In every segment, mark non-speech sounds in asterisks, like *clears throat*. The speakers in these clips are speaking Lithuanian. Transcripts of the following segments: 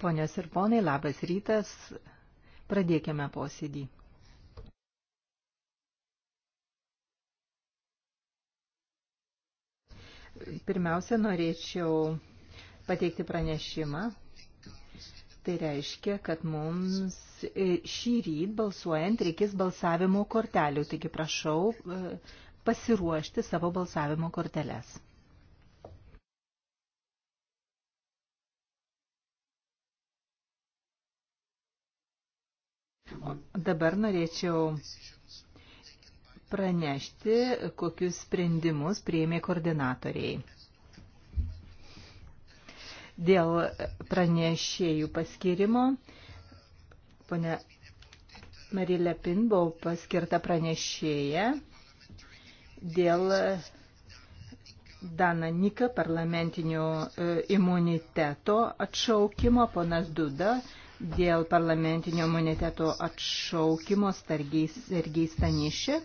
Ponios ir ponai, labas rytas. Pradėkime posėdį. Pirmiausia, norėčiau pateikti pranešimą. Tai reiškia, kad mums šį ryt balsuojant reikės balsavimo kortelių. Taigi prašau e, pasiruošti savo balsavimo korteles. O dabar norėčiau pranešti, kokius sprendimus prieimė koordinatoriai. Dėl pranešėjų paskirimo, ponė Marilė Pin buvo paskirta pranešėja dėl Dana Nika parlamentinio e, imuniteto atšaukimo, ponas Duda dėl parlamentinio imuniteto atšaukimo Sergei Stanišev.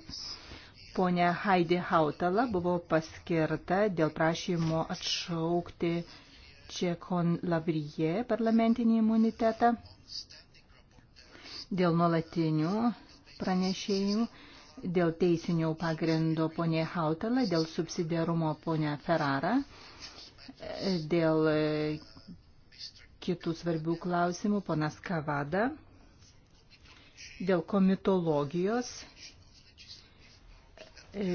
Pone Heidi Hautala buvo paskirta dėl prašymo atšaukti Čekon Lavrie parlamentinį imunitetą dėl nuolatinių pranešėjų, dėl teisinio pagrindo ponė Hautala, dėl subsidiarumo ponė Ferrara, dėl kitų svarbių klausimų ponas Kavada dėl komitologijos e, e,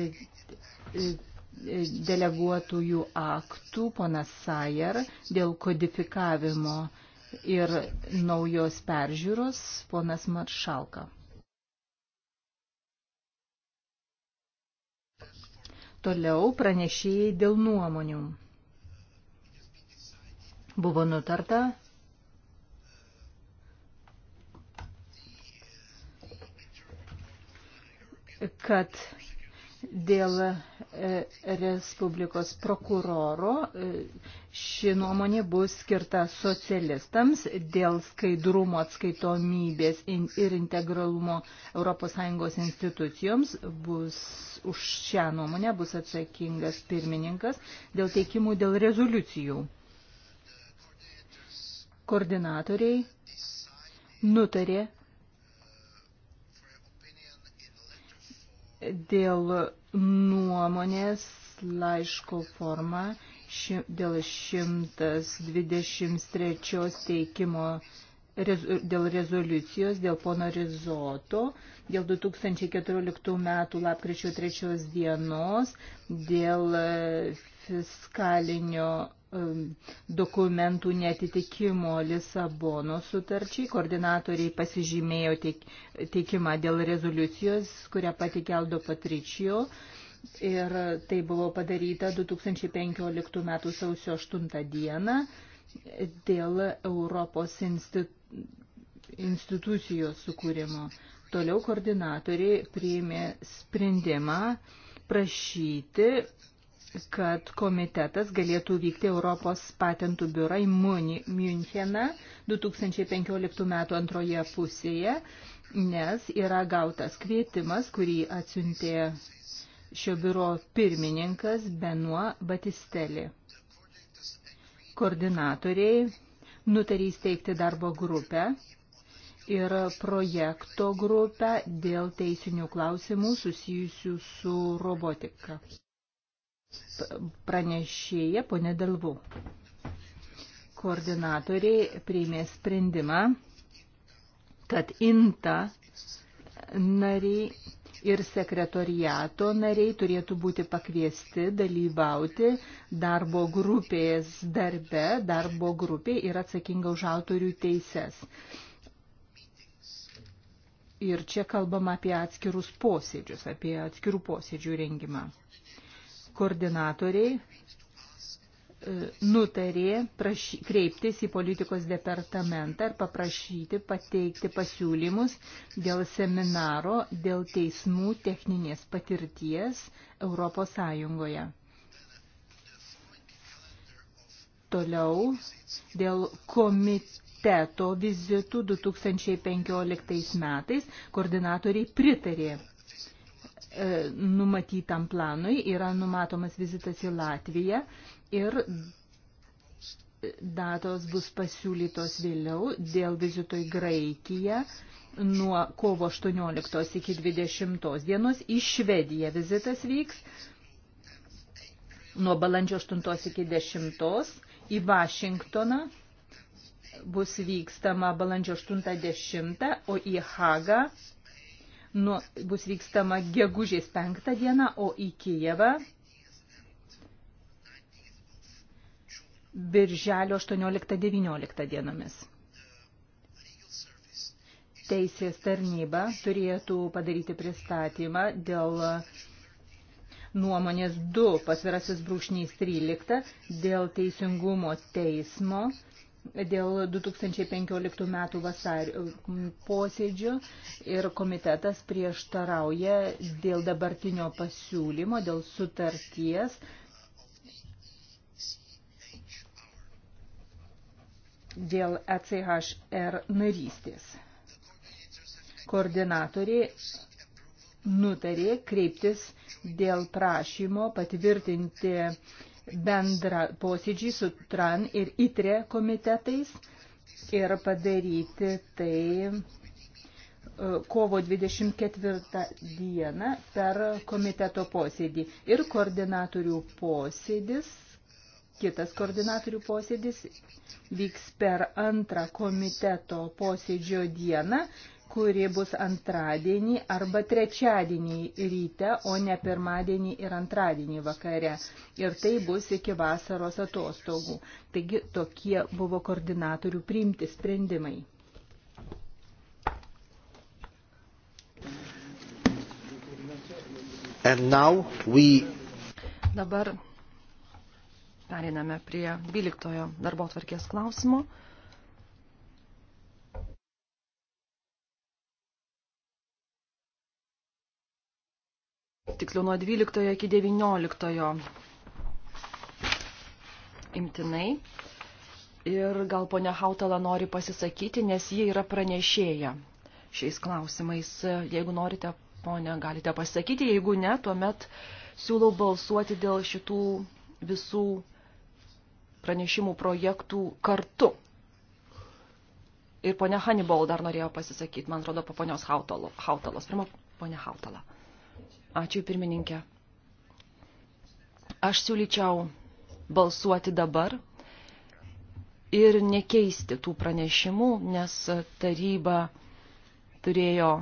e, deleguotųjų aktų, ponas Sajer, dėl kodifikavimo ir naujos peržiūros, ponas Maršalka. Toliau pranešėjai dėl nuomonių buvo nutarta kad dėl e, Respublikos prokuroro e, ši nuomonė bus skirta socialistams dėl skaidrumo atskaitomybės ir integralumo ES institucijoms bus už šią nuomonę bus atsakingas pirmininkas dėl teikimų dėl rezoliucijų koordinatoriai nutarė dėl nuomonės laiško forma ši, dėl 123 teikimo dėl rezoliucijos, dėl pono Rizoto, dėl 2014 metų lapkričio 3 dienos, dėl e, fiskalinio e, dokumentų netitikimo Lisabono sutarčiai. Koordinatoriai pasižymėjo teikimą dėl rezoliucijos, kurią patikė Aldo Patričijo. Ir tai buvo padaryta 2015 m. sausio 8 d. dėl Europos institucijų institucijos sukūrimo. Toliau koordinatoriai priėmė sprendimą prašyti, kad komitetas galėtų vykti Europos patentų biurą į Müncheną 2015 m. antroje pusėje, nes yra gautas kvietimas, kurį atsiuntė šio biuro pirmininkas Benuo Batistelį. Koordinatoriai nutarė įsteigti darbo grupę ir projekto grupę dėl teisinių klausimų susijusių su robotika. Pranešėja ponė Dalvų. Koordinatoriai priėmė sprendimą, kad INTA nariai ir sekretoriato nariai turėtų būti pakviesti dalyvauti darbo grupės darbe. Darbo grupė yra atsakinga už autorių teises. Ir čia kalbam apie atskirus posėdžius, apie atskirų posėdžių rengimą. Koordinatoriai nutarė prašy, kreiptis į politikos departamentą ir paprašyti pateikti pasiūlymus dėl seminaro dėl teismų techninės patirties Europos Sąjungoje. Toliau dėl komiteto vizitų 2015 metais koordinatoriai pritarė e, numatytam planui yra numatomas vizitas į Latviją ir datos bus pasiūlytos vėliau dėl vizito į Graikiją nuo kovo 18 iki 20 dienos. Į Švediją vizitas vyks nuo balandžio 8 iki 10 į Vašingtoną bus vykstama balandžio 80, o į Hagą nu, bus vykstama gegužės 5 dieną, o į Kijevą birželio 18-19 dienomis. Teisės tarnyba turėtų padaryti pristatymą dėl nuomonės 2 pasvirasis brūšnys 13 dėl teisingumo teismo dėl 2015 metų vasario posėdžio ir komitetas prieštarauja dėl dabartinio pasiūlymo, dėl sutarties dėl ECHR narystės. Koordinatoriai nutarė kreiptis dėl prašymo patvirtinti bendrą posėdžį su TRAN ir ITRE komitetais ir padaryti tai e, kovo 24 dieną per komiteto posėdį. Ir koordinatorių posėdis Kitas koordinatorių posėdis vyks per antrą komiteto posėdžio dieną, kuri bus antradienį arba trečiadienį ryte, o ne pirmadienį ir antradienį vakare. Ir tai bus iki vasaros atostogų. Taigi tokie buvo koordinatorių priimti sprendimai. We... Dabar Periname prie 12 darbo tvarkės klausimo. Tiksliau nuo 12 iki 19 imtinai. Ir gal ponia Hautala nori pasisakyti, nes ji yra pranešėja šiais klausimais. Jeigu norite, ponia, galite pasakyti, jeigu ne, tuomet siūlau balsuoti dėl šitų visų pranešimų projektų kartu. Ir ponia Hannibal dar norėjo pasisakyti, man atrodo, po ponios Hautalos. Pirma, ponia Hautala. Ačiū, pirmininkė. Aš siūlyčiau balsuoti dabar ir nekeisti tų pranešimų, nes taryba turėjo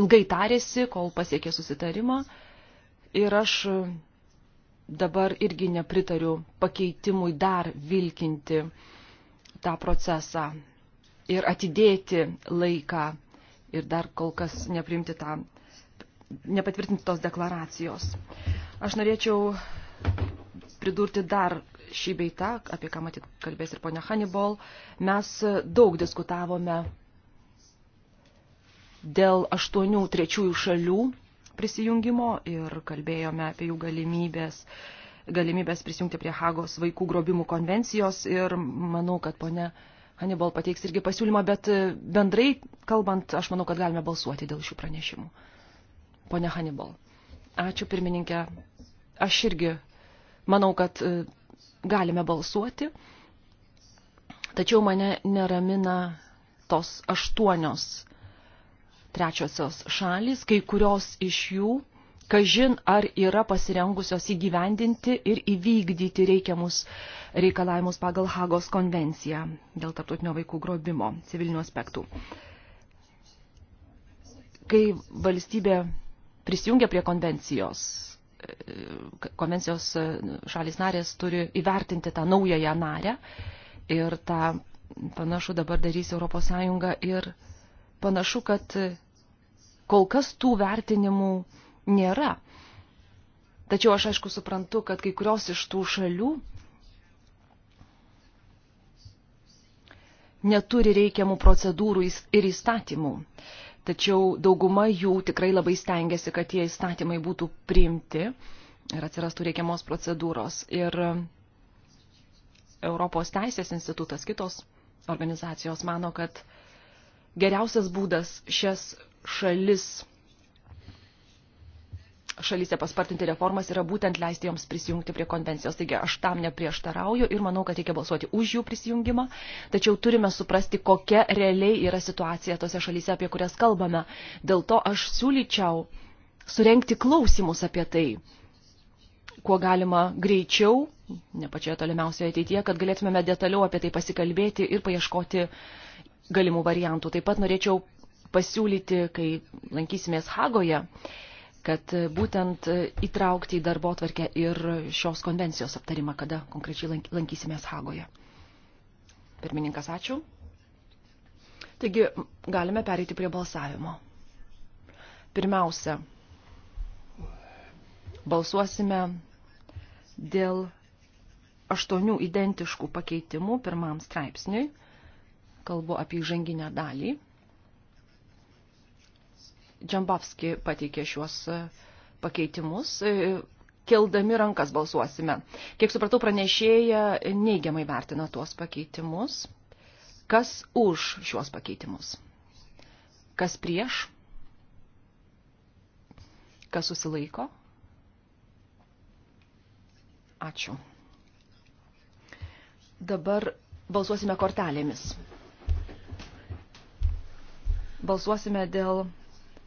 ilgai tarėsi, kol pasiekė susitarimą. Ir aš dabar irgi nepritariu pakeitimui dar vilkinti tą procesą ir atidėti laiką ir dar kol kas neprimti tą nepatvirtintos deklaracijos. Aš norėčiau pridurti dar šį beitą, apie ką matyt kalbės ir ponia Hannibal. Mes daug diskutavome dėl aštuonių trečiųjų šalių prisijungimo ir kalbėjome apie jų galimybės galimybės prisijungti prie Hagos vaikų grobimų konvencijos ir manau, kad ponia Hannibal pateiks irgi pasiūlymą, bet e, bendrai kalbant, aš manau, kad galime balsuoti dėl šių pranešimų. Pone Hannibal, ačiū pirmininkė. Aš irgi manau, kad e, galime balsuoti, tačiau mane neramina tos aštuonios trečiosios šalys, kai kurios iš jų, kažin ar yra pasirengusios įgyvendinti ir įvykdyti reikiamus reikalavimus pagal Hagos konvenciją dėl tarptautinio vaikų grobimo civilinių aspektų. Kai valstybė prisijungia prie konvencijos, e, konvencijos e, šalis narės turi įvertinti tą naująją narę ir tą panašu dabar darys Europos Sąjunga ir panašu, kad kol kas tų vertinimų nėra. Tačiau aš aišku suprantu, kad kai kurios iš tų šalių neturi reikiamų procedūrų ir įstatymų. Tačiau dauguma jų tikrai labai stengiasi, kad tie įstatymai būtų priimti ir atsirastų reikiamos procedūros. Ir Europos teisės institutas kitos organizacijos mano, kad geriausias būdas šias šalis šalyse paspartinti reformas yra būtent leisti joms prisijungti prie konvencijos. Taigi aš tam neprieštarauju ir manau, kad reikia balsuoti už jų prisijungimą, tačiau turime suprasti, kokia realiai yra situacija tose šalyse, apie kurias kalbame. Dėl to aš siūlyčiau surenkti klausimus apie tai, kuo galima greičiau, ne pačioje tolimiausioje ateityje, kad galėtumėme detaliau apie tai pasikalbėti ir paieškoti uh, galimų variantų. Taip pat norėčiau pasiūlyti, kai lankysimės Hagoje, kad būtent įtraukti į darbo tvarkę ir šios konvencijos aptarimą, kada konkrečiai lankysimės Hagoje. Pirmininkas, ačiū. Taigi, galime pereiti prie balsavimo. Pirmiausia, balsuosime dėl aštuonių identiškų pakeitimų pirmam straipsniui kalbu apie žanginę dalį. Džambavski pateikė šiuos e, pakeitimus. E, keldami rankas balsuosime. Kiek supratau, pranešėja neigiamai vertina tuos pakeitimus. Kas už šiuos pakeitimus? Kas prieš? Kas susilaiko? Ačiū. Dabar balsuosime kortelėmis. Balsuosime dėl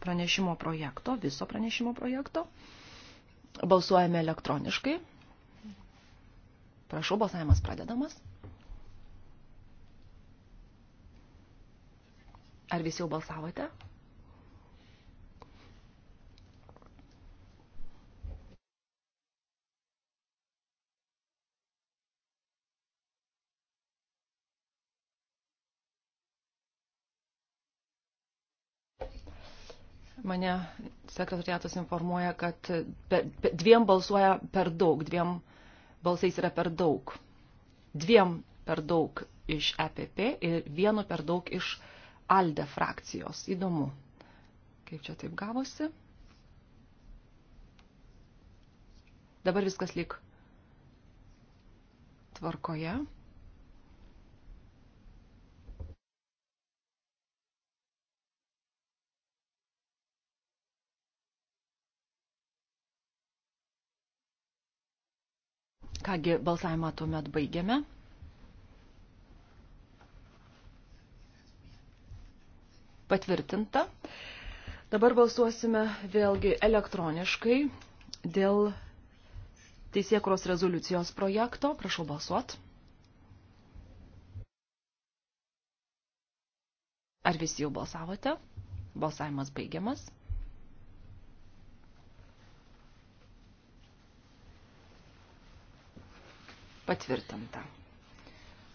pranešimo projekto, viso pranešimo projekto. Balsuojame elektroniškai. Prašau, balsavimas pradedamas. Ar visi jau balsavote? Mane sekretariatas informuoja, kad be, be, dviem balsuoja per daug, dviem balsais yra per daug. Dviem per daug iš EPP ir vienu per daug iš ALDE frakcijos. Įdomu, kaip čia taip gavosi. Dabar viskas lyg tvarkoje. Kągi, balsavimą tuomet baigiame. Patvirtinta. Dabar balsuosime vėlgi elektroniškai dėl teisėkros rezoliucijos projekto. Prašau balsuot. Ar visi jau balsavote? Balsavimas baigiamas. Patvirtinta.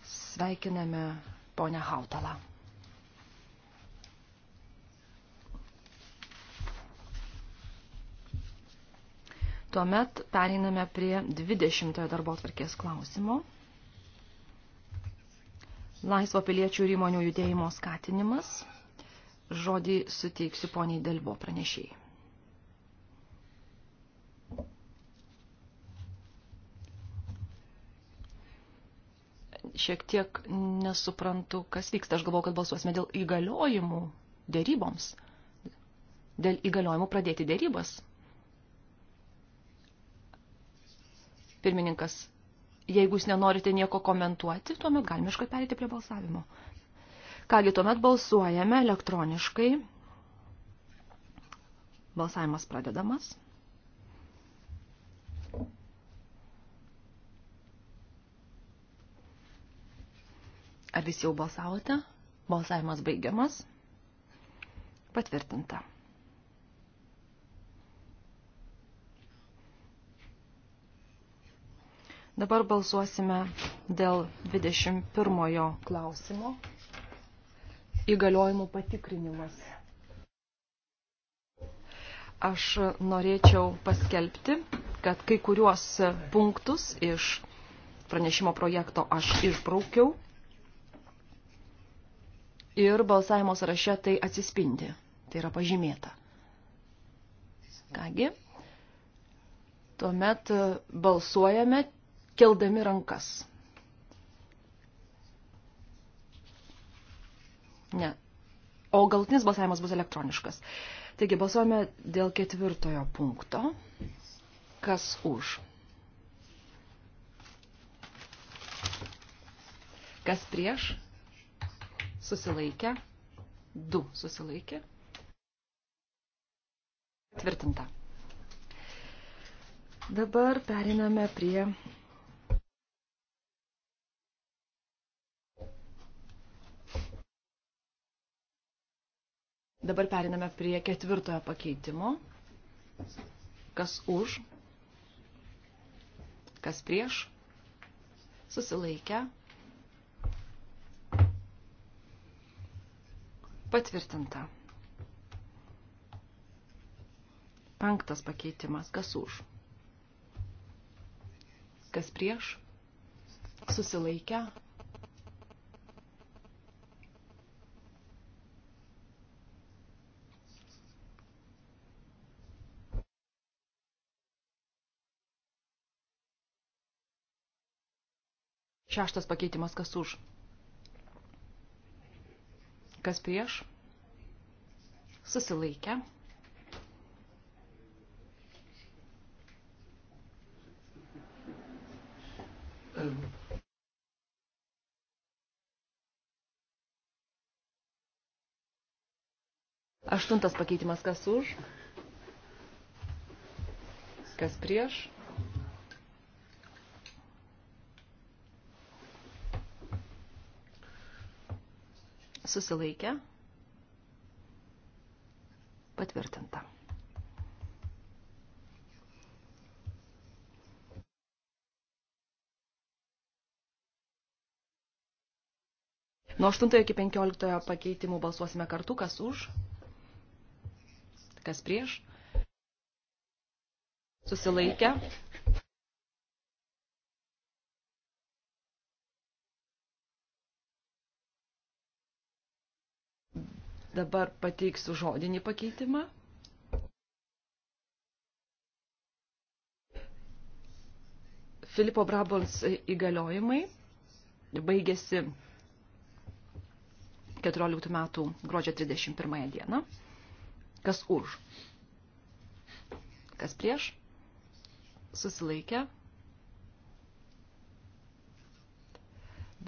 Sveikiname ponę Hautalą. Tuomet pereiname prie 20 darbo atvarkės klausimo. Laisvo piliečių ir įmonių judėjimo skatinimas. Žodį suteiksiu poniai Delbo pranešėjai. šiek tiek nesuprantu, kas vyksta. Aš galvoju, kad balsuosime dėl įgaliojimų dėryboms. Dėl įgaliojimų pradėti dėrybas. Pirmininkas, jeigu jūs nenorite nieko komentuoti, tuomet galime iškart perėti prie balsavimo. Kągi, tuomet balsuojame elektroniškai. Balsavimas pradedamas. Ar visi jau balsavote? Balsavimas baigiamas. Patvirtinta. Dabar balsuosime dėl 21 klausimo. Įgaliojimų patikrinimas. Aš norėčiau paskelbti, kad kai kuriuos punktus iš pranešimo projekto aš išbraukiau ir balsavimo sąraše tai atsispindi. Tai yra pažymėta. Kągi, tuomet balsuojame keldami rankas. Ne. O galtinis balsavimas bus elektroniškas. Taigi balsuojame dėl ketvirtojo punkto. Kas už? Kas prieš? susilaikę, 2 susilaikė. Tvirtinta. Dabar periname prie Dabar periname prie ketvirtojo pakeitimo. Kas už, kas prieš, susilaikę, Patvirtinta. Penktas pakeitimas. Kas už? Kas prieš? Susilaikę? Šeštas pakeitimas. Kas už? Kas prieš? Susilaikę. Aštuntas pakeitimas kas už, kas prieš, susilaikę, patvirtinta. Nuo 8 iki 15 pakeitimų balsuosime kartu, kas už, kas prieš, susilaikę, Dabar pateiksiu žodinį pakeitimą. Filipo Brabons įgaliojimai baigėsi 14 metų gruodžio 31 dieną. Kas už? Kas prieš? Susilaikę.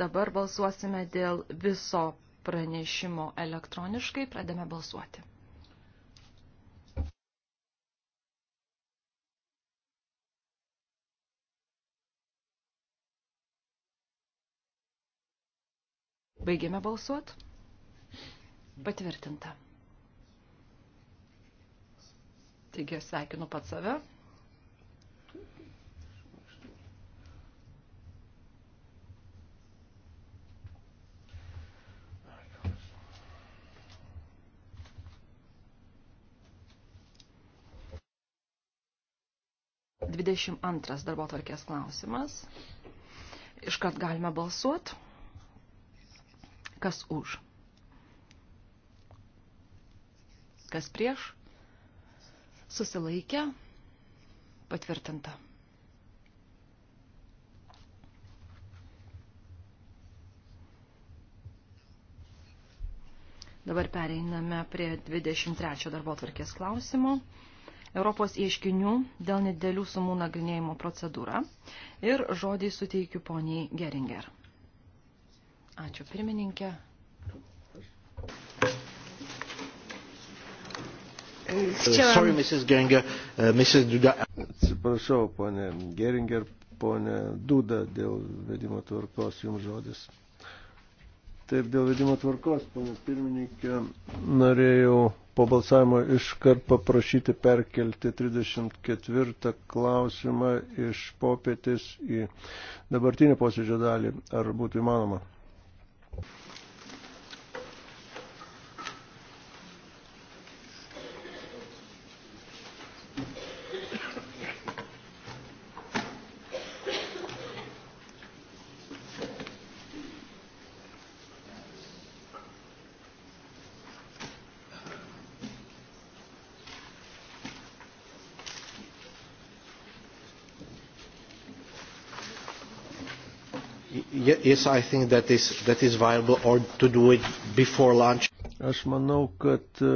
Dabar balsuosime dėl viso pranešimo elektroniškai. Pradame balsuoti. Baigėme balsuot. Patvirtinta. Taigi sveikinu pat save. 22 darbo tvarkės klausimas. Iškart galime balsuoti. Kas už? Kas prieš? Susilaikę? Patvirtinta. Dabar pereiname prie 23 darbo tvarkės klausimo. Europos ieškinių dėl nedėlių sumų nagrinėjimo procedūra. Ir žodį suteikiu poniai Geringer. Ačiū pirmininkė. Uh, sorry, Mrs. Geringer, uh, Mrs. Duda. Atsiprašau, ponė Geringer, ponė Duda, dėl vedimo tvarkos jums žodis. Taip, dėl vedimo tvarkos, ponė pirmininkė, norėjau po balsavimo iškart paprašyti perkelti 34 klausimą iš popietės į dabartinį posėdžio dalį. Ar būtų įmanoma? is, I think, that is, that is viable or to do it before lunch. Aš manau, kad e,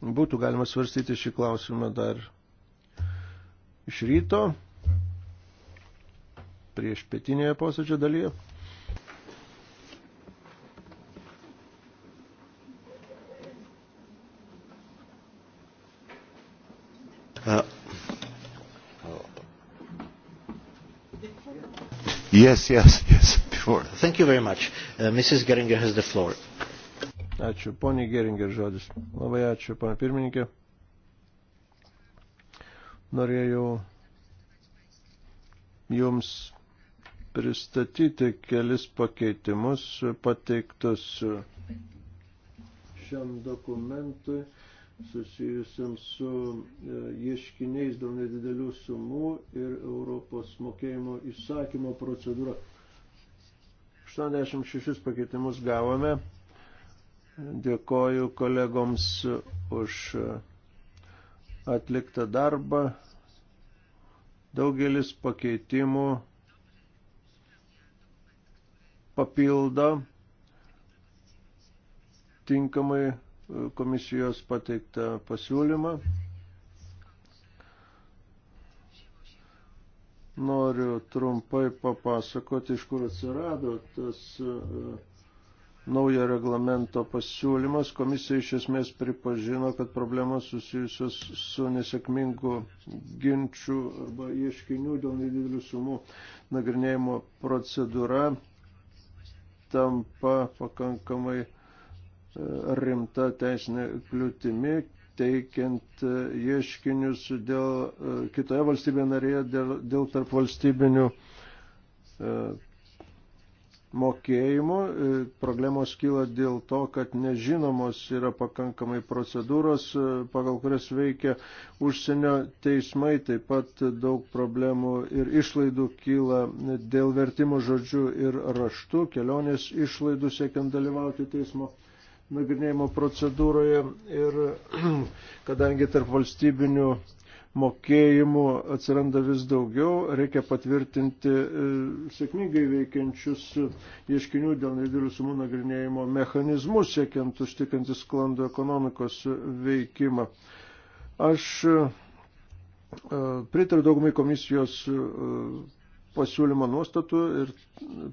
būtų galima svarstyti šį klausimą dar iš ryto prieš pietinėje posėdžio dalyje. Yes, yes, yes, before. Thank you very much. Uh, Mrs. Geringer has the floor. Ačiū, ponė Geringer žodis. Labai ačiū, ponė pirmininkė. Norėjau jums pristatyti kelis pakeitimus pateiktus šiam dokumentui. Uh, susijusiam su e, ieškiniais dėl nedidelių sumų ir Europos mokėjimo įsakymo procedūra. 86 pakeitimus gavome. Dėkoju kolegoms už atliktą darbą. Daugelis pakeitimų papildo tinkamai komisijos pateiktą pasiūlymą. Noriu trumpai papasakoti, iš kur atsirado tas e, naujo reglamento pasiūlymas. Komisija iš esmės pripažino, kad problemos susijusios su nesėkmingu ginčių arba ieškinių dėl nedidelių sumų nagrinėjimo procedūra tampa pakankamai uh, rimta teisinė kliūtimi, teikiant e, ieškinius dėl e, kitoje valstybėje narėje dėl, dėl tarp valstybinių e, mokėjimų. E, problemos kyla dėl to, kad nežinomos yra pakankamai procedūros, e, pagal kurias veikia užsienio teismai. Taip pat daug problemų ir išlaidų kyla dėl vertimo žodžių ir raštų, kelionės išlaidų siekiant dalyvauti teismo nagrinėjimo procedūroje ir *clears throat* kadangi tarp valstybinių mokėjimų atsiranda vis daugiau, reikia patvirtinti e, sėkmingai veikiančius ieškinių dėl nedėlių sumų nagrinėjimo mechanizmus, siekiant užtikrinti sklandų ekonomikos veikimą. Aš e, pritariu daugumai komisijos e, pasiūlymo nuostatų ir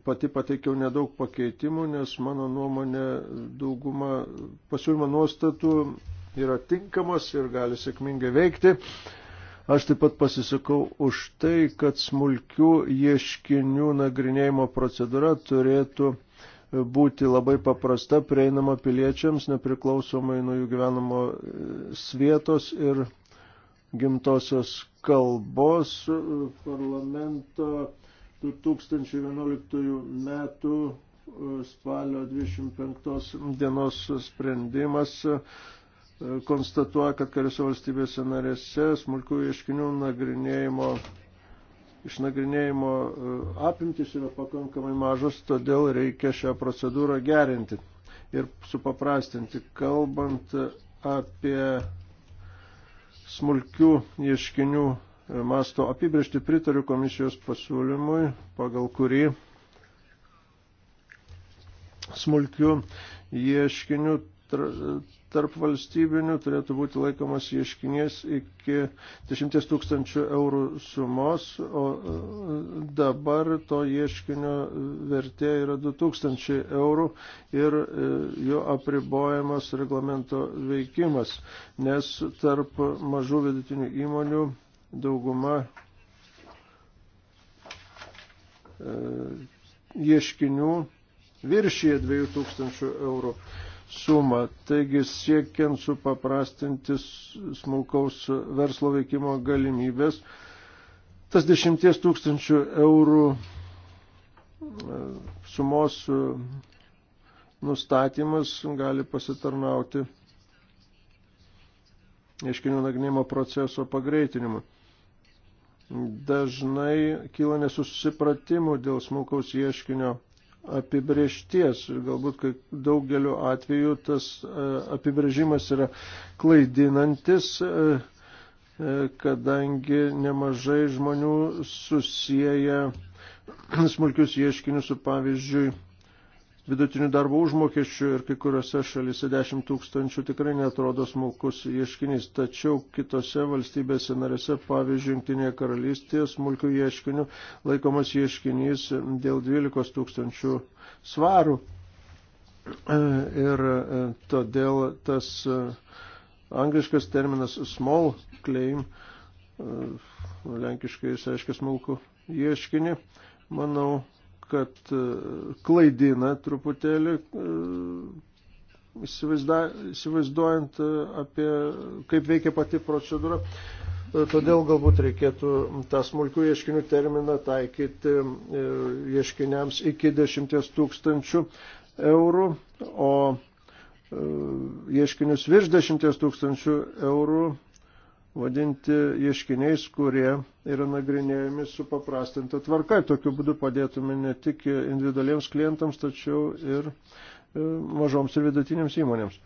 pati pateikiau nedaug pakeitimų, nes mano nuomonė dauguma pasiūlymo nuostatų yra tinkamas ir gali sėkmingai veikti. Aš taip pat pasisakau už tai, kad smulkių ieškinių nagrinėjimo procedūra turėtų būti labai paprasta, prieinama piliečiams, nepriklausomai nuo jų gyvenamo svietos ir gimtosios kalbos parlamento 2011 metų e, spalio 25 dienos sprendimas e, konstatuoja, kad kariuose valstybėse narėse smulkių ieškinių nagrinėjimo, išnagrinėjimo e, apimtis yra pakankamai mažas, todėl reikia šią procedūrą gerinti ir supaprastinti. Kalbant apie smulkių ieškinių e, masto apibrėžti pritariu komisijos pasiūlymui, pagal kurį smulkių ieškinių tarp valstybinių turėtų būti laikomas ieškinys iki 10 tūkstančių eurų sumos, o e, dabar to ieškinio vertė yra 2000 eurų ir e, jo apribojamas reglamento veikimas, nes tarp mažų vidutinių įmonių dauguma e, ieškinių viršyje 2000 eurų sumą. Taigi siekiant supaprastinti smulkaus verslo veikimo galimybės, tas dešimties tūkstančių eurų e, sumos e, nustatymas gali pasitarnauti ieškinių nagrinimo proceso pagreitinimu. Dažnai kyla nesusipratimų dėl smulkaus ieškinio apibriešties ir galbūt kai daugeliu atveju tas e, apibrėžimas yra klaidinantis, e, e, kadangi nemažai žmonių susiję *clears throat* smulkius ieškinius su pavyzdžiui vidutinių darbo užmokesčių ir kai kuriuose šalyse 10 tūkstančių tikrai netrodo smulkus ieškinys. Tačiau kitose valstybėse narėse, pavyzdžiui, Junktinėje karalystėje smulkių ieškinių laikomas ieškinys dėl 12 tūkstančių svarų. Ir e, todėl tas e, angliškas terminas small claim, e, lenkiškai jis reiškia smulkų ieškinį, manau, kad e, klaidina truputėlį e, įsivaizduojant e, apie kaip veikia pati procedūra. Todėl galbūt reikėtų tą smulkių ieškinių terminą taikyti ieškiniams iki 10 tūkstančių eurų, o ieškinius virš 10 tūkstančių eurų vadinti ieškiniais, kurie yra nagrinėjami su paprastinta tvarka. Tokiu būdu padėtume ne tik individualiems klientams, tačiau ir e, mažoms ir vidutinėms įmonėms.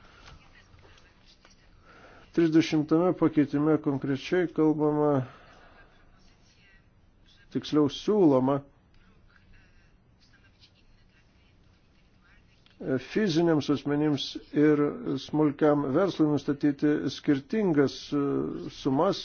30 pakeitime konkrečiai kalbama, tiksliau siūloma, fiziniams asmenims ir smulkiam verslui nustatyti skirtingas e, sumas.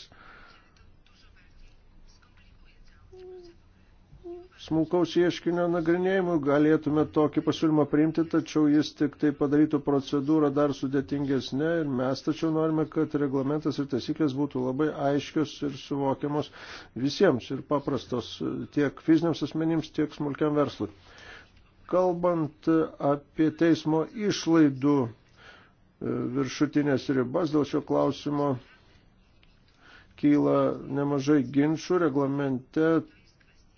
Smulkaus ieškinio nagrinėjimui galėtume tokį pasiūlymą priimti, tačiau jis tik tai padarytų procedūrą dar sudėtingesnė ir mes tačiau norime, kad reglamentas ir taisyklės būtų labai aiškios ir suvokiamos visiems ir paprastos tiek fiziniams asmenims, tiek smulkiam verslui. Kalbant apie teismo išlaidų e, viršutinės ribas, dėl šio klausimo kyla nemažai ginčių, reglamente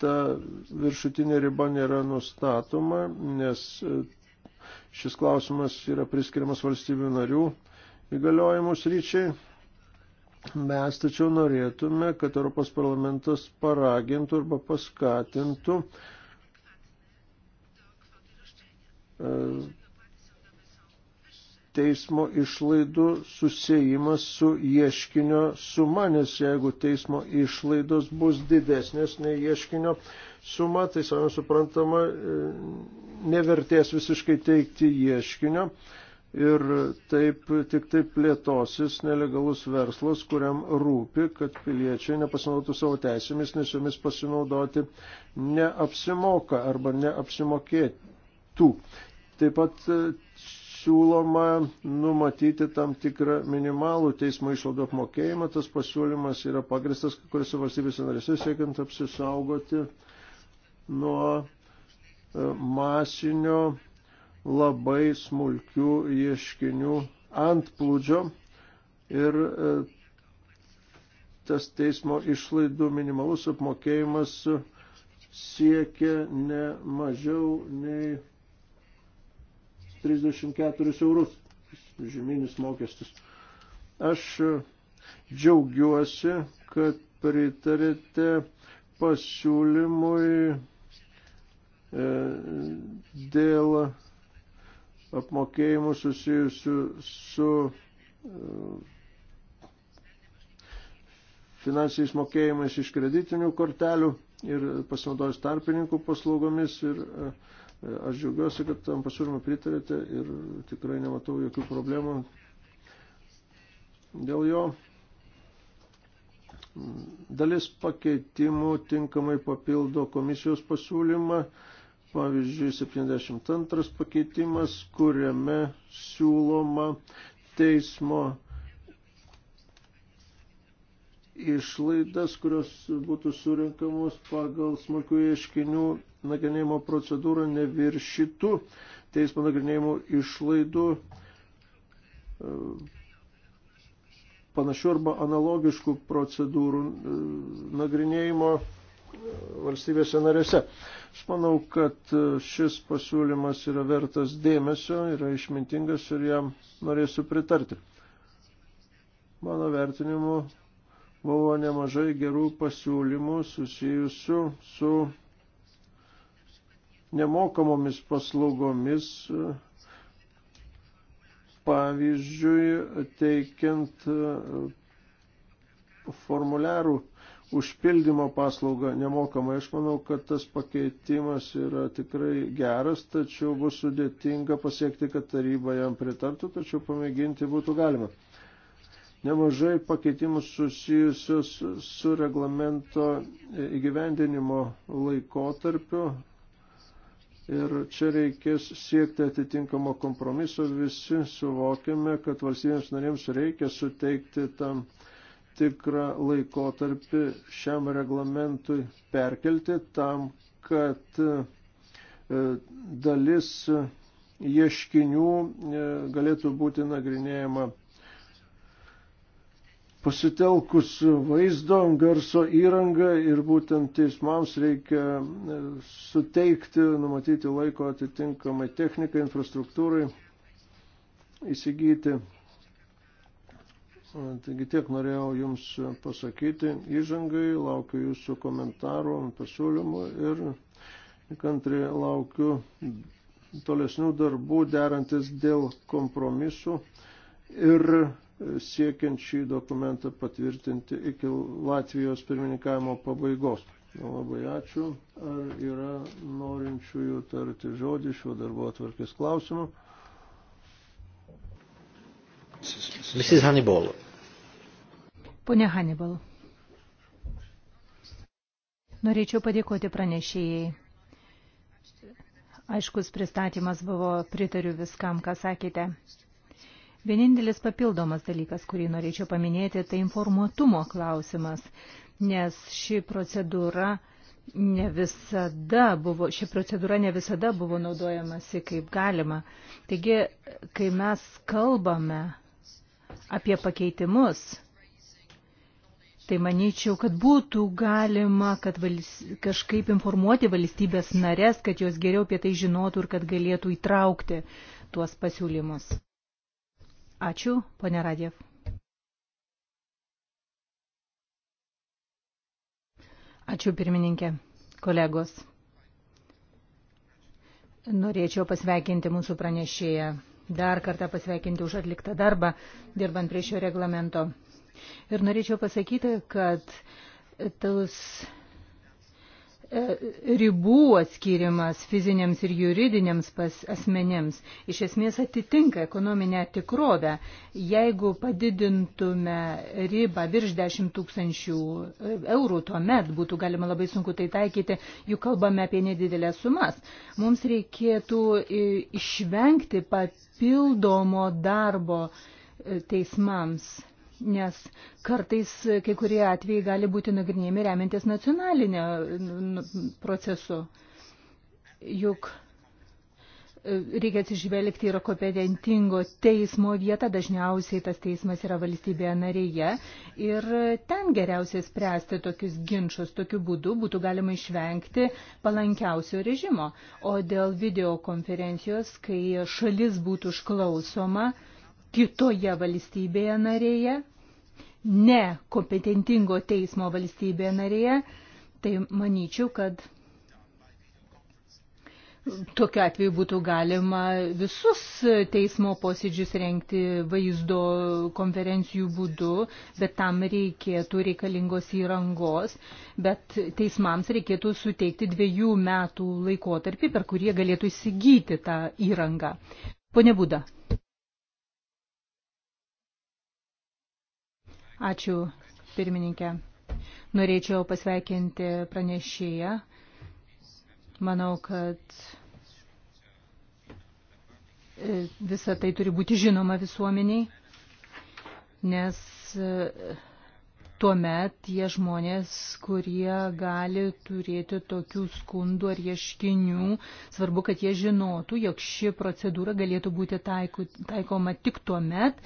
ta viršutinė riba nėra nustatoma, nes e, šis klausimas yra priskiriamas valstybių narių įgaliojimus ryčiai. Mes tačiau norėtume, kad Europos parlamentas paragintų arba paskatintų uh, E, teismo išlaidų susijimas su ieškinio suma, nes jeigu teismo išlaidos bus didesnės nei ieškinio suma, tai savai suprantama, e, nevertės visiškai teikti ieškinio ir taip tik taip plėtosis nelegalus verslas, kuriam rūpi, kad piliečiai nepasinaudotų savo teisėmis, nes jomis pasinaudoti neapsimoka arba neapsimokėtų. Taip pat e, siūloma numatyti tam tikrą minimalų teismo išlaidų apmokėjimą. Tas pasiūlymas yra pagristas kai kuriuose valstybėse narėse, siekiant apsisaugoti nuo e, masinio labai smulkių ieškinių antplūdžio ir e, tas teismo išlaidų minimalus apmokėjimas siekia ne mažiau nei 34 eurus, žyminis mokestis. Aš e, džiaugiuosi, kad pritarėte pasiūlymui e, dėl apmokėjimų susijusių su e, finansiniais mokėjimais iš kreditinių kortelių ir pasinaudojus tarpininkų paslaugomis ir uh, E, aš džiaugiuosi, kad tam pasiūlymui pritarėte ir tikrai nematau jokių problemų dėl jo. Dalis pakeitimų tinkamai papildo komisijos pasiūlymą. Pavyzdžiui, 72 pakeitimas, kuriame siūloma teismo išlaidas, kurios būtų surinkamos pagal smulkių ieškinių nagrinėjimo procedūrą, neviršytų teismo nagrinėjimo išlaidų e, panašių arba analogiškų procedūrų e, nagrinėjimo e, valstybėse narėse. Aš manau, kad šis pasiūlymas yra vertas dėmesio, yra išmintingas ir jam norėsiu pritarti. Mano vertinimu, buvo nemažai gerų pasiūlymų susijusių su nemokamomis paslaugomis, pavyzdžiui, teikiant e, formuliarų užpildymo paslaugą nemokamai. Aš manau, kad tas pakeitimas yra tikrai geras, tačiau bus sudėtinga pasiekti, kad taryba jam pritartų, tačiau pamėginti būtų galima nemažai pakeitimų susijusių su, su reglamento įgyvendinimo laikotarpiu. Ir čia reikės siekti atitinkamo kompromiso. Visi suvokime, kad valstybėms narėms reikia suteikti tam tikrą laikotarpį šiam reglamentui perkelti tam, kad e, dalis e, ieškinių e, galėtų būti nagrinėjama pasitelkus vaizdo, garso įrangą ir būtent teismams reikia e, suteikti, numatyti laiko atitinkamai technikai, infrastruktūrai įsigyti. E, taigi tiek norėjau Jums pasakyti įžangai, laukiu Jūsų komentarų, pasiūlymų ir kantriai laukiu tolesnių darbų derantis dėl kompromisų ir siekiant šį dokumentą patvirtinti iki Latvijos pirmininkavimo pabaigos. Labai ačiū. Ar yra norinčiųjų tarti žodį šio darbo atvarkės klausimu? Mrs. Hannibal. Pone Hannibal. Norėčiau padėkoti pranešėjai. Aiškus pristatymas buvo, pritariu viskam, ką sakėte. Vienintelis papildomas dalykas, kurį norėčiau paminėti, tai informuotumo klausimas, nes ši procedūra ne visada buvo, ši procedūra ne visada buvo naudojamasi kaip galima. Taigi, kai mes kalbame apie pakeitimus, tai manyčiau, kad būtų galima kad vals, kažkaip informuoti valstybės narės, kad jos geriau apie tai žinotų ir kad galėtų įtraukti tuos pasiūlymus. Ačiū, ponė Radiev. Ačiū, pirmininkė, kolegos. Norėčiau pasveikinti mūsų pranešėją, dar kartą pasveikinti už atliktą darbą, dirbant prie šio reglamento. Ir norėčiau pasakyti, kad tos E, ribų atskirimas fiziniams ir juridiniams asmenėms iš esmės atitinka ekonominę tikrovę. Jeigu padidintume ribą virš 10 tūkstančių e, eurų, tuomet būtų galima labai sunku tai taikyti, juk kalbame apie nedidelės sumas. Mums reikėtų e, išvengti papildomo darbo teismams nes kartais kai kurie atvejai gali būti nagrinėjami remiantis nacionalinę nu, nu, procesu. Juk e, reikia atsižvelgti yra kompetentingo teismo vieta, dažniausiai tas teismas yra valstybėje narėje ir ten geriausiai spręsti tokius ginčius, tokiu būdu būtų galima išvengti palankiausio režimo. O dėl videokonferencijos, kai šalis būtų išklausoma, kitoje valstybėje narėje, ne kompetentingo teismo valstybėje narėje, tai manyčiau, kad tokiu atveju būtų galima visus teismo posėdžius renkti vaizdo konferencijų būdu, bet tam reikėtų reikalingos įrangos, bet teismams reikėtų suteikti dviejų metų laikotarpį, per kurį galėtų įsigyti tą įrangą. Pone Būda. Ačiū, pirmininkė. Norėčiau pasveikinti pranešėją. Manau, kad e, visa tai turi būti žinoma visuomeniai, nes e, tuomet tie žmonės, kurie gali turėti tokių skundų ar ieškinių, svarbu, kad jie žinotų, jog ši procedūra galėtų būti taiku, taikoma tik tuomet,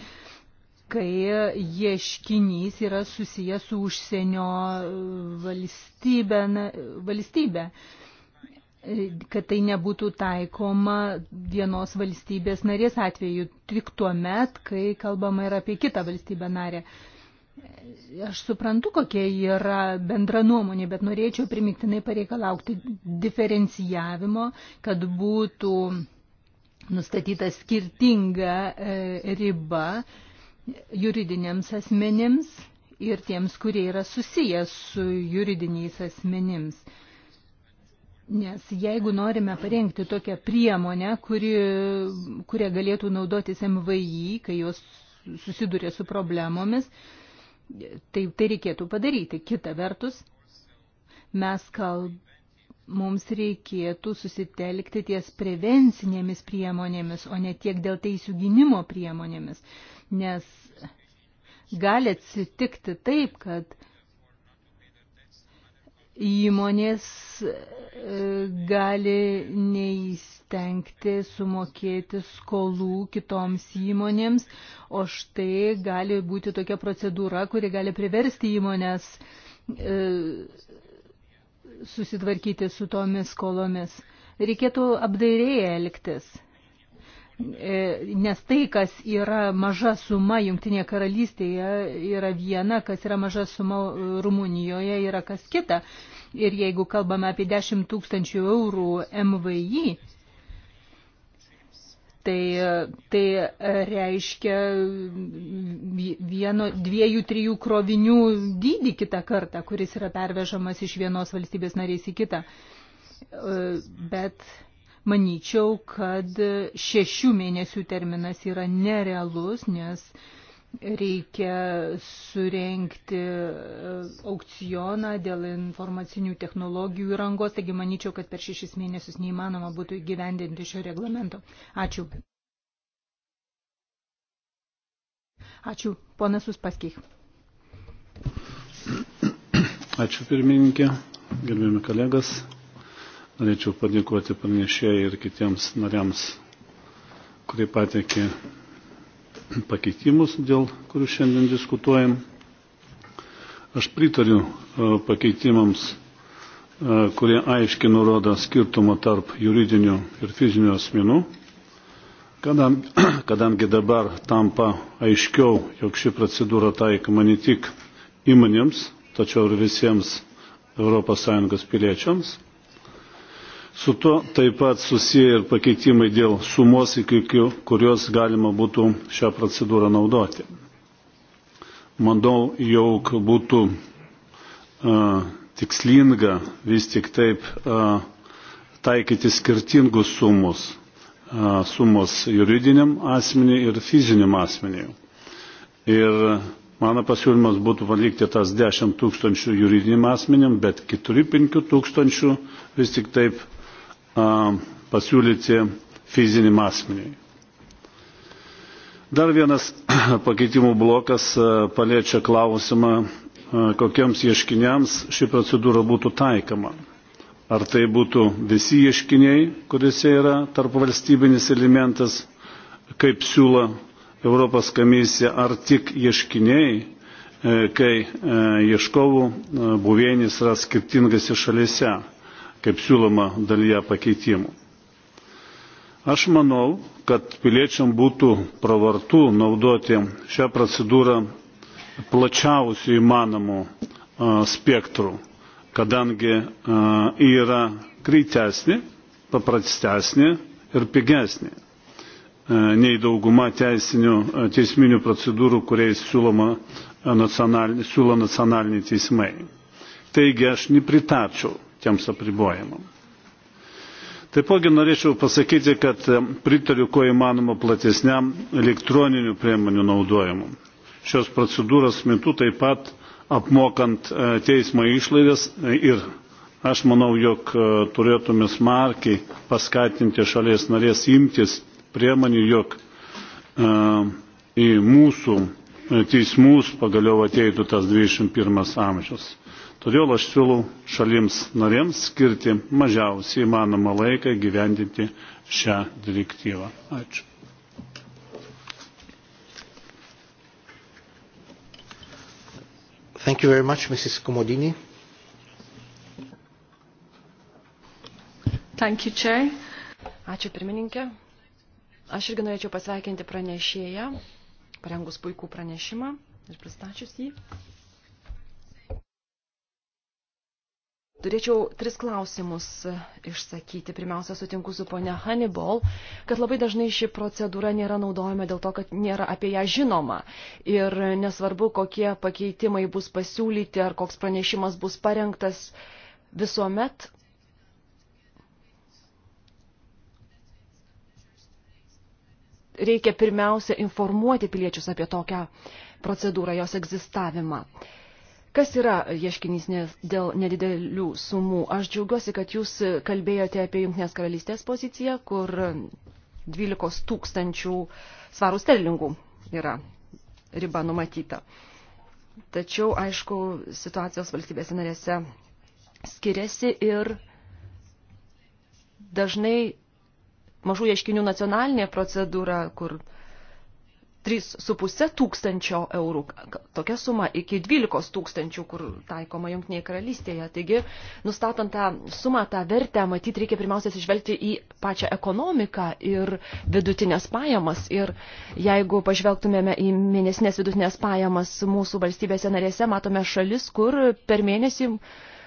kai ieškinys yra susijęs su užsienio e, valstybė, valstybė e, kad tai nebūtų taikoma vienos valstybės narės atveju, tik tuo met, kai kalbama yra apie kitą valstybę narę. Aš suprantu, kokia yra bendra nuomonė, bet norėčiau primiktinai pareikalauti diferencijavimo, kad būtų nustatyta skirtinga e, riba juridiniams asmenims ir tiems, kurie yra susijęs su juridiniais asmenims. Nes jeigu norime parengti tokią priemonę, kuri, kurią galėtų naudotis MVI, kai jos susiduria su problemomis, tai, tai reikėtų padaryti. Kita vertus, mes kalbame mums reikėtų susitelkti ties prevencinėmis priemonėmis, o ne tiek dėl teisų gynimo priemonėmis nes gali atsitikti taip, kad įmonės e, gali neįstengti sumokėti skolų kitoms įmonėms, o štai gali būti tokia procedūra, kuri gali priversti įmonės e, susitvarkyti su tomis skolomis. Reikėtų apdairiai elgtis. E, nes tai, kas yra maža suma Junktinėje karalystėje, yra viena, kas yra maža suma Rumunijoje, yra kas kita. Ir jeigu kalbame apie 10 tūkstančių eurų MVI, tai, tai reiškia vieno, dviejų, trijų krovinių dydį kitą kartą, kuris yra pervežamas iš vienos valstybės narės į kitą. E, bet manyčiau, kad šešių mėnesių terminas yra nerealus, nes reikia surenkti e, aukcioną dėl informacinių technologijų įrangos, taigi manyčiau, kad per šešis mėnesius neįmanoma būtų įgyvendinti šio reglamento. Ačiū. Ačiū. Ponas Uspaskich. Ačiū pirmininkė, gerbėmi kolegas. Norėčiau padėkoti pranešėjai ir kitiems nariams, kurie patekė pakeitimus, dėl kurių šiandien diskutuojam. Aš pritariu e, pakeitimams, e, kurie aiškiai nurodo skirtumą tarp juridinių ir fizinių asmenų, *clears throat* kadangi dabar tampa aiškiau, jog ši procedūra taikoma ne tik įmonėms, tačiau ir visiems ES piliečiams Su to taip pat susiję ir pakeitimai dėl sumos, iki kurios galima būtų šią procedūrą naudoti. Manau, jog būtų uh, tikslinga vis tik taip uh, taikyti skirtingus sumus, uh, sumos juridiniam asmeniui ir fiziniam asmeniui. Ir mano pasiūlymas būtų palikti tas 10 tūkstančių juridiniam asmeniam, bet 4-5 tūkstančių vis tik taip pasiūlyti fiziniam asmeniui. Dar vienas *clears throat* pakeitimų blokas paliečia klausimą, kokiems ieškiniams ši procedūra būtų taikama. Ar tai būtų visi ieškiniai, kuriuose yra tarp valstybinis elementas, kaip siūlo Europos komisija, ar tik ieškiniai, e, kai e, ieškovų e, buveinys yra skirtingose šalyse kaip siūloma dalyje pakeitimų. Aš manau, kad piliečiam būtų pravartu naudoti šią procedūrą plačiausių įmanomų spektrų, kadangi yra greitesnė, paprastesnė ir pigesnė nei dauguma teisinių, teisminių procedūrų, kuriais siūloma nacionaliniai, siūlo nacionaliniai teismai. Taigi aš nepritarčiau tiems apribojimams. Taipogi norėčiau pasakyti, kad e, pritariu kuo įmanoma platesniam elektroninių priemonių naudojimu. Šios procedūros metu taip pat apmokant e, teismo išlaidas e, ir aš manau, jog turėtume smarkiai paskatinti šalies narės imtis priemonių, jog į mūsų teismus pagaliau ateitų tas 21 amžius. Todėl aš siūlau šalims narėms skirti mažiausiai įmanomą laiką gyvendinti šią direktyvą. Ačiū. Thank you very much, Mrs. Comodini. Thank you, Chair. Ačiū pirmininkė. Aš irgi norėčiau pasveikinti pranešėją, parengus puikų pranešimą ir pristačius jį. Turėčiau tris klausimus e, išsakyti. Pirmiausia, sutinku su ponia Hannibal, kad labai dažnai ši procedūra nėra naudojama dėl to, kad nėra apie ją žinoma. Ir nesvarbu, kokie pakeitimai bus pasiūlyti ar koks pranešimas bus parengtas, visuomet. Reikia pirmiausia informuoti piliečius apie tokią procedūrą, jos egzistavimą. Uh, Kas yra ieškinys dėl nedidelių sumų? Aš džiaugiuosi, kad jūs kalbėjote apie Junktinės karalystės poziciją, kur 12 tūkstančių svarų sterlingų yra riba numatyta. Tačiau, aišku, situacijos valstybėse narėse skiriasi ir dažnai mažų ieškinių nacionalinė procedūra, kur 3,5 tūkstančio eurų, tokia suma iki 12 tūkstančių, kur taikoma jungtinėje karalystėje. Taigi, nustatant tą sumą, tą vertę, matyti reikia pirmiausia atsižvelgti į pačią ekonomiką ir vidutinės pajamas. Ir jeigu pažvelgtumėme į mėnesinės vidutinės pajamas mūsų valstybėse narėse, matome šalis, kur per mėnesį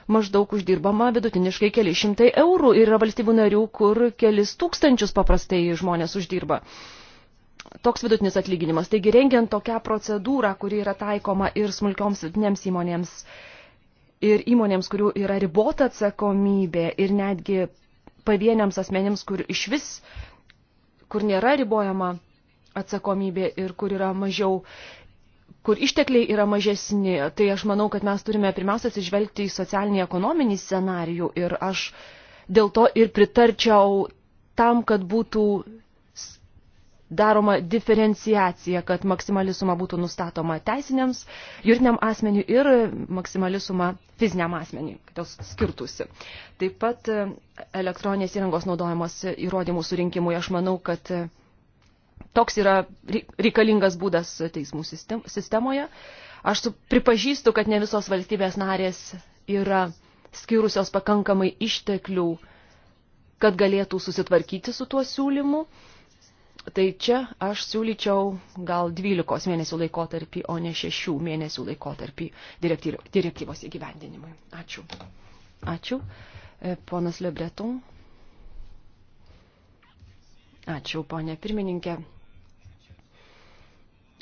maždaug uždirbama vidutiniškai keli šimtai eurų ir yra valstybių narių, kur kelis tūkstančius paprastai žmonės uždirba. Uh, toks vidutinis atlyginimas. Taigi rengiant tokią procedūrą, kuri yra taikoma ir smulkioms vidinėms įmonėms, ir įmonėms, kurių yra ribota atsakomybė, ir netgi pavieniams asmenims, kur iš vis, kur nėra ribojama atsakomybė ir kur yra mažiau kur ištekliai yra mažesni, tai aš manau, kad mes turime pirmiausia atsižvelgti į socialinį ekonominį scenarijų ir aš dėl to ir pritarčiau tam, kad būtų daroma diferenciacija, kad maksimali suma būtų nustatoma teisiniams, juridiniam asmeniu ir maksimali suma fiziniam asmeniu, kad jos skirtusi. Taip pat e, elektroninės įrangos naudojimas įrodymų surinkimui, aš manau, kad e, toks yra reikalingas būdas teismų sistemoje. Aš pripažįstu, kad ne visos valstybės narės yra skirusios pakankamai išteklių, kad galėtų susitvarkyti su tuo siūlymu. Tai čia aš siūlyčiau gal 12 mėnesių laikotarpį, o ne 6 mėnesių laikotarpį direktyvos įgyvendinimui. Ačiū. Ačiū. E, ponas Lebreton. Ačiū, ponė pirmininkė.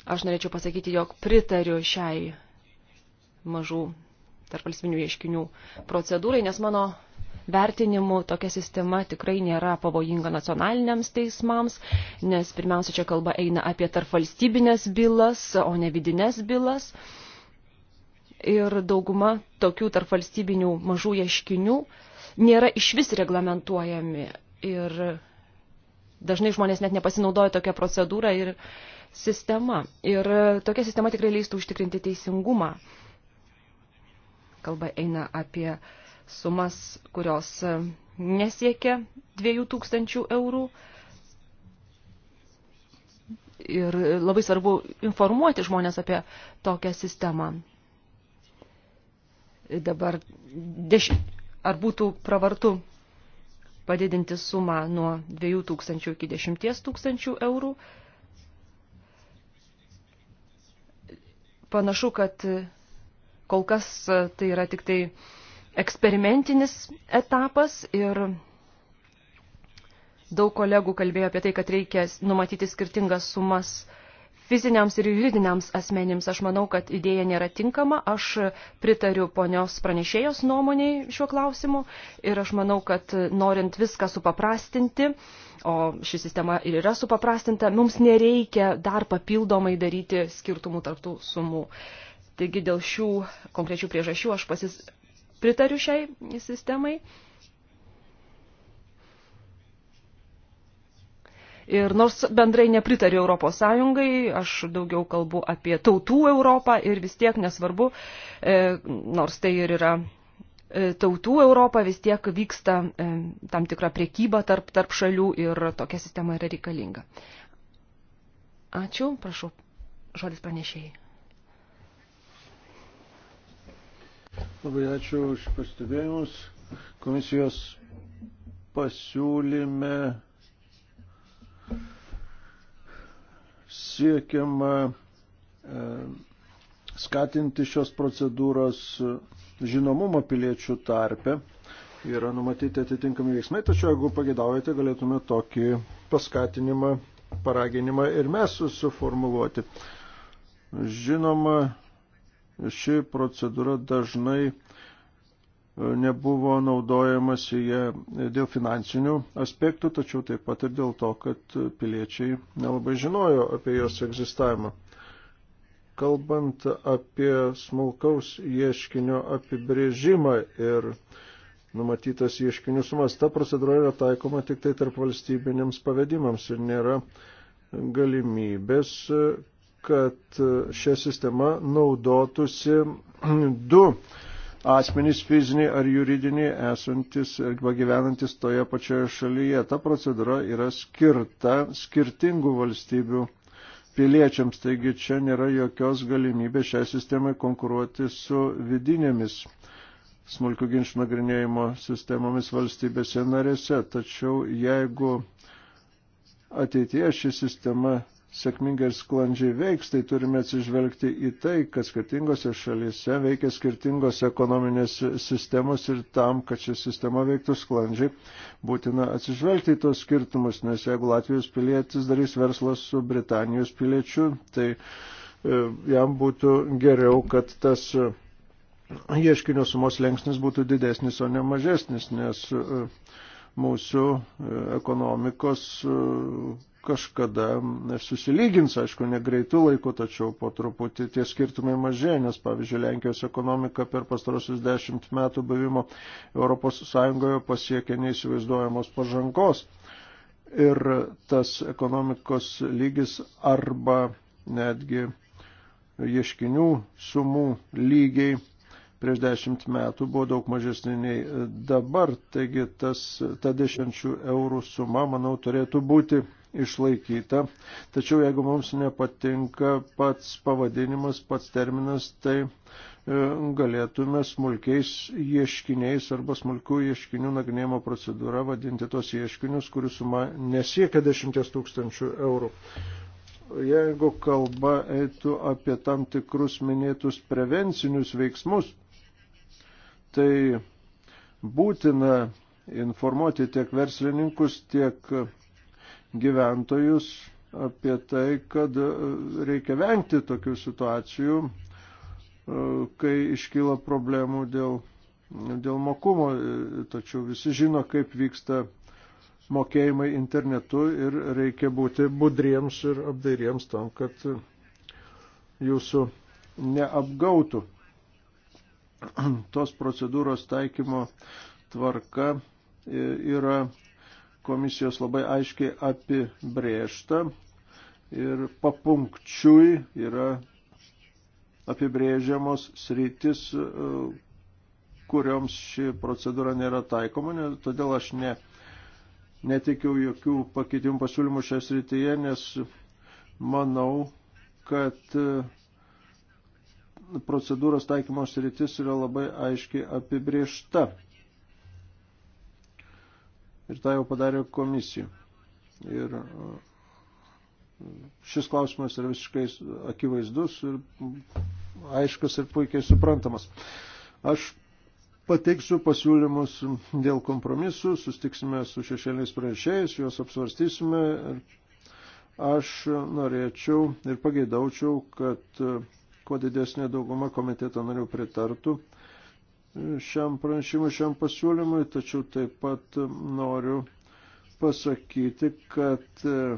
Aš norėčiau pasakyti, jog pritariu šiai mažų tarp valstybinių ieškinių procedūrai, nes mano vertinimu tokia sistema tikrai nėra pavojinga nacionaliniams teismams, nes pirmiausia čia kalba eina apie tarpvalstybinės bylas, o ne vidinės bylas. Ir dauguma tokių tarpvalstybinių mažų ieškinių nėra iš vis reglamentuojami. Ir dažnai žmonės net nepasinaudoja tokią procedūrą ir sistema. Ir tokia sistema tikrai leistų užtikrinti teisingumą. Kalba eina apie sumas, kurios e, nesiekia 2000 eurų. Ir labai svarbu informuoti žmonės apie tokią sistemą. Dabar deš... ar būtų pravartu padidinti sumą nuo 2000 iki 10 tūkstančių eurų. Panašu, kad kol kas e, tai yra tik tai uh, eksperimentinis etapas ir daug kolegų kalbėjo apie tai, kad reikia numatyti skirtingas sumas fiziniams ir juridiniams asmenims. Aš manau, kad idėja nėra tinkama. Aš pritariu ponios pranešėjos nuomoniai šiuo klausimu ir aš manau, kad norint viską supaprastinti, o ši sistema ir yra supaprastinta, mums nereikia dar papildomai daryti skirtumų tarptų sumų. Taigi dėl šių konkrečių priežasčių aš pasis, pritariu šiai sistemai. Ir nors bendrai nepritariu Europos Sąjungai, aš daugiau kalbu apie tautų Europą ir vis tiek nesvarbu, e, nors tai ir yra e, tautų Europą, vis tiek vyksta e, tam tikra priekyba tarp, tarp šalių ir tokia sistema yra reikalinga. Ačiū, prašau, žodis pranešėjai. Labai ačiū už pastebėjimus. Komisijos pasiūlyme siekiama e, skatinti šios procedūros žinomumą piliečių tarpe. Yra numatyti atitinkami veiksmai, tačiau jeigu pagėdaujate, galėtume tokį paskatinimą, paraginimą ir mes suformuluoti. Žinoma, ši procedūra dažnai e, nebuvo naudojamas jie dėl finansinių aspektų, tačiau taip pat ir dėl to, kad piliečiai nelabai žinojo apie jos egzistavimą. Kalbant apie smulkaus ieškinio apibrėžimą ir numatytas ieškinių sumas, ta procedūra yra taikoma tik tai tarp valstybinėms pavedimams ir nėra galimybės kad šią sistemą naudotųsi du asmenys fiziniai ar juridiniai esantis arba gyvenantis toje pačioje šalyje. Ta procedūra yra skirta skirtingų valstybių piliečiams, taigi čia nėra jokios galimybės šią sistemą konkuruoti su vidinėmis smulkių ginčių nagrinėjimo sistemomis valstybėse narėse. Tačiau jeigu ateityje ši sistema sėkmingai ir sklandžiai veiks, tai turime atsižvelgti į tai, kad skirtingose šalyse veikia skirtingos ekonominės sistemos ir tam, kad ši sistema veiktų sklandžiai, būtina atsižvelgti į tos skirtumus, nes jeigu Latvijos pilietis darys verslas su Britanijos piliečiu, tai e, jam būtų geriau, kad tas e, ieškinio sumos lengsnis būtų didesnis, o ne mažesnis, nes e, mūsų ekonomikos kažkada susilygins, aišku, negreitų laikų, tačiau po truputį tie skirtumai mažėja, nes, pavyzdžiui, Lenkijos ekonomika per pastarosius dešimt metų buvimo ES pasiekė neįsivaizduojamos pažangos. Ir tas ekonomikos lygis arba netgi ieškinių sumų lygiai prieš dešimt metų buvo daug mažesnė nei dabar, taigi tas, ta dešimčių eurų suma, manau, turėtų būti išlaikyta. Tačiau jeigu mums nepatinka pats pavadinimas, pats terminas, tai e, galėtume smulkiais ieškiniais arba smulkių ieškinių nagrinėjimo procedūra vadinti tos ieškinius, kurių suma nesiekia 10 tūkstančių eurų. Jeigu kalba eitų apie tam tikrus minėtus prevencinius veiksmus, tai būtina informuoti tiek verslininkus, tiek gyventojus apie tai, kad e, reikia vengti tokių situacijų, e, kai iškyla problemų dėl, dėl mokumo. E, tačiau visi žino, kaip vyksta mokėjimai internetu ir reikia būti budriems ir apdairiems tam, kad jūsų neapgautų. Tos procedūros taikymo tvarka yra komisijos labai aiškiai apibrėžta ir papunkčiui yra apibrėžiamos sritis, kurioms ši procedūra nėra taikoma, nes todėl aš ne, netikiu jokių pakeitimų pasiūlymų šią srityje, nes manau, kad e, procedūros taikymos sritis yra labai aiškiai apibriežta ir tą jau padarė komisija. Ir e, šis klausimas yra visiškai akivaizdus ir aiškus ir puikiai suprantamas. Aš pateiksiu pasiūlymus dėl kompromisų, sustiksime su šešėliais pranešėjais, juos apsvarstysime. Aš norėčiau ir pageidaučiau, kad e, kuo didesnė dauguma komiteto narių pritartų šiam pranešimui, šiam pasiūlymui, tačiau taip pat noriu pasakyti, kad e,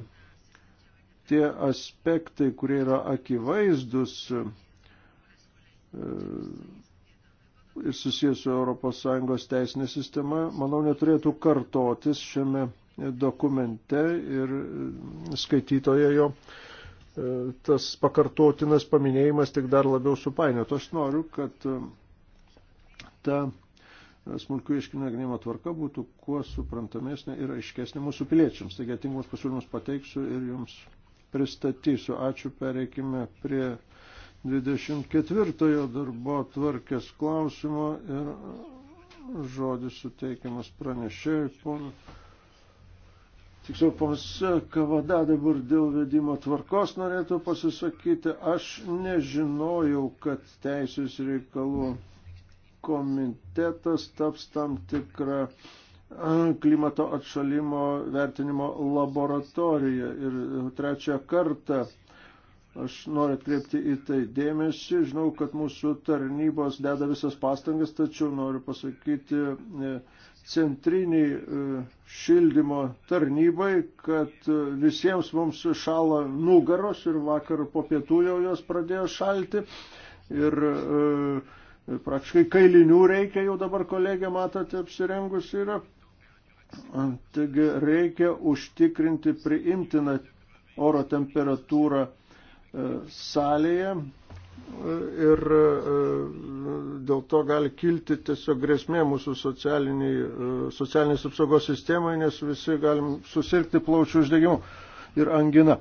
tie aspektai, kurie yra akivaizdus e, ir susijęs su ES teisinė sistema, manau, neturėtų kartotis šiame dokumente ir e, skaitytoje jo tas pakartotinas paminėjimas tik dar labiau supainiotas. Aš noriu, kad ta smulkių ieškinių nagrinėjimo tvarka būtų kuo suprantamesnė ir aiškesnė mūsų piliečiams. Taigi atinkamus pasiūlymus pateiksiu ir jums pristatysiu. Ačiū, pereikime prie 24 darbo tvarkės klausimo ir žodis suteikiamas pranešėjai. Pon... Tiksliau, ponas Kavada dabar dėl vedimo tvarkos norėtų pasisakyti. Aš nežinojau, kad teisės reikalų komitetas taps tam tikrą klimato atšalimo vertinimo laboratoriją. Ir trečią kartą aš noriu atkreipti į tai dėmesį. Žinau, kad mūsų tarnybos deda visas pastangas, tačiau noriu pasakyti e, centriniai e, šildymo tarnybai, kad e, visiems mums šala nugaros ir vakar po pietų jau jos pradėjo šalti. Ir uh, Praktiškai kailinių reikia, jau dabar kolegė, matote, apsirengusi yra. Taigi reikia užtikrinti priimtiną oro temperatūrą e, salėje e, ir e, dėl to gali kilti tiesiog grėsmė mūsų socialiniai, socialinės apsaugos sistemai, nes visi galim susirgti plaučių uždegimu ir angina.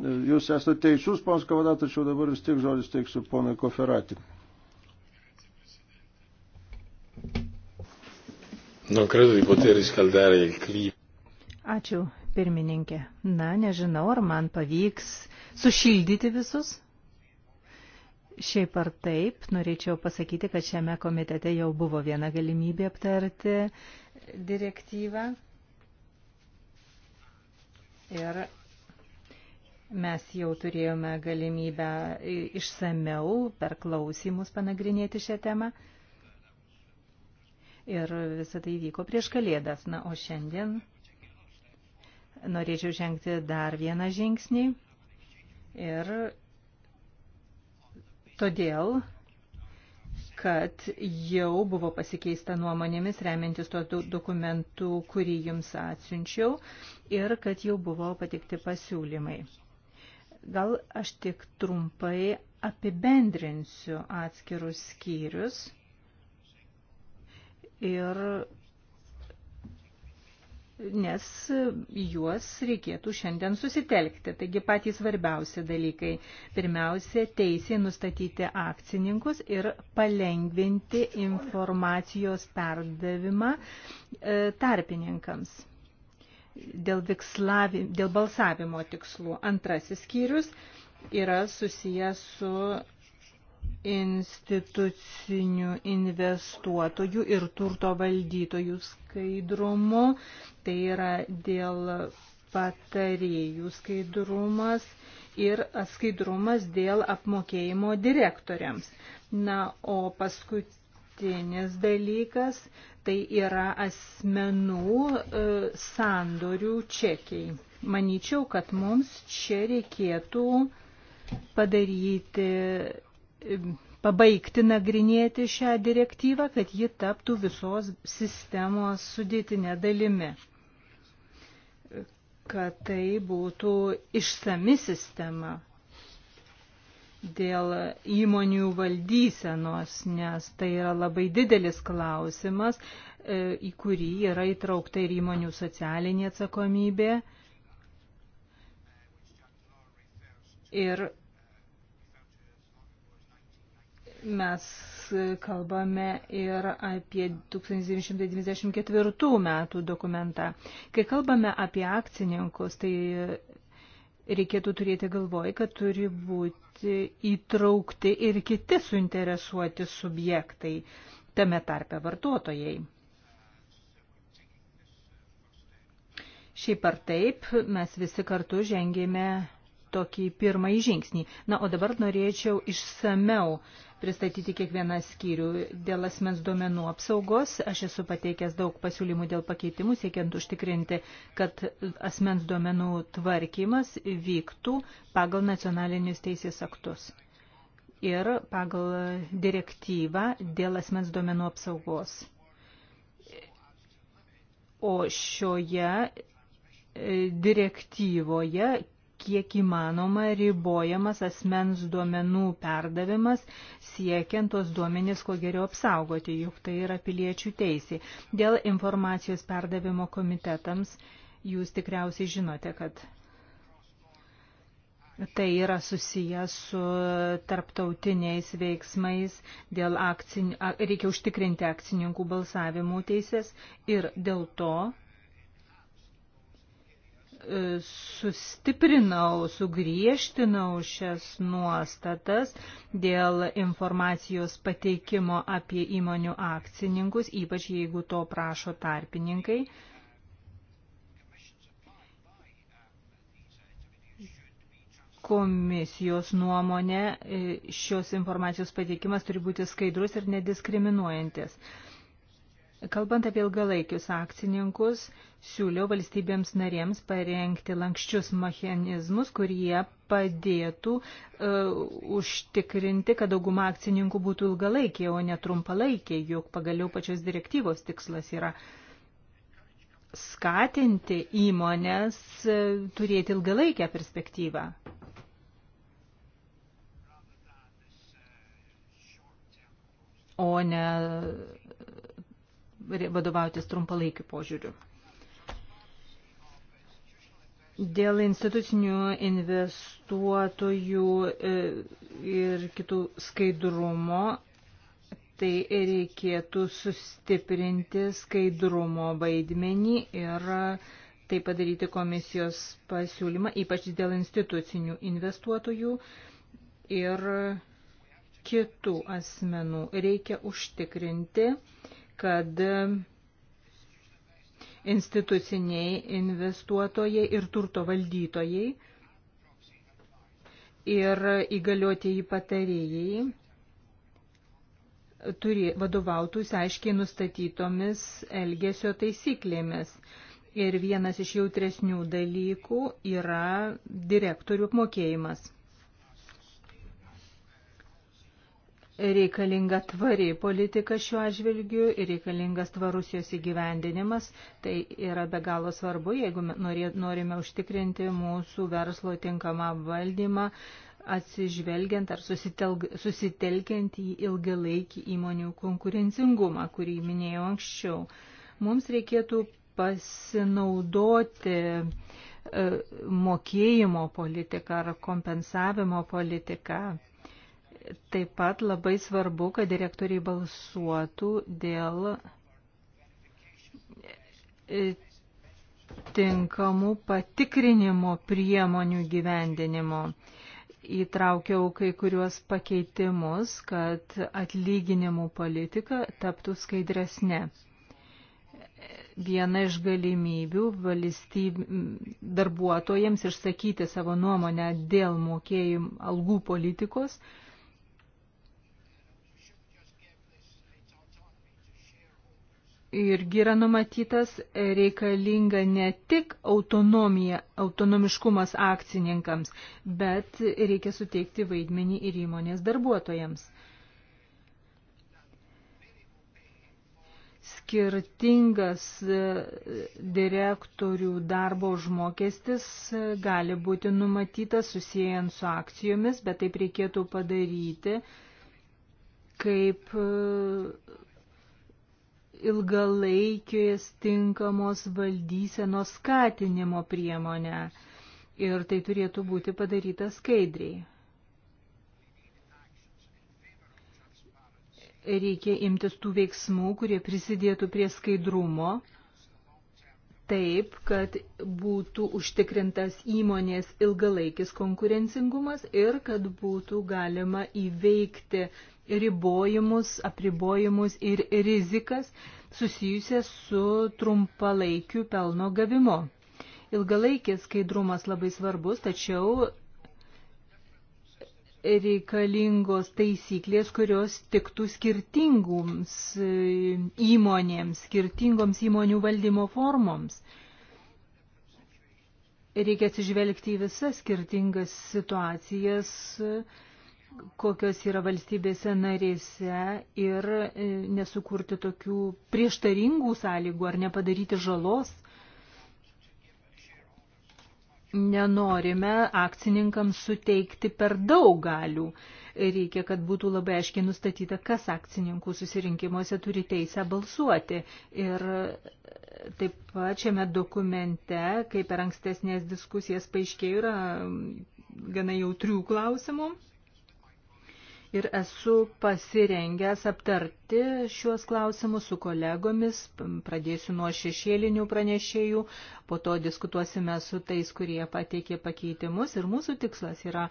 Jūs esate teisus, pons Kavada, tačiau dabar vis tiek žodis teiksiu ponai Koferatį. Nu, credo di poter riscaldare il clima. Ačiū, pirmininkė. Na, nežinau, ar man pavyks sušildyti visus. Šiaip ar taip, norėčiau pasakyti, kad šiame komitete jau buvo viena galimybė aptarti direktyvą. Ir mes jau turėjome galimybę išsameu per klausimus panagrinėti šią temą. Ir visą tai vyko prieš kalėdas. Na, o šiandien norėčiau žengti dar vieną žingsnį. Ir todėl kad jau buvo pasikeista nuomonėmis remiantis tuo dokumentu, kurį jums atsiunčiau ir kad jau buvo patikti pasiūlymai. Gal aš tik trumpai apibendrinsiu atskirus skyrius ir nes juos reikėtų šiandien susitelkti. Taigi patys svarbiausi dalykai. Pirmiausia, teisė nustatyti akcininkus ir palengvinti informacijos perdavimą e, tarpininkams. Dėl, vikslavi, dėl balsavimo tikslų. Antrasis skyrius yra susijęs su institucinių investuotojų ir turto valdytojų skaidrumu, tai yra dėl patarėjų skaidrumas ir skaidrumas dėl apmokėjimo direktoriams. Na, o paskutinis dalykas tai yra asmenų e, sandorių čekiai. Manyčiau, kad mums čia reikėtų padaryti pabaigti nagrinėti šią direktyvą, kad ji taptų visos sistemos sudėtinė dalimi, kad tai būtų išsami sistema dėl įmonių valdysenos, nes tai yra labai didelis klausimas, e, į kurį yra įtraukta ir įmonių socialinė atsakomybė. Ir Mes kalbame ir apie 1994 metų dokumentą. Kai kalbame apie akcininkus, tai reikėtų turėti galvoj, kad turi būti įtraukti ir kiti suinteresuoti subjektai, tame tarpe vartotojai. Šiaip ar taip, mes visi kartu žengėme tokį pirmąjį žingsnį. Na, o dabar norėčiau išsameu uh, pristatyti kiekvieną skyrių. Dėl asmens duomenų apsaugos aš esu pateikęs daug pasiūlymų dėl pakeitimų, siekiant užtikrinti, kad asmens duomenų tvarkymas vyktų pagal nacionalinius teisės aktus ir pagal direktyvą dėl asmens duomenų apsaugos. O šioje e, direktyvoje kiek įmanoma ribojamas asmens duomenų perdavimas, siekiant tos duomenys kuo geriau apsaugoti, juk tai yra piliečių teisė. Dėl informacijos perdavimo komitetams jūs tikriausiai žinote, kad Tai yra susijęs su tarptautiniais veiksmais, dėl akcin... reikia užtikrinti akcininkų balsavimų teisės ir dėl to E, sustiprinau, sugriežtinau šias nuostatas dėl informacijos pateikimo apie įmonių akcininkus, ypač jeigu to prašo tarpininkai. Komisijos nuomonė e, šios informacijos pateikimas turi būti skaidrus ir nediskriminuojantis. Kalbant apie ilgalaikius akcininkus, siūliau valstybėms narėms parengti lankščius mechanizmus, kurie padėtų uh, užtikrinti, kad dauguma akcininkų būtų ilgalaikiai, o ne trumpalaikiai, juk pagaliau pačios direktyvos tikslas yra skatinti įmonės uh, turėti ilgalaikę perspektyvą. O ne vadovautis trumpalaikiu požiūriu. Dėl institucinių investuotojų e, ir kitų skaidrumo, tai reikėtų sustiprinti skaidrumo vaidmenį ir e, tai padaryti komisijos pasiūlymą, ypač dėl institucinių investuotojų ir kitų asmenų. Reikia užtikrinti, kad instituciniai investuotojai ir turto valdytojai ir įgaliotieji patarėjai turi vadovautųsi aiškiai nustatytomis elgesio taisyklėmis. Ir vienas iš jautresnių dalykų yra direktorių apmokėjimas. reikalinga tvari politika šiuo atžvilgiu ir reikalingas tvarus jos įgyvendinimas. Tai yra be galo svarbu, jeigu norime užtikrinti mūsų verslo tinkamą valdymą, atsižvelgiant ar susitelkiant į ilgalaikį įmonių konkurencingumą, kurį minėjau anksčiau. Mums reikėtų pasinaudoti e, mokėjimo politiką ar kompensavimo politiką Taip pat labai svarbu, kad direktoriai balsuotų dėl e, tinkamų patikrinimo priemonių gyvendinimo. Įtraukiau kai kuriuos pakeitimus, kad atlyginimų politika taptų skaidresnė. Viena iš galimybių valstyb... darbuotojams išsakyti savo nuomonę dėl mokėjimų algų politikos irgi yra numatytas reikalinga ne tik autonomija, autonomiškumas akcininkams, bet reikia suteikti vaidmenį ir įmonės darbuotojams. skirtingas e, direktorių darbo užmokestis e, gali būti numatytas susijęjant su akcijomis, bet taip reikėtų padaryti, kaip e, ilgalaikės tinkamos valdysenos skatinimo priemonę ir tai turėtų būti padaryta skaidriai. Reikia imtis tų veiksmų, kurie prisidėtų prie skaidrumo taip, kad būtų užtikrintas įmonės ilgalaikis konkurencingumas ir kad būtų galima įveikti ribojimus, apribojimus ir rizikas susijusias su trumpalaikiu pelno gavimu. Ilgalaikis skaidrumas labai svarbus, tačiau reikalingos taisyklės, kurios tiktų skirtingoms e, įmonėms, skirtingoms įmonių valdymo formoms. Reikia atsižvelgti į visas skirtingas situacijas, kokios yra valstybėse narėse ir e, nesukurti tokių prieštaringų sąlygų ar nepadaryti žalos Nenorime akcininkams suteikti per daug galių. Reikia, kad būtų labai aiškiai nustatyta, kas akcininkų susirinkimuose turi teisę balsuoti. Ir taip pat šiame dokumente, kaip per ankstesnės diskusijas paaiškėjo, yra gana jautrių klausimų ir esu pasirengęs aptarti šiuos klausimus su kolegomis. Pradėsiu nuo šešėlinių pranešėjų, po to diskutuosime su tais, kurie pateikė pakeitimus ir mūsų tikslas yra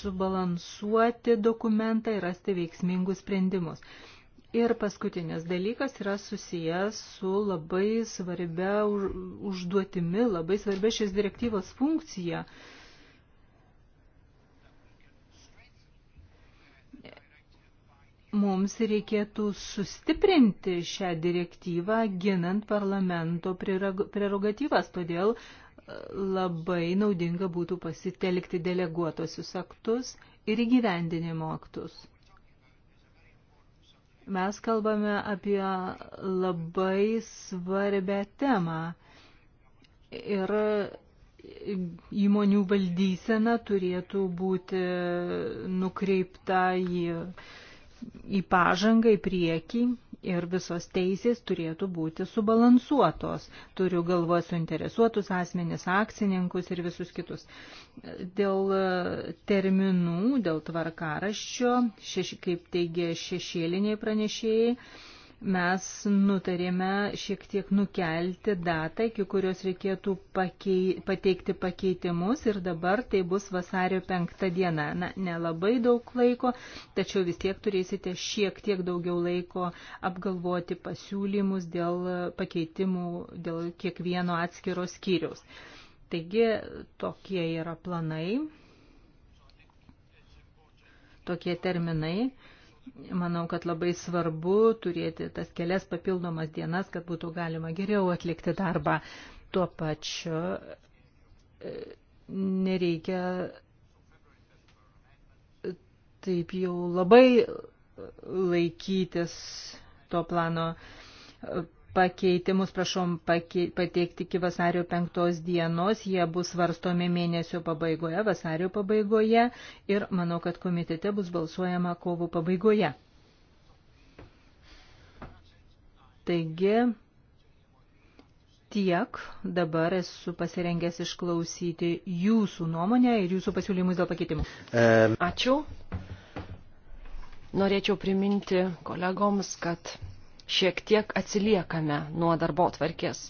subalansuoti dokumentą ir rasti veiksmingus sprendimus. Ir paskutinis dalykas yra susijęs su labai svarbia užduotimi, labai svarbia šios direktyvos funkcija. Uh, mums reikėtų sustiprinti šią direktyvą, ginant parlamento prerogatyvas. Todėl e, labai naudinga būtų pasitelkti deleguotosius aktus ir įgyvendinimo aktus. Mes kalbame apie labai svarbę temą ir įmonių valdysena turėtų būti nukreipta į į pažangą, į priekį ir visos teisės turėtų būti subalansuotos. Turiu galvoje suinteresuotus asmenis, akcininkus ir visus kitus. Dėl e, terminų, dėl tvarkaraščio, šeši, kaip teigia šešėliniai pranešėjai, mes nutarėme šiek tiek nukelti datą, iki kurios reikėtų pakei, pateikti pakeitimus ir dabar tai bus vasario penktą dieną. Na, nelabai daug laiko, tačiau vis tiek turėsite šiek tiek daugiau laiko apgalvoti pasiūlymus dėl pakeitimų, dėl kiekvieno atskiro skyriaus. Taigi tokie yra planai, tokie terminai. Manau, kad labai svarbu turėti tas kelias papildomas dienas, kad būtų galima geriau atlikti darbą. Tuo pačiu e, nereikia taip jau labai laikytis to plano Pakeitimus prašom pakei, pateikti iki vasario penktos dienos, jie bus varstomi mėnesio pabaigoje, vasario pabaigoje ir manau, kad komitete bus balsuojama kovo pabaigoje. Taigi, tiek dabar esu pasirengęs išklausyti jūsų nuomonę ir jūsų pasiūlymus dėl pakeitimų. Ačiū. Norėčiau priminti kolegoms, kad šiek tiek atsiliekame nuo darbo tvarkės.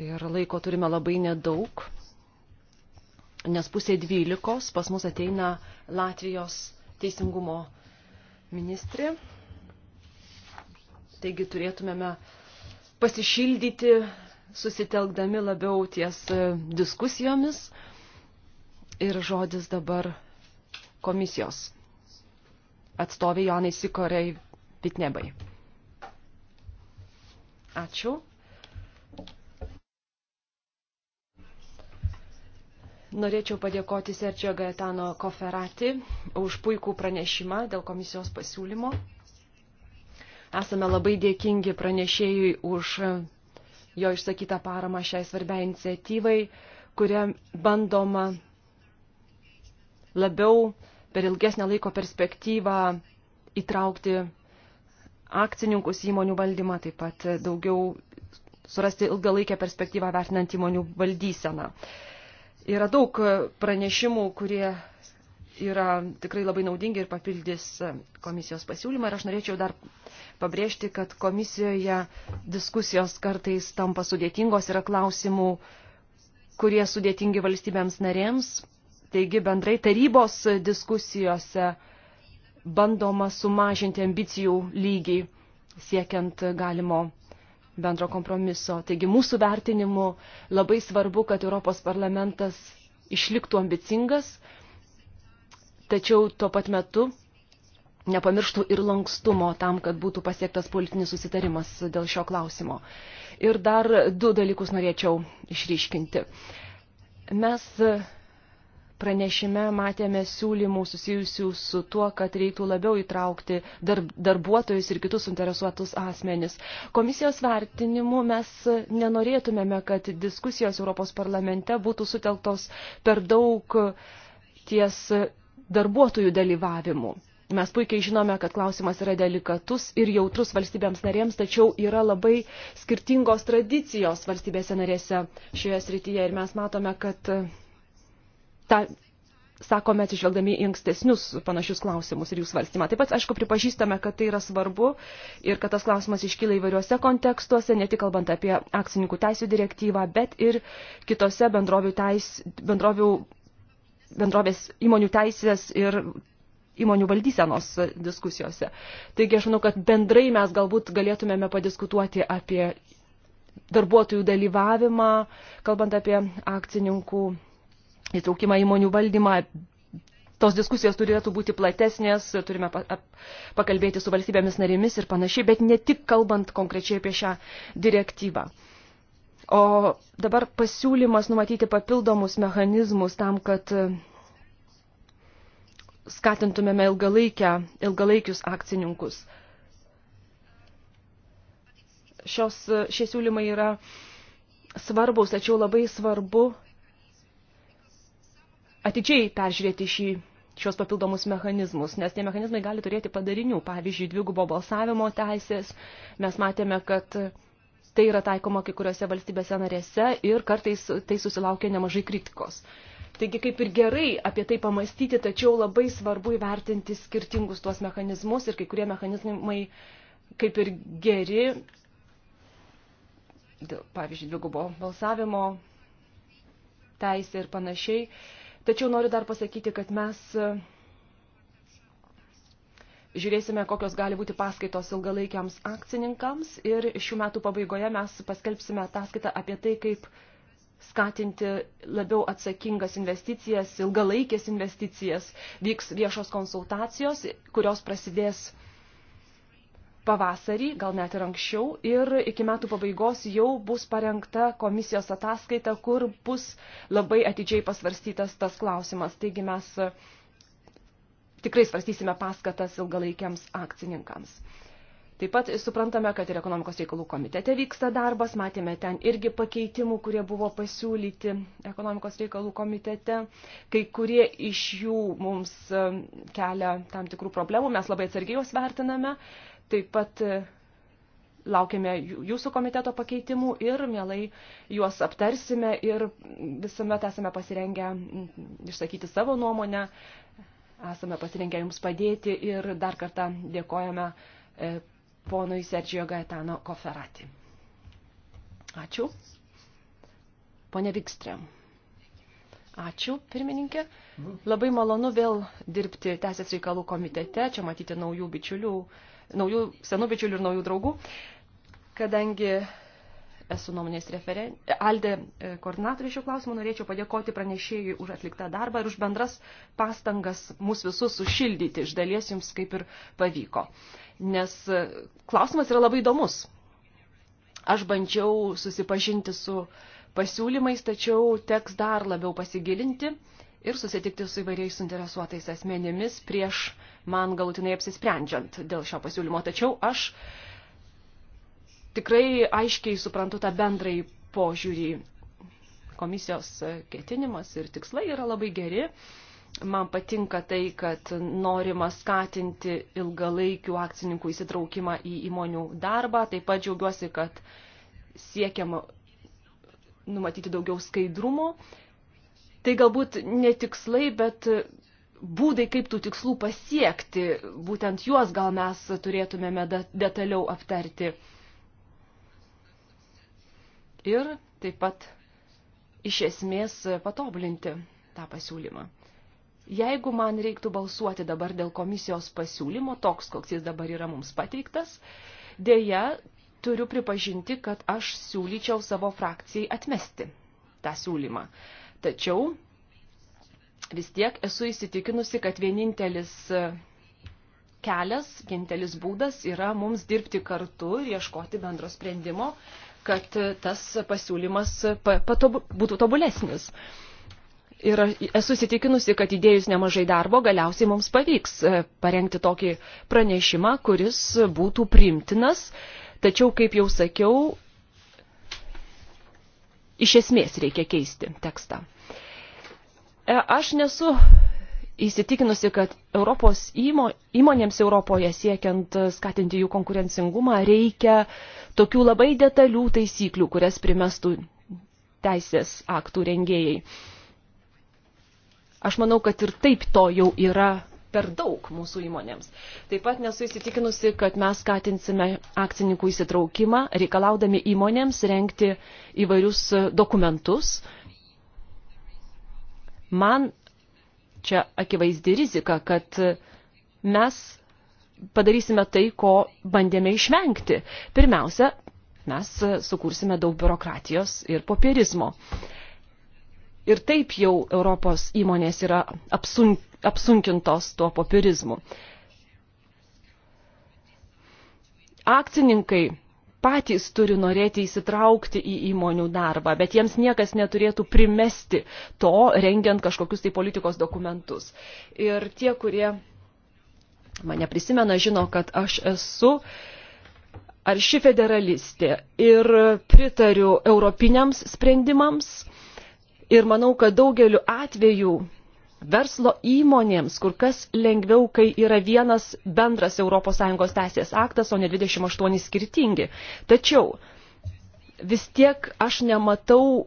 Ir laiko turime labai nedaug, nes pusė dvylikos pas mus ateina Latvijos teisingumo ministrė. Taigi turėtumėme pasišildyti, susitelkdami labiau ties e, diskusijomis. Ir žodis dabar komisijos atstovė Jonai Sikorei Pitnebai. Ačiū. Norėčiau padėkoti Sergio Gaetano Koferati už puikų pranešimą dėl komisijos pasiūlymo. Esame labai dėkingi pranešėjui už jo išsakytą paramą šiai svarbiai iniciatyvai, kuria bandoma labiau per ilgesnę laiko perspektyvą įtraukti akcininkus įmonių valdymą, taip pat daugiau surasti ilgalaikę perspektyvą vertinant įmonių valdyseną. Yra daug pranešimų, kurie yra tikrai labai naudingi ir papildys komisijos pasiūlymą. Ir aš norėčiau dar pabrėžti, kad komisijoje diskusijos kartais tampa sudėtingos, yra klausimų, kurie sudėtingi valstybėms narėms. Taigi bendrai tarybos diskusijose uh, bandoma sumažinti ambicijų lygį siekiant galimo bendro kompromiso. Taigi mūsų vertinimu labai svarbu, kad Europos parlamentas išliktų ambicingas, tačiau tuo pat metu nepamirštų ir lankstumo tam, kad būtų pasiektas politinis susitarimas dėl šio klausimo. Ir dar du dalykus norėčiau išryškinti. Mes pranešime matėme siūlymų susijusių su tuo, kad reiktų labiau įtraukti darb, darbuotojus ir kitus interesuotus asmenis. Komisijos vertinimu mes nenorėtumėme, kad diskusijos Europos parlamente būtų sutelktos per daug ties darbuotojų dalyvavimu. Mes puikiai žinome, kad klausimas yra delikatus ir jautrus valstybėms narėms, tačiau yra labai skirtingos tradicijos valstybėse narėse šioje srityje ir mes matome, kad tą sakome atsižvelgdami į ankstesnius panašius klausimus ir jų svarstymą. Taip pat, aišku, pripažįstame, kad tai yra svarbu ir kad tas klausimas iškyla įvairiuose kontekstuose, ne tik kalbant apie akcininkų teisų direktyvą, bet ir kitose bendrovių, teis, bendrovių bendrovės įmonių teisės ir įmonių valdysenos diskusijose. Taigi aš manau, kad bendrai mes galbūt galėtumėme padiskutuoti apie darbuotojų dalyvavimą, kalbant apie akcininkų įtraukimą įmonių valdymą. Tos diskusijos turėtų būti platesnės, turime pakalbėti su valstybėmis narėmis ir panašiai, bet ne tik kalbant konkrečiai apie šią direktyvą. O dabar pasiūlymas numatyti papildomus mechanizmus tam, kad e, skatintumėme ilgalaikę, ilgalaikius akcininkus. Šios, šie siūlymai yra svarbus, tačiau labai svarbu atidžiai peržiūrėti šį šios papildomus mechanizmus, nes tie mechanizmai gali turėti padarinių, pavyzdžiui, dvigubo balsavimo teisės. Mes matėme, kad tai yra taikoma kai kuriuose valstybėse narėse ir kartais tai susilaukia nemažai kritikos. Taigi kaip ir gerai apie tai pamastyti, tačiau labai svarbu įvertinti skirtingus tuos mechanizmus ir kai kurie mechanizmai kaip ir geri, pavyzdžiui, dvigubo balsavimo teisė ir panašiai Tačiau noriu dar pasakyti, kad mes e, žiūrėsime, kokios gali būti paskaitos ilgalaikiams akcininkams ir šių metų pabaigoje mes paskelbsime ataskaitą apie tai, kaip skatinti labiau atsakingas investicijas, ilgalaikės investicijas, vyks viešos konsultacijos, kurios prasidės pavasarį, gal net ir anksčiau, ir iki metų pabaigos jau bus parengta komisijos ataskaita, kur bus labai atidžiai pasvarstytas tas klausimas. Taigi mes e, tikrai svarstysime paskatas ilgalaikiams akcininkams. Taip pat suprantame, kad ir ekonomikos reikalų komitete vyksta darbas, matėme ten irgi pakeitimų, kurie buvo pasiūlyti ekonomikos reikalų komitete. Kai kurie iš jų mums e, kelia tam tikrų problemų, mes labai atsargiai juos vertiname, Taip pat e, laukiame jūsų komiteto pakeitimų ir mielai juos aptarsime ir visuomet esame pasirengę mm, išsakyti savo nuomonę, esame pasirengę jums padėti ir dar kartą dėkojame e, ponui Sergio Gaetano Koferati. Ačiū. Pone Vikstrėm. Ačiū, pirmininkė. Mhm. Labai malonu vėl dirbti Teisės reikalų komitete, čia matyti naujų bičiulių. Uh, naujų senų bičiulių ir naujų draugų, kadangi esu nuomonės referentė, Alde e, koordinatorių šių klausimų, norėčiau padėkoti pranešėjui už atliktą darbą ir už bendras pastangas mūsų visus sušildyti. Iš dalies jums kaip ir pavyko. Nes e, klausimas yra labai įdomus. Aš bandžiau susipažinti su pasiūlymais, tačiau teks dar labiau pasigilinti ir susitikti su įvairiais suinteresuotais asmenimis prieš man galutinai apsisprendžiant dėl šio pasiūlymo. Tačiau aš tikrai aiškiai suprantu tą bendrąjį požiūrį. Komisijos ketinimas ir tikslai yra labai geri. Man patinka tai, kad norima skatinti ilgalaikių akcininkų įsitraukimą į įmonių darbą. Taip pat džiaugiuosi, kad siekiama numatyti daugiau skaidrumo tai galbūt ne tikslai, bet būdai, kaip tų tikslų pasiekti, būtent juos gal mes turėtumėme detaliau aptarti. Ir taip pat iš esmės patobulinti tą pasiūlymą. Jeigu man reiktų balsuoti dabar dėl komisijos pasiūlymo, toks, koks jis dabar yra mums pateiktas, dėja, turiu pripažinti, kad aš siūlyčiau savo frakcijai atmesti tą siūlymą. Uh, Tačiau vis tiek esu įsitikinusi, kad vienintelis e, kelias, vienintelis būdas yra mums dirbti kartu ir ieškoti bendro sprendimo, kad e, tas pasiūlymas e, patobu, būtų tobulesnis. Ir esu įsitikinusi, kad įdėjus nemažai darbo galiausiai mums pavyks parengti tokį pranešimą, kuris būtų primtinas, tačiau, kaip jau sakiau, iš esmės reikia keisti tekstą. E, aš nesu įsitikinusi, kad Europos įmo, įmonėms Europoje siekiant skatinti jų konkurencingumą reikia tokių labai detalių taisyklių, kurias primestų teisės aktų rengėjai. Aš manau, kad ir taip to jau yra per daug mūsų įmonėms. Taip pat nesu įsitikinusi, kad mes skatinsime akcininkų įsitraukimą, reikalaudami įmonėms renkti įvairius dokumentus, Man čia akivaizdi rizika, kad mes padarysime tai, ko bandėme išvengti. Pirmiausia, mes sukursime daug biurokratijos ir popierizmo. Ir taip jau Europos įmonės yra apsunk, apsunkintos tuo popierizmu. Akcininkai patys turi norėti įsitraukti į įmonių darbą, bet jiems niekas neturėtų primesti to, rengiant kažkokius tai politikos dokumentus. Ir tie, kurie mane prisimena, žino, kad aš esu arši federalistė ir pritariu europiniams sprendimams. Ir manau, kad daugeliu atveju verslo įmonėms kur kas lengviau, kai yra vienas bendras ES teisės aktas, o ne 28 skirtingi. Tačiau vis tiek aš nematau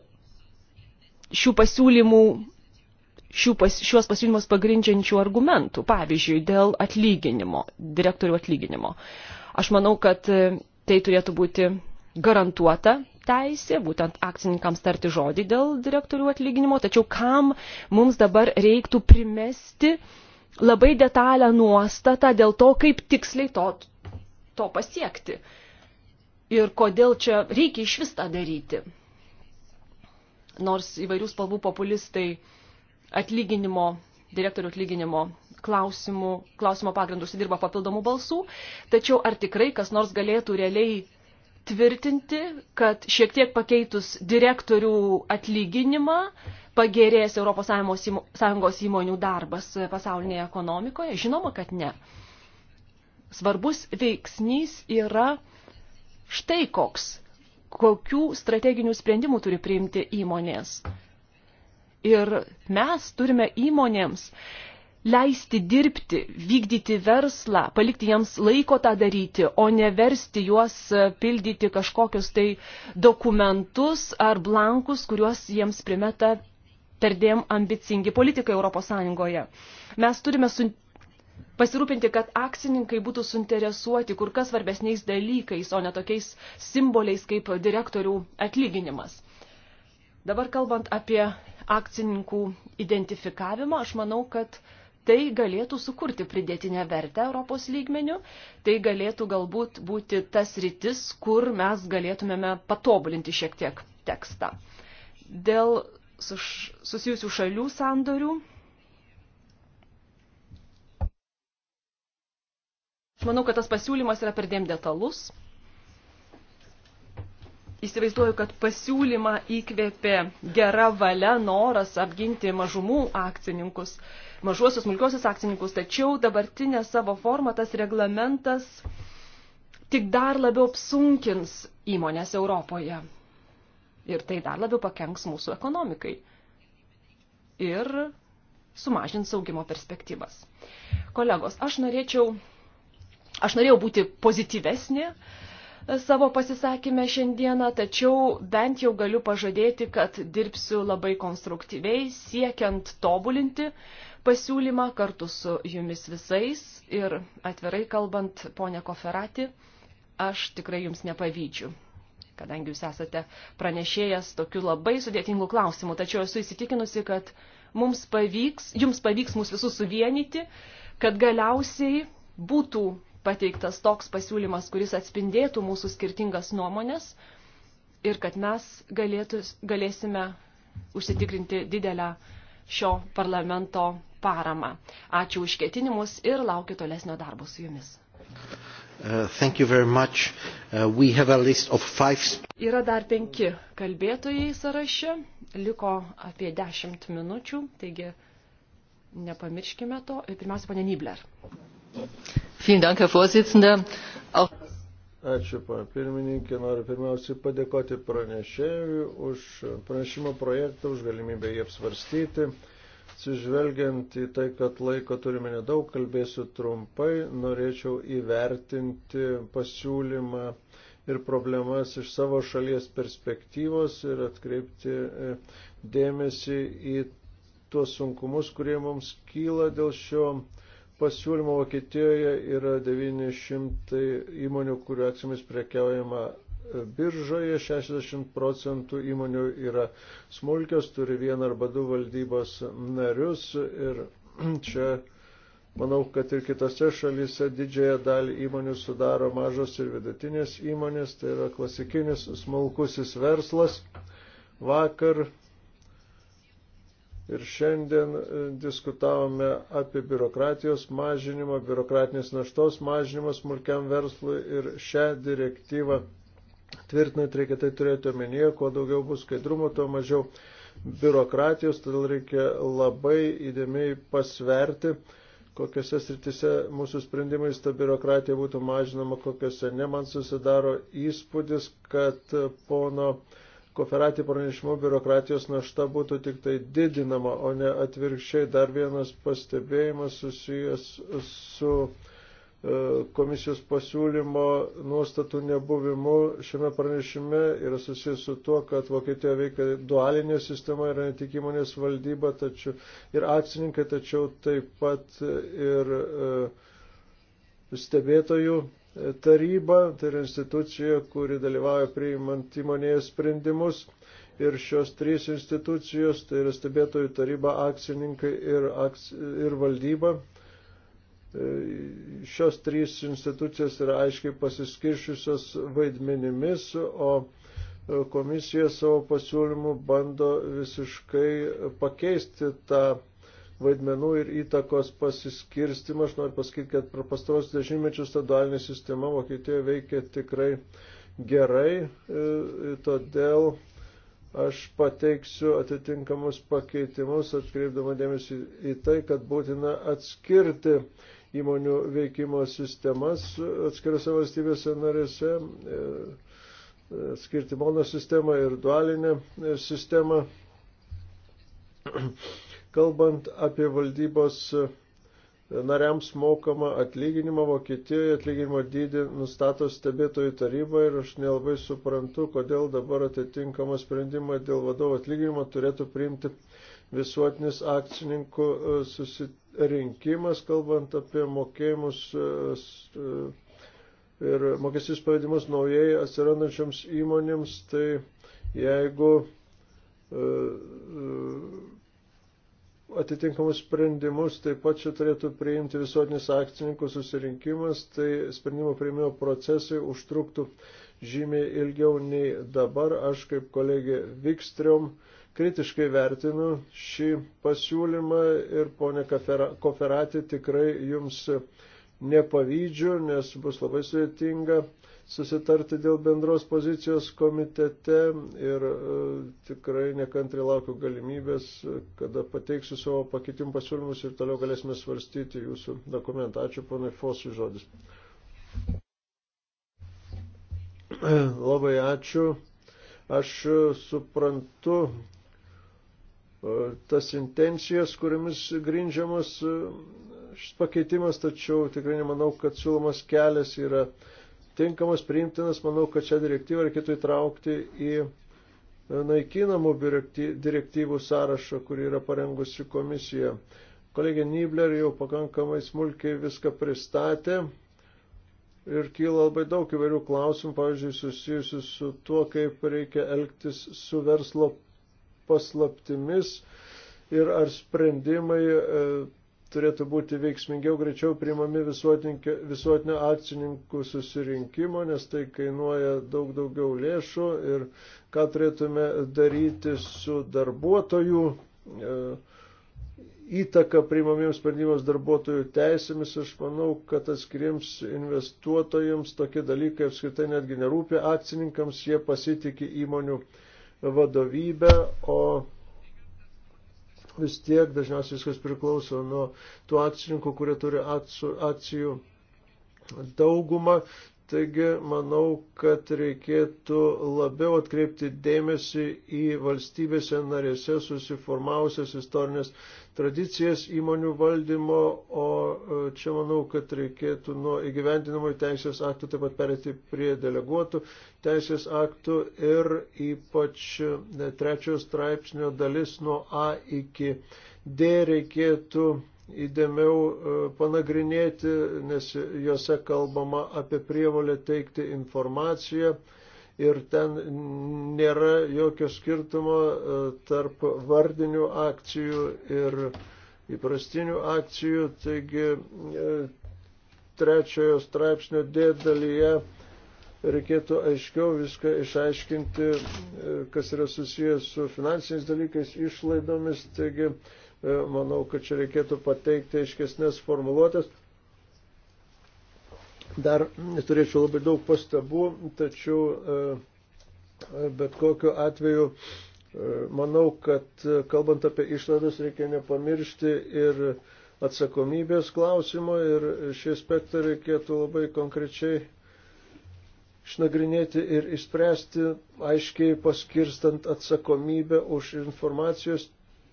šių pasiūlymų, šių pas, šiuos pasiūlymus pagrindžiančių argumentų, pavyzdžiui, dėl atlyginimo, direktorių atlyginimo. Aš manau, kad tai turėtų būti garantuota teisė, būtent akcininkams tarti žodį dėl direktorių atlyginimo, tačiau kam mums dabar reiktų primesti labai detalę nuostatą dėl to, kaip tiksliai to, to pasiekti ir kodėl čia reikia iš vis tą daryti. Nors įvairių spalvų populistai atlyginimo, direktorių atlyginimo klausimų, klausimo pagrindų užsidirba papildomų balsų, tačiau ar tikrai kas nors galėtų realiai tvirtinti, kad šiek tiek pakeitus direktorių atlyginimą pagerės ES įmonių darbas pasaulinėje ekonomikoje? Žinoma, kad ne. Svarbus veiksnys yra štai koks, kokių strateginių sprendimų turi priimti įmonės. Ir mes turime įmonėms leisti dirbti, vykdyti verslą, palikti jiems laiko tą daryti, o ne versti juos e, pildyti kažkokius tai dokumentus ar blankus, kuriuos jiems primeta perdėm ambicingi politikai Europos Sąjungoje. Mes turime su... pasirūpinti, kad akcininkai būtų suinteresuoti kur kas svarbesniais dalykais, o ne tokiais simboliais kaip direktorių atlyginimas. Dabar kalbant apie akcininkų identifikavimą, aš manau, kad uh, tai galėtų sukurti pridėtinę vertę Europos lygmenių, tai galėtų galbūt būti tas rytis, kur mes galėtumėme patobulinti šiek tiek tekstą. Dėl susijusių šalių sandorių. Aš manau, kad tas pasiūlymas yra perdėm detalus. Įsivaizduoju, kad pasiūlymą įkvėpė gera valia noras apginti mažumų akcininkus. Uh, mažuosius smulkiosius akcininkus, tačiau dabartinė savo forma tas reglamentas tik dar labiau apsunkins įmonės Europoje. Ir tai dar labiau pakenks mūsų ekonomikai. Ir sumažins augimo perspektyvas. Kolegos, aš norėčiau, aš norėjau būti pozityvesnė, savo pasisakymę šiandieną, tačiau bent jau galiu pažadėti, kad dirbsiu labai konstruktyviai, siekiant tobulinti pasiūlymą kartu su jumis visais ir atvirai kalbant, ponė Koferati, aš tikrai jums nepavydžiu, kadangi jūs esate pranešėjęs tokiu labai sudėtingu klausimu, tačiau esu įsitikinusi, kad mums pavyks, jums pavyks mus visus suvienyti, kad galiausiai būtų pateiktas toks pasiūlymas, kuris atspindėtų mūsų skirtingas nuomonės ir kad mes galėtų, galėsime užsitikrinti didelę šio parlamento paramą. Ačiū už ketinimus ir laukiu tolesnio darbo su jumis. Uh, thank you very much. Uh, we have a list of five... Yra dar penki kalbėtojai sąraše, liko apie dešimt minučių, taigi nepamirškime to. Pirmiausia, ponė Nibler. Vielen Dank, Herr Vorsitzender. Auch Ačiū, pana pirmininkė. Noriu pirmiausiai padėkoti pranešėjui už pranešimo projektą, už galimybę jį apsvarstyti. Atsižvelgiant į tai, kad laiko turime nedaug, kalbėsiu trumpai, norėčiau įvertinti pasiūlymą ir problemas iš savo šalies perspektyvos ir atkreipti e, dėmesį į tuos sunkumus, kurie mums kyla dėl šio pasiūlymo Vokietijoje yra 900 įmonių, kurių akcijomis prekiaujama biržoje 60 procentų įmonių yra smulkios, turi vieną arba du valdybos narius ir *clears throat* čia manau, kad ir kitose šalyse didžiąją dalį įmonių sudaro mažos ir vidutinės įmonės, tai yra klasikinis smulkusis verslas. Vakar ir šiandien e, diskutavome apie biurokratijos mažinimą, biurokratinės naštos mažinimą smulkiam verslui ir šią direktyvą tvirtinant, reikia tai turėti omenyje, kuo daugiau bus skaidrumo, tuo mažiau biurokratijos, todėl reikia labai įdėmiai pasverti, kokiuose sritise mūsų sprendimais ta biurokratija būtų mažinama, kokiuose ne. Man susidaro įspūdis, kad pono koferatį pranešimo biurokratijos našta būtų tik tai didinama, o ne atvirkščiai. Dar vienas pastebėjimas susijęs su. su E, komisijos pasiūlymo nuostatų nebuvimu šiame pranešime yra susijęs su tuo, kad Vokietijoje veikia dualinė sistema, yra ne tik įmonės valdyba tačiau, ir akcininkai, tačiau taip pat ir e, stebėtojų taryba, tai yra institucija, kuri dalyvauja priimant įmonėje sprendimus. Ir šios trys institucijos, tai yra stebėtojų taryba, akcininkai ir, akci ir valdyba, E, šios trys institucijos yra aiškiai pasiskiršiusios vaidmenimis, o e, komisija savo pasiūlymu bando visiškai pakeisti tą vaidmenų ir įtakos pasiskirstimą. Aš noriu pasakyti, kad per pastaros dešimtmečius ta dualinė sistema Vokietijoje veikia tikrai gerai, e, todėl aš pateiksiu atitinkamus pakeitimus, atkreipdama dėmesį į tai, kad būtina atskirti įmonių veikimo sistemas atskirose valstybėse narėse, e, skirti mono sistemą ir dualinę e, sistemą. *clears throat* Kalbant apie valdybos e, nariams mokamą atlyginimą, Vokietijoje atlyginimo dydį nustato stebėtojų taryba ir aš nelabai suprantu, kodėl dabar atitinkamą sprendimą dėl vadovo atlyginimo turėtų priimti visuotinis akcininkų susitikimas rinkimas, kalbant apie mokėjimus e, e, ir mokestis pavadimus naujai atsirandančioms įmonėms, tai jeigu e, atitinkamus sprendimus taip pat čia turėtų priimti visuotinis akcininkų susirinkimas, tai sprendimo priimimo procesai užtruktų žymiai ilgiau nei dabar. Aš kaip kolegė Vikstriom uh, kritiškai vertinu šį pasiūlymą ir ponė Koferatė tikrai jums nepavydžiu, nes bus labai sudėtinga susitarti dėl bendros pozicijos komitete ir e, tikrai nekantri laukiu galimybės, kada pateiksiu savo pakeitimų pasiūlymus ir toliau galėsime svarstyti jūsų dokumentą. Ačiū ponai Fosui žodis. Labai ačiū. Aš suprantu tas intencijas, kuriamis grindžiamas e, šis pakeitimas, tačiau tikrai nemanau, kad siūlomas kelias yra tinkamas, priimtinas. Manau, kad šią direktyvą reikėtų įtraukti į e, naikinamų direktyvų sąrašą, kurį yra parengusi komisija. Kolegė Nibler jau pakankamai smulkiai viską pristatė ir kyla labai daug įvairių klausimų, pavyzdžiui, susijusių su tuo, kaip reikia elgtis su verslo paslaptimis ir ar sprendimai e, turėtų būti veiksmingiau greičiau priimami visuotinio akcininkų susirinkimo, nes tai kainuoja daug daugiau lėšų ir ką turėtume daryti su darbuotojų e, įtaka priimamiems sprendimams darbuotojų teisėmis. Aš manau, kad atskiriems investuotojams tokie dalykai apskritai netgi nerūpia akcininkams, jie pasitikė įmonių vadovybę, o vis tiek dažniausiai viskas priklauso nuo tų akcininkų, kurie turi akcijų daugumą. Taigi manau, kad reikėtų labiau atkreipti dėmesį į valstybėse narėse susiformavusias istorinės tradicijas įmonių valdymo, o e, čia manau, kad reikėtų nuo įgyvendinamų teisės aktų taip pat perėti prie deleguotų teisės aktų ir ypač e, trečiojo straipsnio dalis nuo A iki D reikėtų įdėmiau e, panagrinėti, nes juose kalbama apie prievalę teikti informaciją ir ten nėra jokio skirtumo e, tarp vardinių akcijų ir įprastinių akcijų. Taigi e, trečiojo straipsnio D dalyje reikėtų aiškiau viską išaiškinti, kas yra susijęs su finansiniais dalykais, išlaidomis. Taigi, E, manau, kad čia reikėtų pateikti aiškesnės formuluotės. Dar turėčiau labai daug pastabų, tačiau e, bet kokiu atveju e, manau, kad kalbant apie išlaidas reikia nepamiršti ir atsakomybės klausimo ir šį aspektą reikėtų labai konkrečiai išnagrinėti ir išspręsti, aiškiai paskirstant atsakomybę už informacijos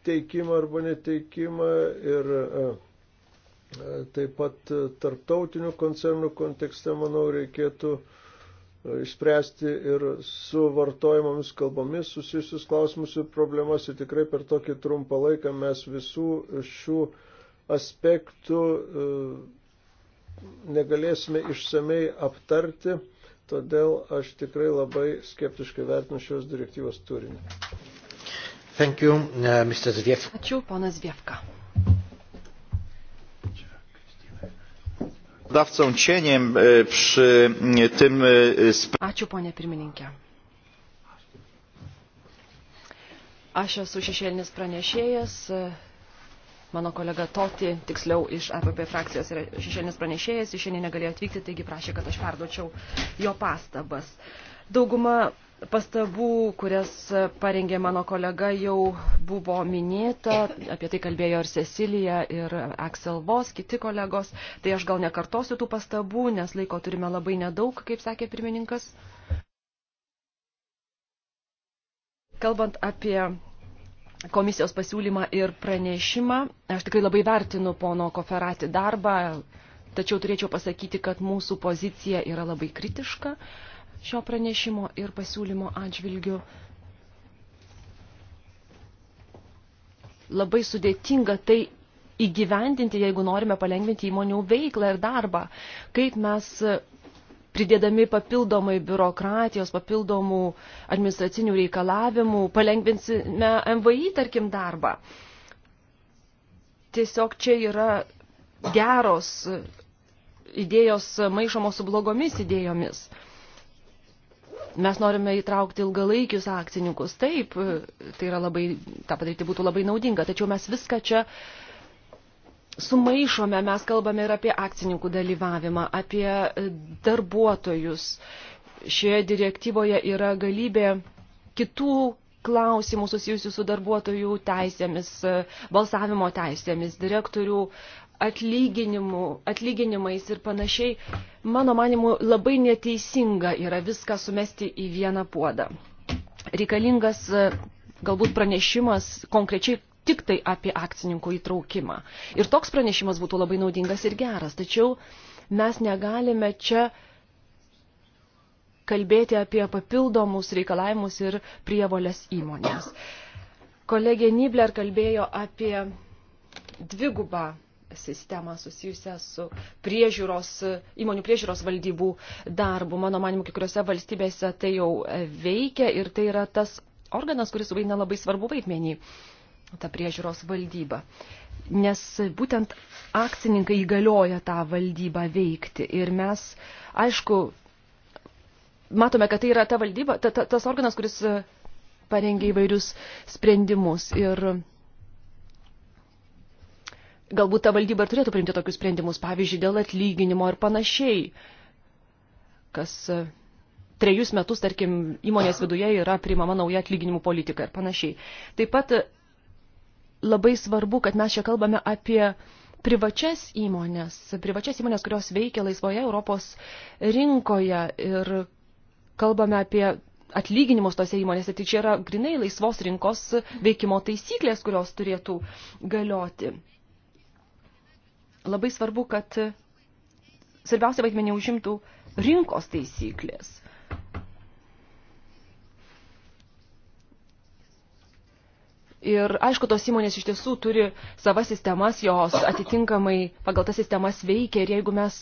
teikimą arba neteikimą ir e, e, taip pat tarptautinių koncernų kontekste, manau, reikėtų e, išspręsti ir su vartojimomis kalbomis susijusius klausimus ir problemas ir tikrai per tokį trumpą laiką mes visų šių aspektų negalėsime išsamei aptarti, todėl aš tikrai labai skeptiškai vertinu šios direktyvos turinį. Thank you, uh, Mr. Zviefka. Ačiū, ponas Zviefka. Dawcą cieniem e, przy e, tym... E, Ačiū, ponė pirmininkė. Aš esu šešėlinis pranešėjas mano kolega Toti, tiksliau iš APP frakcijos yra šešėlinis pranešėjas, jis šiandien negalėjo atvykti, taigi prašė, kad aš perduočiau jo pastabas. Dauguma pastabų, kurias parengė mano kolega, jau buvo minėta, apie tai kalbėjo ir Cecilija, ir Aksel Vos, kiti kolegos, tai aš gal nekartosiu tų pastabų, nes laiko turime labai nedaug, kaip sakė pirmininkas. Kalbant apie komisijos pasiūlymą ir pranešimą, aš tikrai labai vertinu pono Koferati darbą, tačiau turėčiau pasakyti, kad mūsų pozicija yra labai kritiška. Uh, šio pranešimo ir pasiūlymo atžvilgių. Labai sudėtinga tai įgyvendinti, jeigu norime palengvinti įmonių veiklą ir darbą. Kaip mes pridėdami papildomai biurokratijos, papildomų administracinių reikalavimų, palengvinsime MVI, tarkim, darbą. Tiesiog čia yra geros idėjos maišomos su blogomis idėjomis mes norime įtraukti ilgalaikius akcininkus. Taip, tai yra labai, tą padaryti būtų labai naudinga, tačiau mes viską čia sumaišome, mes kalbame ir apie akcininkų dalyvavimą, apie darbuotojus. Šioje direktyvoje yra galybė kitų klausimų susijusių su darbuotojų teisėmis, balsavimo teisėmis, direktorių atlyginimais ir panašiai, mano manimu, labai neteisinga yra viską sumesti į vieną puodą. Reikalingas e, galbūt pranešimas konkrečiai tik tai apie akcininkų įtraukimą. Ir toks pranešimas būtų labai naudingas ir geras, tačiau mes negalime čia kalbėti apie papildomus reikalavimus ir prievolės įmonės. Kolegė Nibler kalbėjo apie dvigubą sistemą susijusią su priežiūros, įmonių priežiūros valdybų darbu. Mano manimu, kiekvienose valstybėse tai jau veikia ir tai yra tas organas, kuris vaidina labai svarbu vaidmenį, ta priežiūros valdyba. Nes būtent akcininkai įgalioja tą valdybą veikti ir mes, aišku, matome, kad tai yra ta valdyba, ta, ta, tas organas, kuris parengia įvairius sprendimus. Ir galbūt ta valdyba ir turėtų priimti tokius sprendimus, pavyzdžiui, dėl atlyginimo ir panašiai, kas e, trejus metus, tarkim, įmonės viduje yra priimama nauja atlyginimų politika ir panašiai. Taip pat e, labai svarbu, kad mes čia kalbame apie privačias įmonės, privačias įmonės, kurios veikia laisvoje Europos rinkoje ir kalbame apie atlyginimus tose įmonėse, tai čia yra grinai laisvos rinkos veikimo taisyklės, kurios turėtų galioti labai svarbu, kad svarbiausia vaidmenį užimtų rinkos taisyklės. Ir aišku, tos įmonės iš tiesų turi savas sistemas, jos atitinkamai pagal tas sistemas veikia ir jeigu mes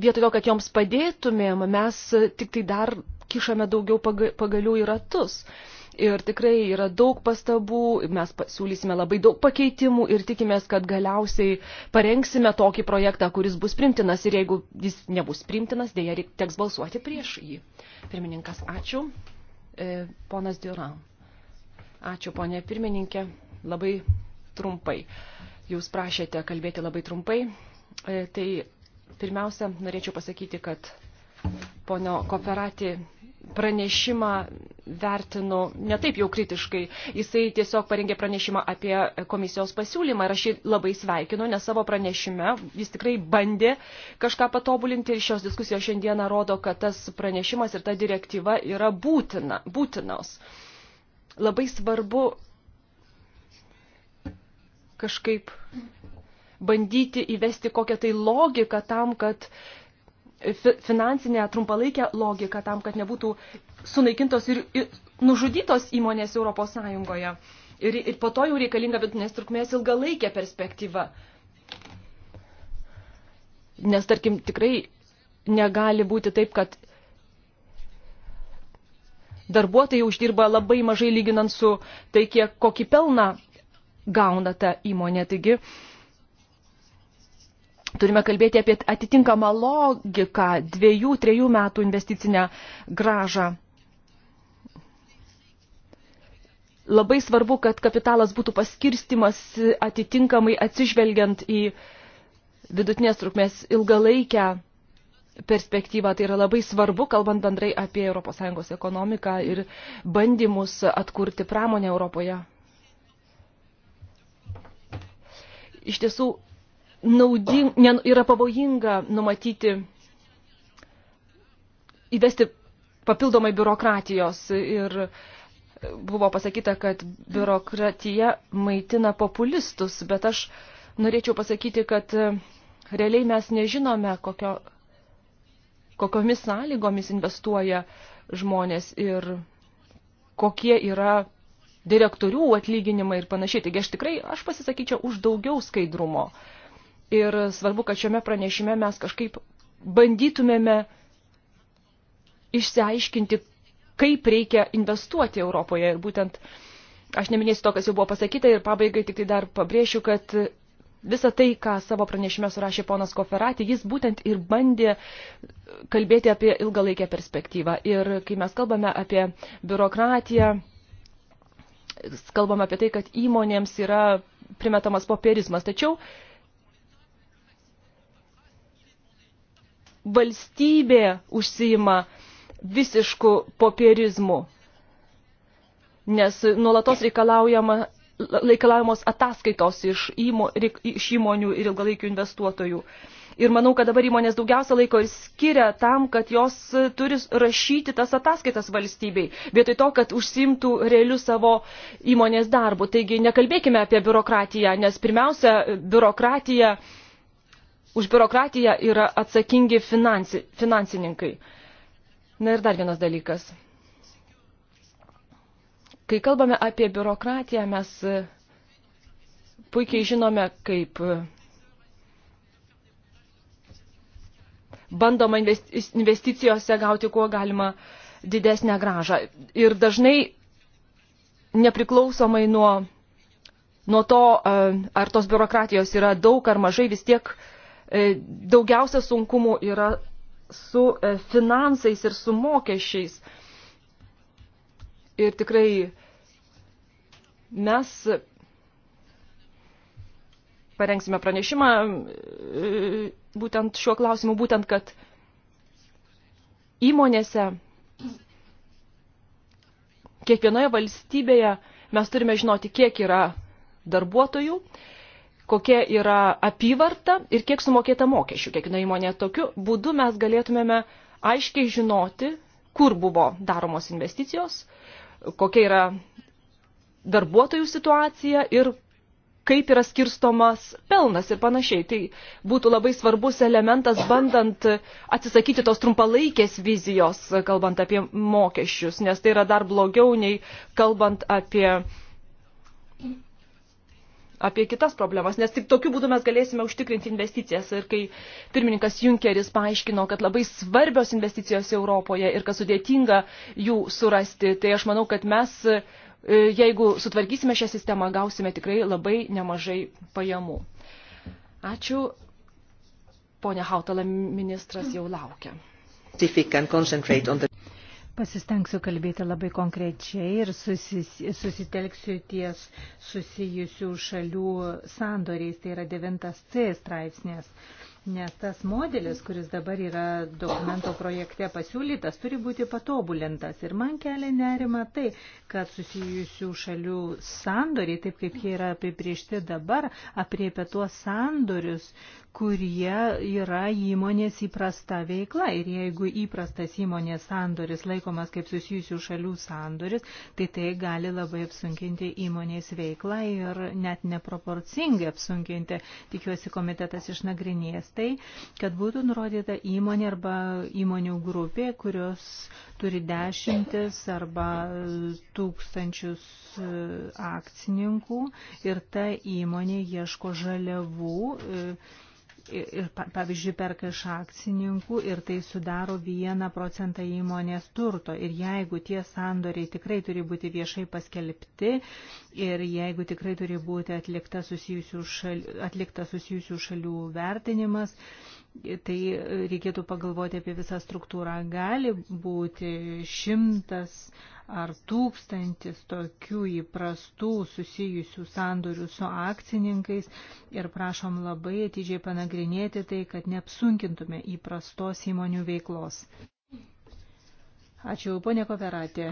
vietoj to, kad joms padėtumėm, mes tik tai dar kišame daugiau pagalių į ratus. Uh, Ir tikrai yra daug pastabų, mes pasiūlysime labai daug pakeitimų ir tikimės, kad galiausiai parengsime tokį projektą, kuris bus primtinas ir jeigu jis nebus primtinas, dėja teks balsuoti prieš jį. Pirmininkas, ačiū. E, ponas Diuran. Ačiū, ponė pirmininkė. Labai trumpai. Jūs prašėte kalbėti labai trumpai. E, tai pirmiausia, norėčiau pasakyti, kad ponio Koperati pranešimą vertinu ne taip jau kritiškai. Jisai tiesiog parengė pranešimą apie komisijos pasiūlymą ir aš jį labai sveikinu, nes savo pranešime jis tikrai bandė kažką patobulinti ir šios diskusijos šiandieną rodo, kad tas pranešimas ir ta direktyva yra būtina, būtinos. Labai svarbu kažkaip bandyti įvesti kokią tai logiką tam, kad uh, finansinę trumpalaikę logiką tam, kad nebūtų sunaikintos ir nužudytos įmonės Europos Sąjungoje. Ir, ir po to jau reikalinga vidutinės trukmės ilgalaikė perspektyva. Nes, tarkim, tikrai negali būti taip, kad darbuotojai uždirba labai mažai lyginant su tai, kiek kokį pelną gauna ta įmonė. Taigi, uh, Turime kalbėti apie atitinkamą logiką, dviejų, trejų metų investicinę gražą. Labai svarbu, kad kapitalas būtų paskirstimas atitinkamai atsižvelgiant į vidutinės trukmės ilgalaikę perspektyvą. Tai yra labai svarbu, kalbant bendrai apie ES ekonomiką ir bandymus atkurti pramonę Europoje. Iš tiesų, naudin, ne, yra pavojinga numatyti, įvesti papildomai biurokratijos ir buvo pasakyta, kad biurokratija maitina populistus, bet aš norėčiau pasakyti, kad e, realiai mes nežinome, kokio, kokiomis sąlygomis investuoja žmonės ir kokie yra direktorių atlyginimai ir panašiai. Taigi aš tikrai, aš pasisakyčiau už daugiau skaidrumo. Uh, Ir svarbu, kad šiame pranešime mes kažkaip bandytumėme išsiaiškinti, kaip reikia investuoti Europoje. Ir būtent, aš neminėsiu to, kas jau buvo pasakyta ir pabaigai tik tai dar pabrėšiu, kad visą tai, ką savo pranešime surašė ponas Koferati, jis būtent ir bandė kalbėti apie ilgalaikę perspektyvą. Ir kai mes kalbame apie biurokratiją, kalbame apie tai, kad įmonėms yra primetamas popierizmas. Tačiau valstybė užsijima visišku popierizmu, nes nuolatos reikalaujama reikalaujamos ataskaitos iš, įmo, iš įmonių ir ilgalaikių investuotojų. Ir manau, kad dabar įmonės daugiausia laiko ir skiria tam, kad jos turi rašyti tas ataskaitas valstybei, vietoj to, kad užsimtų realiu savo įmonės darbu. Taigi nekalbėkime apie biurokratiją, nes pirmiausia, biurokratija uh, už biurokratiją yra atsakingi finansi, finansininkai. Na ir dar vienas dalykas. Kai kalbame apie biurokratiją, mes e, puikiai žinome, kaip e, bandoma investicijose gauti kuo galima didesnę gražą. Ir dažnai nepriklausomai nuo, nuo to, e, ar tos biurokratijos yra daug ar mažai, vis tiek uh, E, daugiausia sunkumų yra su e, finansais ir su mokesčiais. Ir tikrai mes parengsime pranešimą e, būtent šiuo klausimu, būtent, kad įmonėse kiekvienoje valstybėje mes turime žinoti, kiek yra darbuotojų, kokia yra apyvarta ir kiek sumokėta mokesčių kiekviena įmonė. Tokiu būdu mes galėtumėme aiškiai žinoti, kur buvo daromos investicijos, kokia yra darbuotojų situacija ir kaip yra skirstomas pelnas ir panašiai. Tai būtų labai svarbus elementas, bandant atsisakyti tos trumpalaikės vizijos, kalbant apie mokesčius, nes tai yra dar blogiau nei kalbant apie apie kitas problemas, nes tik tokiu būdu mes galėsime užtikrinti investicijas. Ir kai pirmininkas Junkeris paaiškino, kad labai svarbios investicijos Europoje ir kad sudėtinga jų surasti, tai aš manau, kad mes, e, jeigu sutvarkysime šią sistemą, gausime tikrai labai nemažai pajamų. Ačiū. Pone Hautala, ministras jau laukia. Pasistengsiu kalbėti labai konkrečiai ir susis, susitelksiu ties susijusių šalių sandoriais, tai yra 9c straipsnės. Nes tas modelis, kuris dabar yra dokumento projekte pasiūlytas, turi būti patobulintas. Ir man kelia nerima tai, kad susijusių šalių sandoriai, taip kaip jie yra apibriežti dabar, apriepia tuos sandorius, kurie yra įmonės įprasta veikla. Ir jeigu įprastas įmonės sandoris laikomas kaip susijusių šalių sandoris, tai tai gali labai apsunkinti įmonės veiklą ir net neproporcingai apsunkinti. Tikiuosi, komitetas išnagrinės tai, kad būtų nurodyta įmonė arba įmonių grupė, kurios turi dešimtis arba tūkstančius e, akcininkų ir ta įmonė ieško žaliavų e, ir, pavyzdžiui, perka iš akcininkų ir tai sudaro 1 procentą įmonės turto. Ir jeigu tie sandoriai tikrai turi būti viešai paskelbti ir jeigu tikrai turi būti atlikta susijusių šalių, atlikta susijusių šalių vertinimas, tai reikėtų pagalvoti apie visą struktūrą. Gali būti šimtas 100 ar tūkstantis tokių įprastų susijusių sandorių su akcininkais ir prašom labai atidžiai panagrinėti tai, kad neapsunkintume įprastos įmonių veiklos. Ačiū, ponė Koperatė.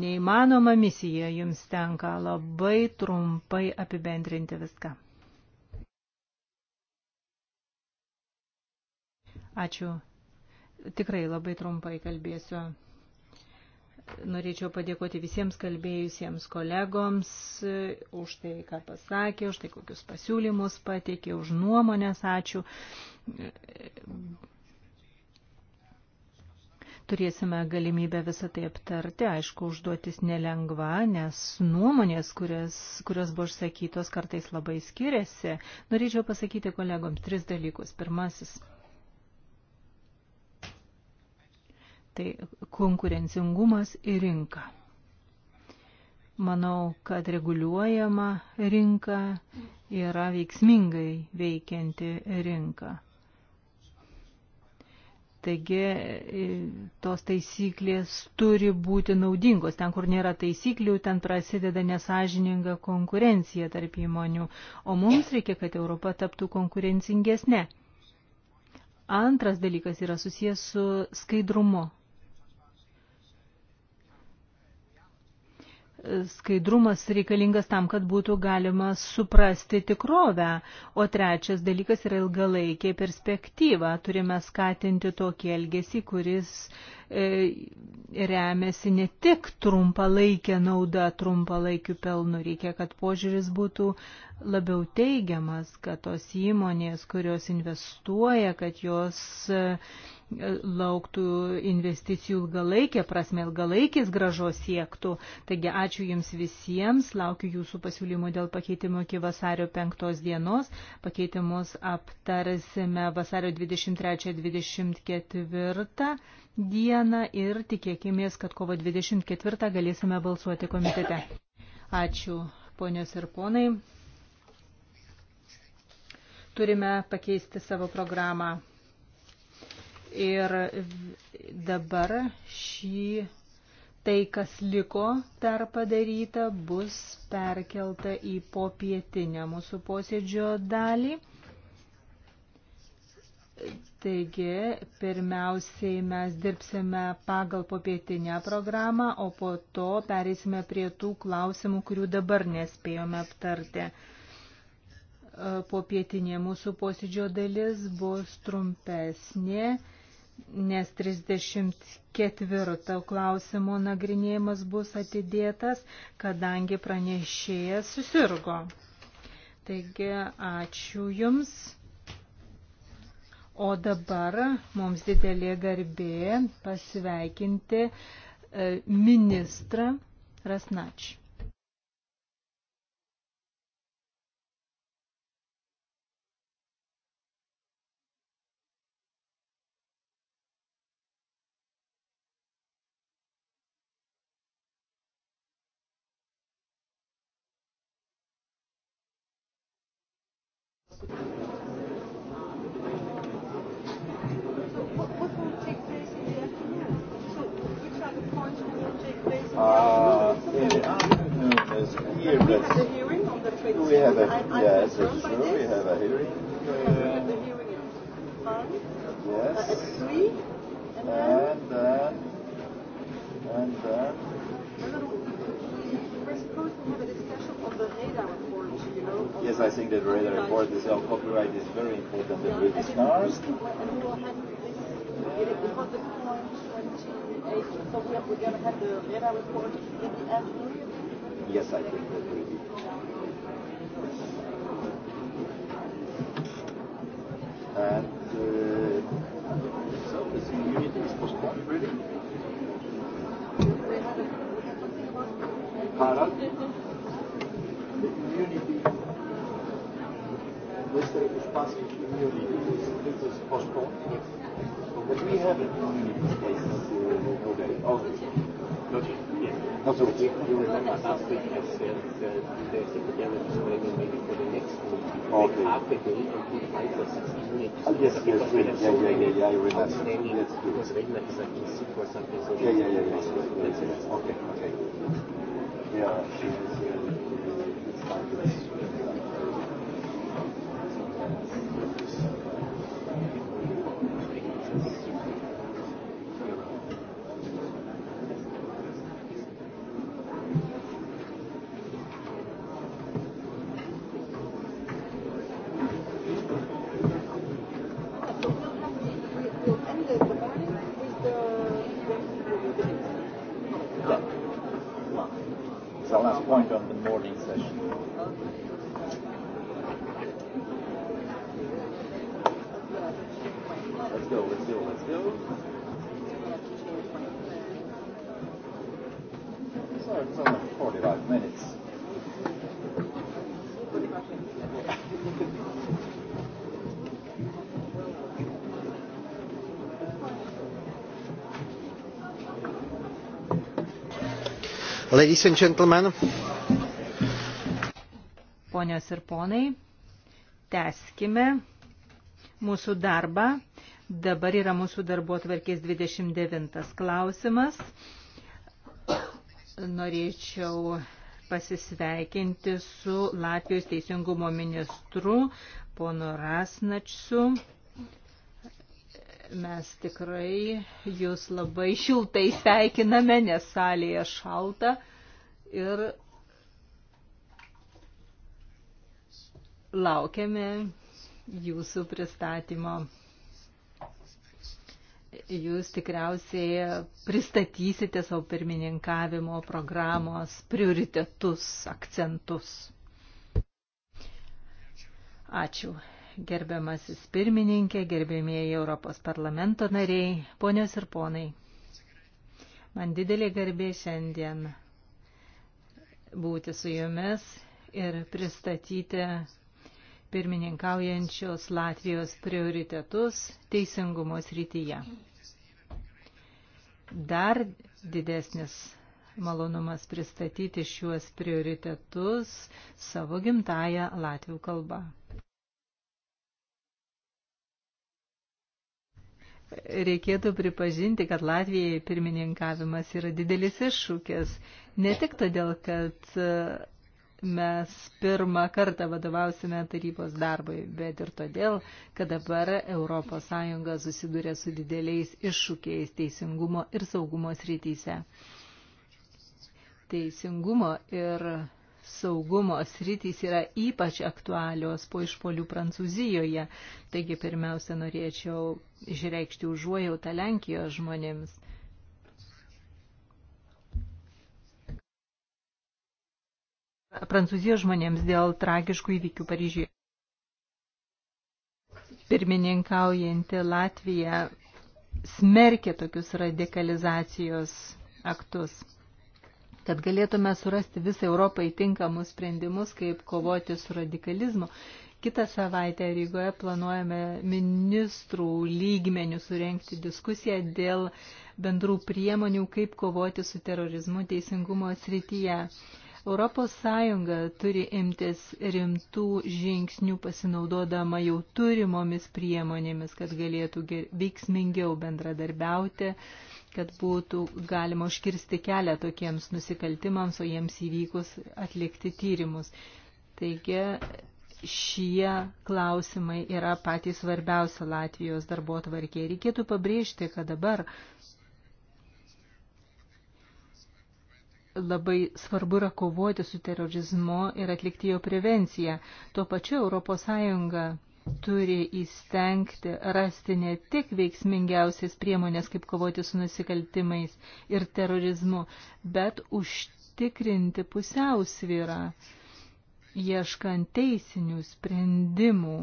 Neįmanoma misija jums tenka labai trumpai apibendrinti viską. Ačiū. Tikrai labai trumpai kalbėsiu. Norėčiau padėkoti visiems kalbėjusiems kolegoms e, už tai, ką pasakė, už tai, kokius pasiūlymus pateikė, už nuomonės. Ačiū. Turėsime galimybę visą tai aptarti. Aišku, užduotis nelengva, nes nuomonės, kurios, kurios buvo išsakytos, kartais labai skiriasi. Norėčiau pasakyti kolegoms tris dalykus. Pirmasis. tai konkurencingumas ir rinka. Manau, kad reguliuojama rinka yra veiksmingai veikianti rinka. Taigi e, tos taisyklės turi būti naudingos. Ten, kur nėra taisyklių, ten prasideda nesažininga konkurencija tarp įmonių. O mums reikia, kad Europa taptų konkurencingesnė. Antras dalykas yra susijęs su skaidrumu. skaidrumas reikalingas tam, kad būtų galima suprasti tikrovę. O trečias dalykas yra ilgalaikė perspektyva. Turime skatinti tokį elgesį, kuris e, remiasi ne tik trumpalaikė nauda, trumpalaikių pelnų. Reikia, kad požiūris būtų labiau teigiamas, kad tos įmonės, kurios investuoja, kad jos e, lauktų investicijų ilgalaikė prasme, ilgalaikės gražos siektų. Taigi ačiū Jums visiems, laukiu Jūsų pasiūlymų dėl pakeitimo iki vasario 5 dienos. Pakeitimus aptarsime vasario 23-24 dieną ir tikėkimės, kad kovo 24 galėsime balsuoti komitete. Ačiū, ponios ir ponai turime pakeisti savo programą Ir dabar šį tai, kas liko dar padaryta, bus perkelta į popietinę mūsų posėdžio dalį. Taigi, pirmiausiai mes dirbsime pagal popietinę programą, o po to pereisime prie tų klausimų, kurių dabar nespėjome aptarti popietinė mūsų posėdžio dalis bus trumpesnė nes 34 klausimo nagrinėjimas bus atidėtas, kadangi pranešėjas susirgo. Taigi, ačiū Jums. O dabar mums didelė garbė pasveikinti e, ministrą Rasnačį. Uh, in the afternoon is here. We had a hearing on the trade We have a, I, yes, it's true. We have a hearing. Uh, we have the hearing at five. Yes. Uh, at three. And, and then. And then. And then we're supposed to have a discussion on the radar report, you know. Yes, I think that radar report is our uh, copyright is very important yeah, and really stars. And we will have this, it was the point 28, so we are, we're going to have the radar report in the afternoon. Yes, I think that will be. And uh, so, it's in unit Marat, the immunity, Mr. Uspaskich's immunity is, it was postponed. Yes. But we have it on the case. Okay. Okay. Not yet. Yes. Not so much. You remember last week I said that the secretary is planning maybe for the next week. Okay. Half a day and put five or six minutes. Ah, yes, yes, yes. Yeah, so yeah, yeah, yeah, I remember. Outstanding. Yes, because Regner is like in sick or something. So yeah, yeah, yeah, yeah. That's it. Okay, okay. Ja, ich finde es sehr, sehr Ladies and gentlemen. Ponios ir ponai, teskime mūsų darbą. Dabar yra mūsų darbo tvarkės 29 klausimas. Norėčiau pasisveikinti su Latvijos teisingumo ministru ponu Rasnačiu. Mes tikrai jūs labai šiltai sveikiname, nes salėje šalta ir laukiame jūsų pristatymo. Jūs tikriausiai pristatysite savo pirmininkavimo programos prioritetus, akcentus. Ačiū. Gerbiamasis pirmininkė, gerbėmieji Europos parlamento nariai, ponios ir ponai. Man didelė garbė šiandien būti su jumis ir pristatyti pirmininkaujančios Latvijos prioritetus teisingumo srityje. Dar didesnis malonumas pristatyti šiuos prioritetus savo gimtają latvių kalbą. Reikėtų pripažinti, kad Latvijai pirmininkavimas yra didelis iššūkis, Ne tik todėl, kad e, mes pirmą kartą vadovausime tarybos darbui, bet ir todėl, kad dabar ES susiduria su dideliais iššūkiais teisingumo ir saugumo srityse. Teisingumo ir saugumo sritys yra ypač aktualios po išpolių Prancūzijoje, taigi pirmiausia norėčiau išreikšti užuojautą Lenkijos žmonėms. Prancūzijos žmonėms dėl tragiškų įvykių Paryžiuje. Pirmininkaujanti Latvija smerkė tokius radikalizacijos aktus, kad galėtume surasti visą Europą įtinkamus sprendimus, kaip kovoti su radikalizmu. Kitą savaitę Rygoje planuojame ministrų lygmenių surenkti diskusiją dėl bendrų priemonių, kaip kovoti su terorizmu teisingumo srityje. Europos Sąjunga turi imtis rimtų žingsnių pasinaudodama jau turimomis priemonėmis, kad galėtų veiksmingiau bendradarbiauti, kad būtų galima užkirsti kelią tokiems nusikaltimams, o jiems įvykus atlikti tyrimus. Taigi šie klausimai yra patys svarbiausia Latvijos darbo tvarkė. Reikėtų pabrėžti, kad dabar labai svarbu yra kovoti su terorizmu ir atlikti jo prevenciją. Tuo pačiu ES turi įstengti rasti ne tik veiksmingiausias priemonės, kaip kovoti su nusikaltimais ir terorizmu, bet užtikrinti pusiausvyrą, ieškant teisinių sprendimų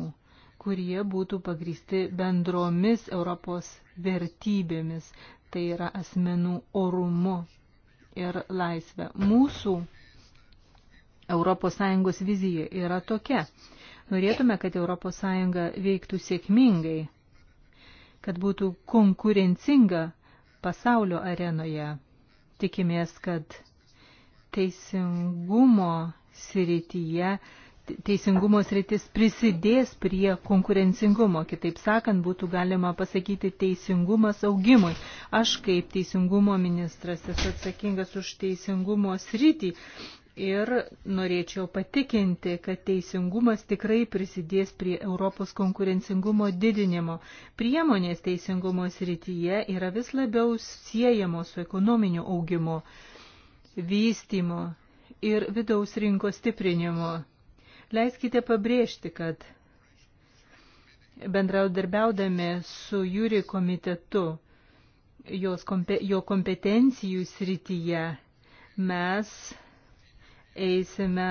kurie būtų pagristi bendromis Europos vertybėmis, tai yra asmenų orumu ir laisvę. Mūsų ES vizija yra tokia. Norėtume, kad ES veiktų sėkmingai, kad būtų konkurencinga pasaulio arenoje. Tikimės, kad teisingumo srityje teisingumo sritis prisidės prie konkurencingumo. Kitaip sakant, būtų galima pasakyti teisingumas augimui. Aš kaip teisingumo ministras esu atsakingas už teisingumo sritį. Ir norėčiau patikinti, kad teisingumas tikrai prisidės prie Europos konkurencingumo didinimo. Priemonės teisingumo srityje yra vis labiau siejamos su ekonominiu augimu, vystimu ir vidaus rinkos stiprinimu. Leiskite pabrėžti, kad bendraudarbiaudami su jūri komitetu, jos, jo kompetencijų srityje, mes eisime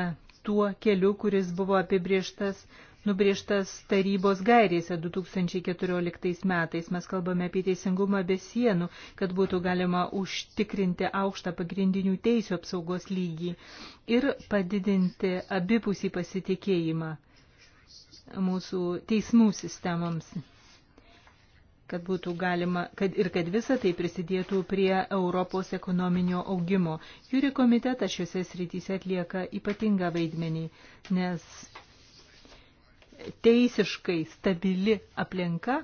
tuo keliu, kuris buvo apibrieštas nubriežtas tarybos gairėse 2014 metais. Mes kalbame apie teisingumą be sienų, kad būtų galima užtikrinti aukštą pagrindinių teisų apsaugos lygį ir padidinti abipusį pasitikėjimą mūsų teismų sistemoms kad būtų galima, kad ir kad visa tai prisidėtų prie Europos ekonominio augimo. Jūri komitetas šiuose srityse atlieka ypatingą vaidmenį, nes teisiškai stabili aplinka,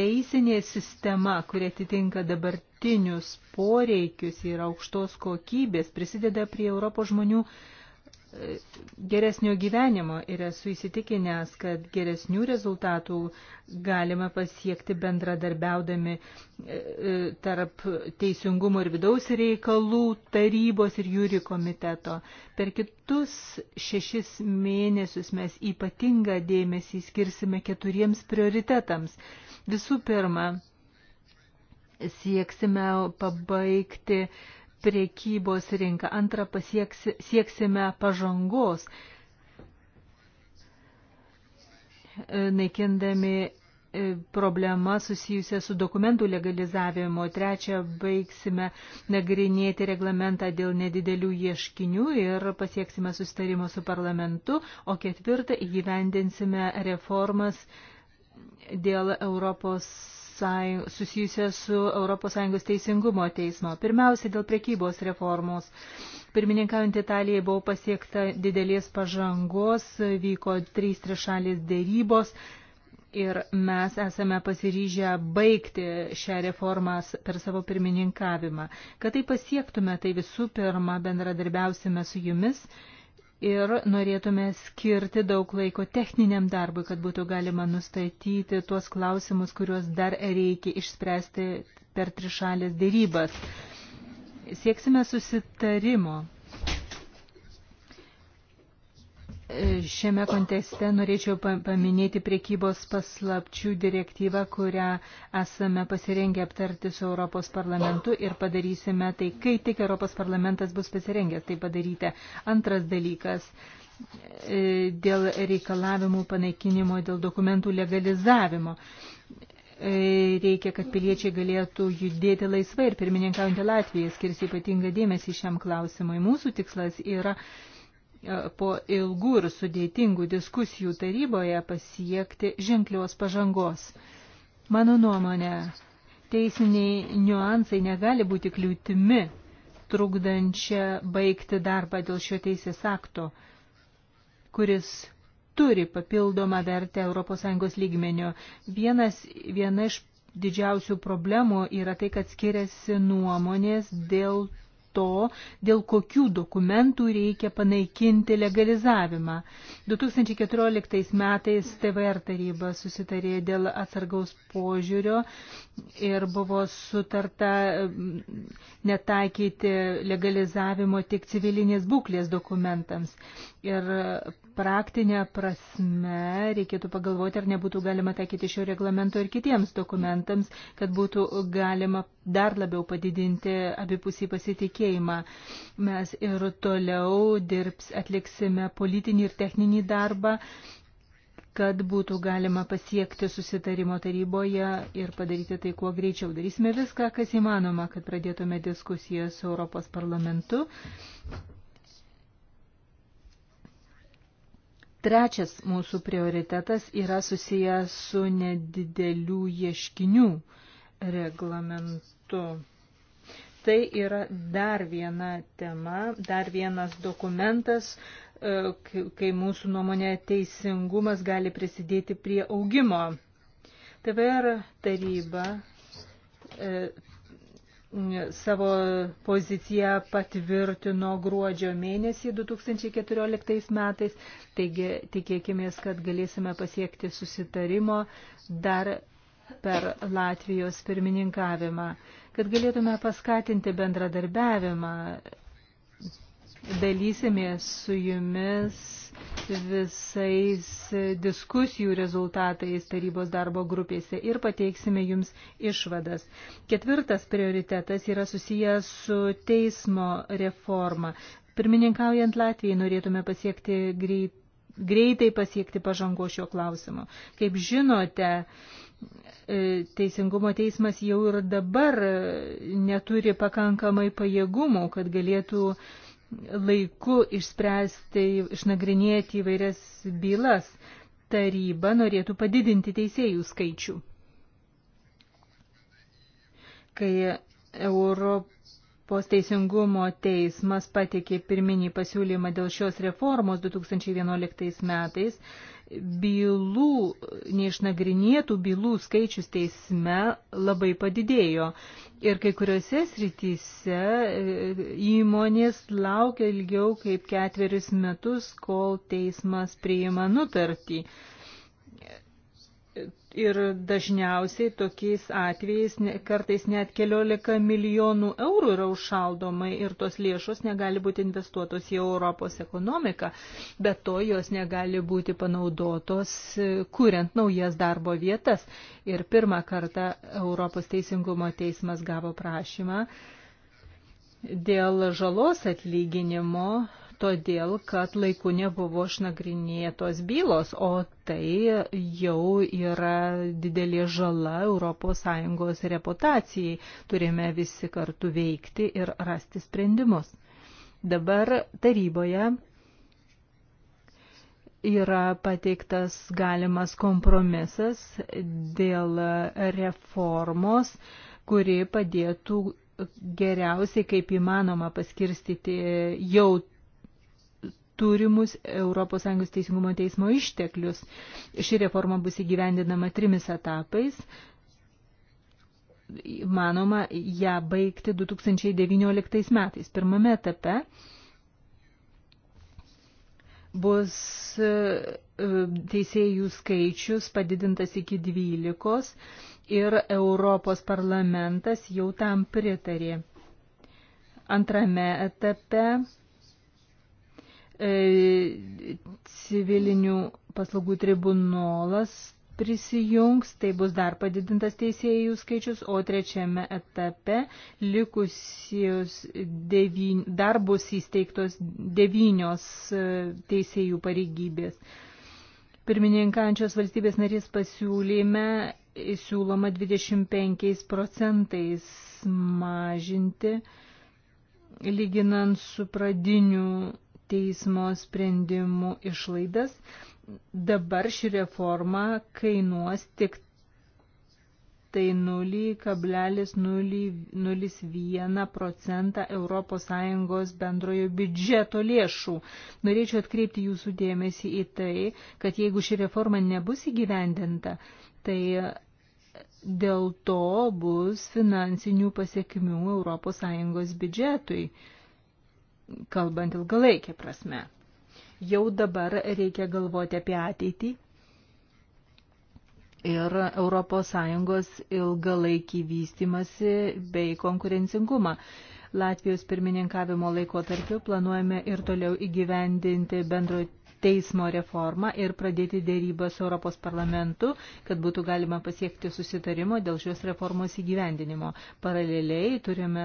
teisinė sistema, kuri atitinka dabartinius poreikius ir aukštos kokybės, prisideda prie Europos žmonių geresnio gyvenimo ir esu įsitikinęs, kad geresnių rezultatų galime pasiekti bendradarbiaudami e, e, tarp Teisingumo ir vidaus reikalų tarybos ir jūri komiteto. Per kitus šešis mėnesius mes ypatingą dėmesį skirsime keturiems prioritetams. Visų pirma, sieksime pabaigti uh, priekybos rinką. Antra, pasieksime pažangos, e, naikindami e, problema susijusia su dokumentų legalizavimo. Trečia, baigsime nagrinėti reglamentą dėl nedidelių ieškinių ir pasieksime sustarimo su parlamentu. O ketvirta, įgyvendinsime reformas dėl Europos susijusią su ES teisingumo teismo. Pirmiausia, dėl prekybos reformos. Pirmininkaujant Italijai buvo pasiekta didelės pažangos, vyko trys trišalės dėrybos ir mes esame pasiryžę baigti šią reformą per savo pirmininkavimą. Kad tai pasiektume, tai visų pirma bendradarbiausime su jumis ir norėtume skirti daug laiko techniniam darbui, kad būtų galima nustatyti tuos klausimus, kuriuos dar reikia išspręsti per trišalės dėrybas. Sieksime susitarimo Šiame kontekste norėčiau paminėti priekybos paslapčių direktyvą, kurią esame pasirengę aptarti su Europos parlamentu ir padarysime tai, kai tik Europos parlamentas bus pasirengęs tai padaryti. Antras dalykas e, dėl reikalavimų panaikinimo, dėl dokumentų legalizavimo e, reikia, kad piliečiai galėtų judėti laisvai ir pirmininkaujantį Latviją skirs ypatingą dėmesį šiam klausimui. Mūsų tikslas yra E, po ilgų ir sudėtingų diskusijų taryboje pasiekti ženklios pažangos. Mano nuomonė, teisiniai niuansai negali būti kliūtimi, trukdančia baigti darbą dėl šio teisės akto, kuris turi papildomą vertę ES lygmenio. Vienas, viena iš didžiausių problemų yra tai, kad skiriasi nuomonės dėl to, dėl kokių dokumentų reikia panaikinti legalizavimą. 2014 metais TVR taryba susitarė dėl atsargaus požiūrio ir buvo sutarta mm, netaikyti legalizavimo tik civilinės būklės dokumentams. Ir praktinė prasme reikėtų pagalvoti, ar nebūtų galima taikyti šio reglamento ir kitiems dokumentams, kad būtų galima dar labiau padidinti abipusį pasitikėjimą mokėjimą. Mes ir toliau dirbs, atliksime politinį ir techninį darbą kad būtų galima pasiekti susitarimo taryboje ir padaryti tai kuo greičiau. Darysime viską, kas įmanoma, kad pradėtume diskusiją su Europos parlamentu. Trečias mūsų prioritetas yra susijęs su nedidelių ieškinių reglamentu. Tai yra dar viena tema, dar vienas dokumentas, e, kai mūsų nuomonė teisingumas gali prisidėti prie augimo. TVR taryba e, savo poziciją patvirtino gruodžio mėnesį 2014 metais, taigi tikėkime, kad galėsime pasiekti susitarimo dar per Latvijos pirmininkavimą kad galėtume paskatinti bendradarbiavimą. Dalysimės su jumis visais diskusijų rezultatais tarybos darbo grupėse ir pateiksime jums išvadas. Ketvirtas prioritetas yra susijęs su teismo reforma. Pirmininkaujant Latvijai norėtume pasiekti greit, greitai pasiekti pažango šio klausimo. Kaip žinote, E, teisingumo teismas jau ir dabar e, neturi pakankamai pajėgumų, kad galėtų laiku išspręsti, išnagrinėti įvairias bylas. Taryba norėtų padidinti teisėjų skaičių. Kai Europos teisingumo teismas patikė pirminį pasiūlymą dėl šios reformos 2011 metais, bylų, neišnagrinėtų bylų skaičius teisme labai padidėjo. Ir kai kuriuose srityse e, įmonės laukia ilgiau kaip ketverius metus, kol teismas priima nutartį. Ir dažniausiai tokiais atvejais kartais net keliolika milijonų eurų yra užšaldomai ir tos lėšos negali būti investuotos į Europos ekonomiką, bet to jos negali būti panaudotos, e, kuriant naujas darbo vietas. Ir pirmą kartą Europos teisingumo teismas gavo prašymą dėl žalos atlyginimo todėl kad laiku nebuvo išnagrinėtos bylos, o tai jau yra didelė žala ES reputacijai. Turime visi kartu veikti ir rasti sprendimus. Dabar taryboje yra pateiktas galimas kompromisas dėl reformos, kuri padėtų geriausiai kaip įmanoma paskirstyti jau turimus ES teisingumo teismo išteklius. Ši reforma bus įgyvendinama trimis etapais. Manoma, ją baigti 2019 metais. Pirmame etape bus e, e, teisėjų skaičius padidintas iki 12 ir Europos parlamentas jau tam pritarė. Antrame etape E, civilinių paslaugų tribunolas prisijungs, tai bus dar padidintas teisėjų skaičius, o trečiame etape likusios devyn, dar bus įsteigtos devynios e, teisėjų pareigybės. Pirmininkančios valstybės narys pasiūlyme siūloma 25 procentais mažinti, lyginant su pradiniu teismo sprendimų išlaidas. Dabar ši reforma kainuos tik tai 0,01 procentą ES bendrojo biudžeto lėšų. Norėčiau atkreipti jūsų dėmesį į tai, kad jeigu ši reforma nebus įgyvendinta, tai dėl to bus finansinių pasiekmių ES biudžetui kalbant ilgalaikė prasme. Jau dabar reikia galvoti apie ateitį ir ES ilgalaikį vystimasi bei konkurencingumą. Latvijos pirmininkavimo laikotarpiu planuojame ir toliau įgyvendinti bendro teismo reformą ir pradėti dėrybą su Europos parlamentu, kad būtų galima pasiekti susitarimo dėl šios reformos įgyvendinimo. Paraleliai turime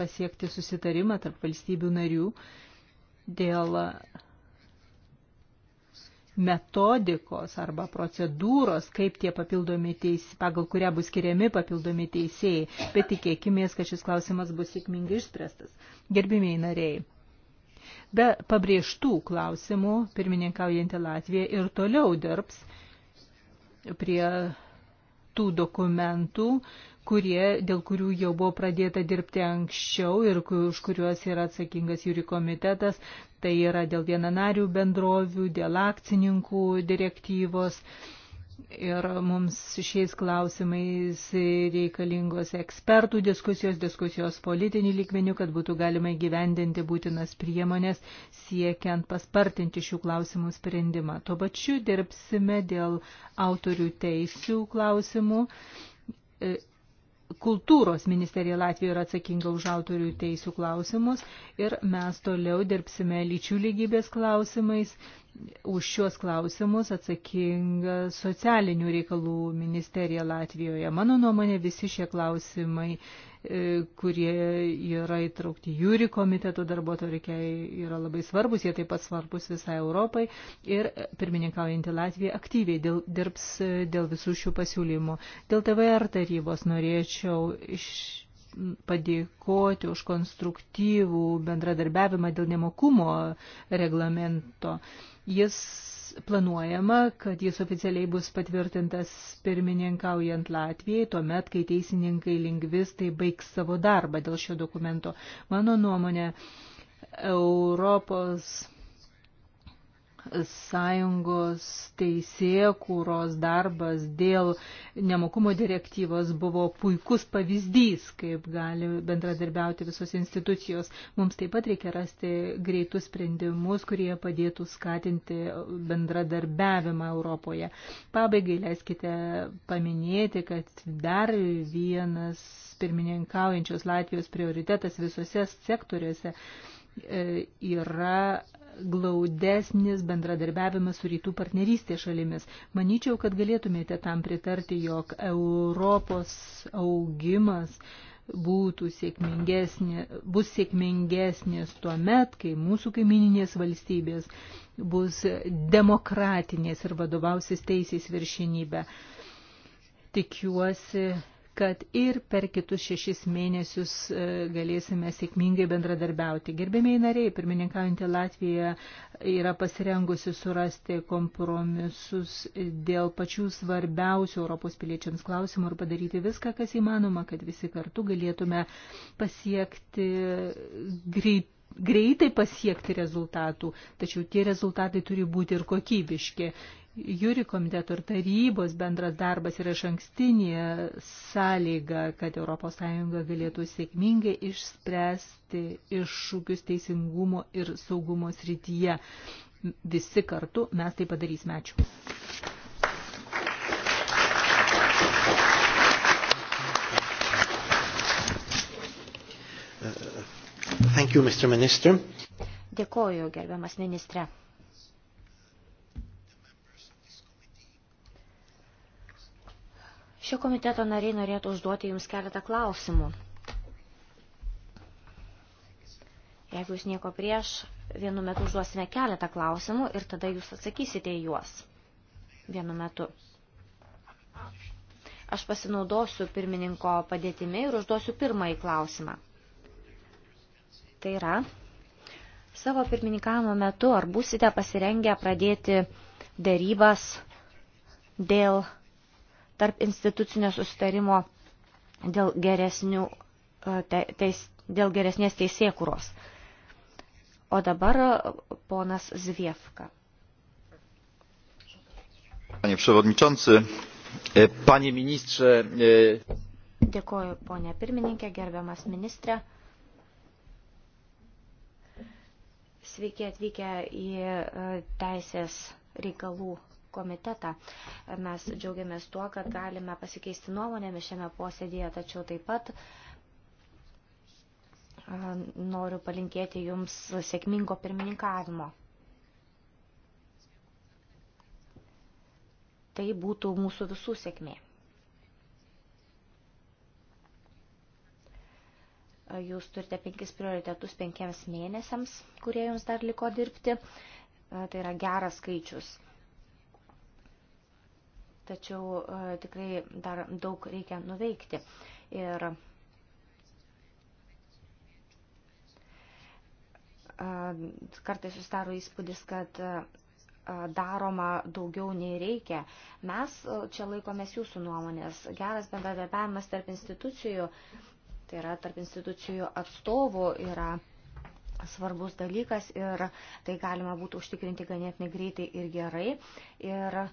pasiekti susitarimą tarp valstybių narių dėl metodikos arba procedūros, kaip tie papildomi teisėjai, pagal kurią bus skiriami papildomi teisėjai, bet tikėkime, kad šis klausimas bus sėkmingai išspręstas. Gerbimiai nariai, Be pabrėžtų klausimų pirmininkaujantį Latviją ir toliau dirbs prie tų dokumentų, kurie, dėl kurių jau buvo pradėta dirbti anksčiau ir už kuriuos yra atsakingas jūri komitetas. Tai yra dėl vienanarių bendrovių, dėl akcininkų direktyvos, ir mums šiais klausimais reikalingos ekspertų diskusijos, diskusijos politinį lygmenių, kad būtų galima įgyvendinti būtinas priemonės siekiant paspartinti šių klausimų sprendimą. Tuo pačiu dirbsime dėl autorių teisių klausimų e, kultūros ministerija Latvijoje yra atsakinga už autorių teisų klausimus ir mes toliau dirbsime lyčių lygybės klausimais. Už šios klausimus atsakinga socialinių reikalų ministerija Latvijoje. Mano nuomonė, visi šie klausimai E, kurie yra įtraukti jūri komiteto darbo tvarkiai, yra labai svarbus, jie taip pat svarbus visai Europai ir pirmininkaujantį Latviją aktyviai dėl, dirbs e, dėl visų šių pasiūlymų. Dėl TVR tarybos norėčiau iš padėkoti už konstruktyvų bendradarbiavimą dėl nemokumo reglamento. Jis planuojama, kad jis oficialiai bus patvirtintas pirmininkaujant Latvijai, tuomet, kai teisininkai lingvistai baigs savo darbą dėl šio dokumento. Mano nuomonė, Europos sąjungos teisėkūros darbas dėl nemokumo direktyvos buvo puikus pavyzdys, kaip gali bendradarbiauti visos institucijos. Mums taip pat reikia rasti greitus sprendimus, kurie padėtų skatinti bendradarbiavimą Europoje. Pabaigai leiskite paminėti, kad dar vienas pirmininkaujančios Latvijos prioritetas visose sektoriuose e, yra glaudesnis bendradarbiavimas su rytų partnerystės šalimis. Manyčiau, kad galėtumėte tam pritarti, jog Europos augimas būtų sėkmingesnė, bus sėkmingesnės tuo met, kai mūsų kaimininės valstybės bus demokratinės ir vadovausis teisės viršinybė. Tikiuosi, kad ir per kitus šešis mėnesius e, galėsime sėkmingai bendradarbiauti. Gerbėmiai nariai, pirmininkaujantį Latviją yra pasirengusi surasti kompromisus dėl pačių svarbiausių Europos piliečiams klausimų ir padaryti viską, kas įmanoma, kad visi kartu galėtume pasiekti greitai greitai pasiekti rezultatų, tačiau tie rezultatai turi būti ir kokybiški. Jūri komiteto ir tarybos bendras darbas yra šankstinė sąlyga, kad ES galėtų sėkmingai išspręsti iššūkius teisingumo ir saugumo srityje. Visi kartu mes tai padarysime. Ačiū. Uh, Thank you, Mr. Minister. Dėkoju, gerbiamas ministre. Šio komiteto nariai norėtų užduoti Jums keletą klausimų. Jeigu Jūs nieko prieš, vienu metu užduosime keletą klausimų ir tada Jūs atsakysite į juos vienu metu. Aš pasinaudosiu pirmininko padėtimi ir užduosiu pirmąjį klausimą. Tai yra, savo pirmininkavimo metu ar būsite pasirengę pradėti dėrybas dėl tarp institucinio susitarimo dėl, geresnių, e, teis, dėl geresnės teisėkuros. O dabar e, ponas Zviefka. Panie przewodniczący, e, panie ministrze. Dėkuoju, ponė pirmininkė, gerbiamas ministrė. Sveiki atvykę į e, Teisės reikalų komitetą. Mes džiaugiamės tuo, kad galime pasikeisti nuomonėmis šiame posėdėje, tačiau taip pat e, noriu palinkėti Jums sėkmingo pirmininkavimo. Tai būtų mūsų visų sėkmė. Jūs turite penkis prioritetus penkiems mėnesiams, kurie jums dar liko dirbti. Tai yra geras skaičius. Tačiau tikrai dar daug reikia nuveikti. Ir kartais susidaro įspūdis, kad daroma daugiau nei reikia. Mes čia laikomės jūsų nuomonės. Geras bendradarbiavimas tarp institucijų tai yra tarp institucijų atstovų yra svarbus dalykas ir tai galima būtų užtikrinti ganėtinai greitai ir gerai. Ir e,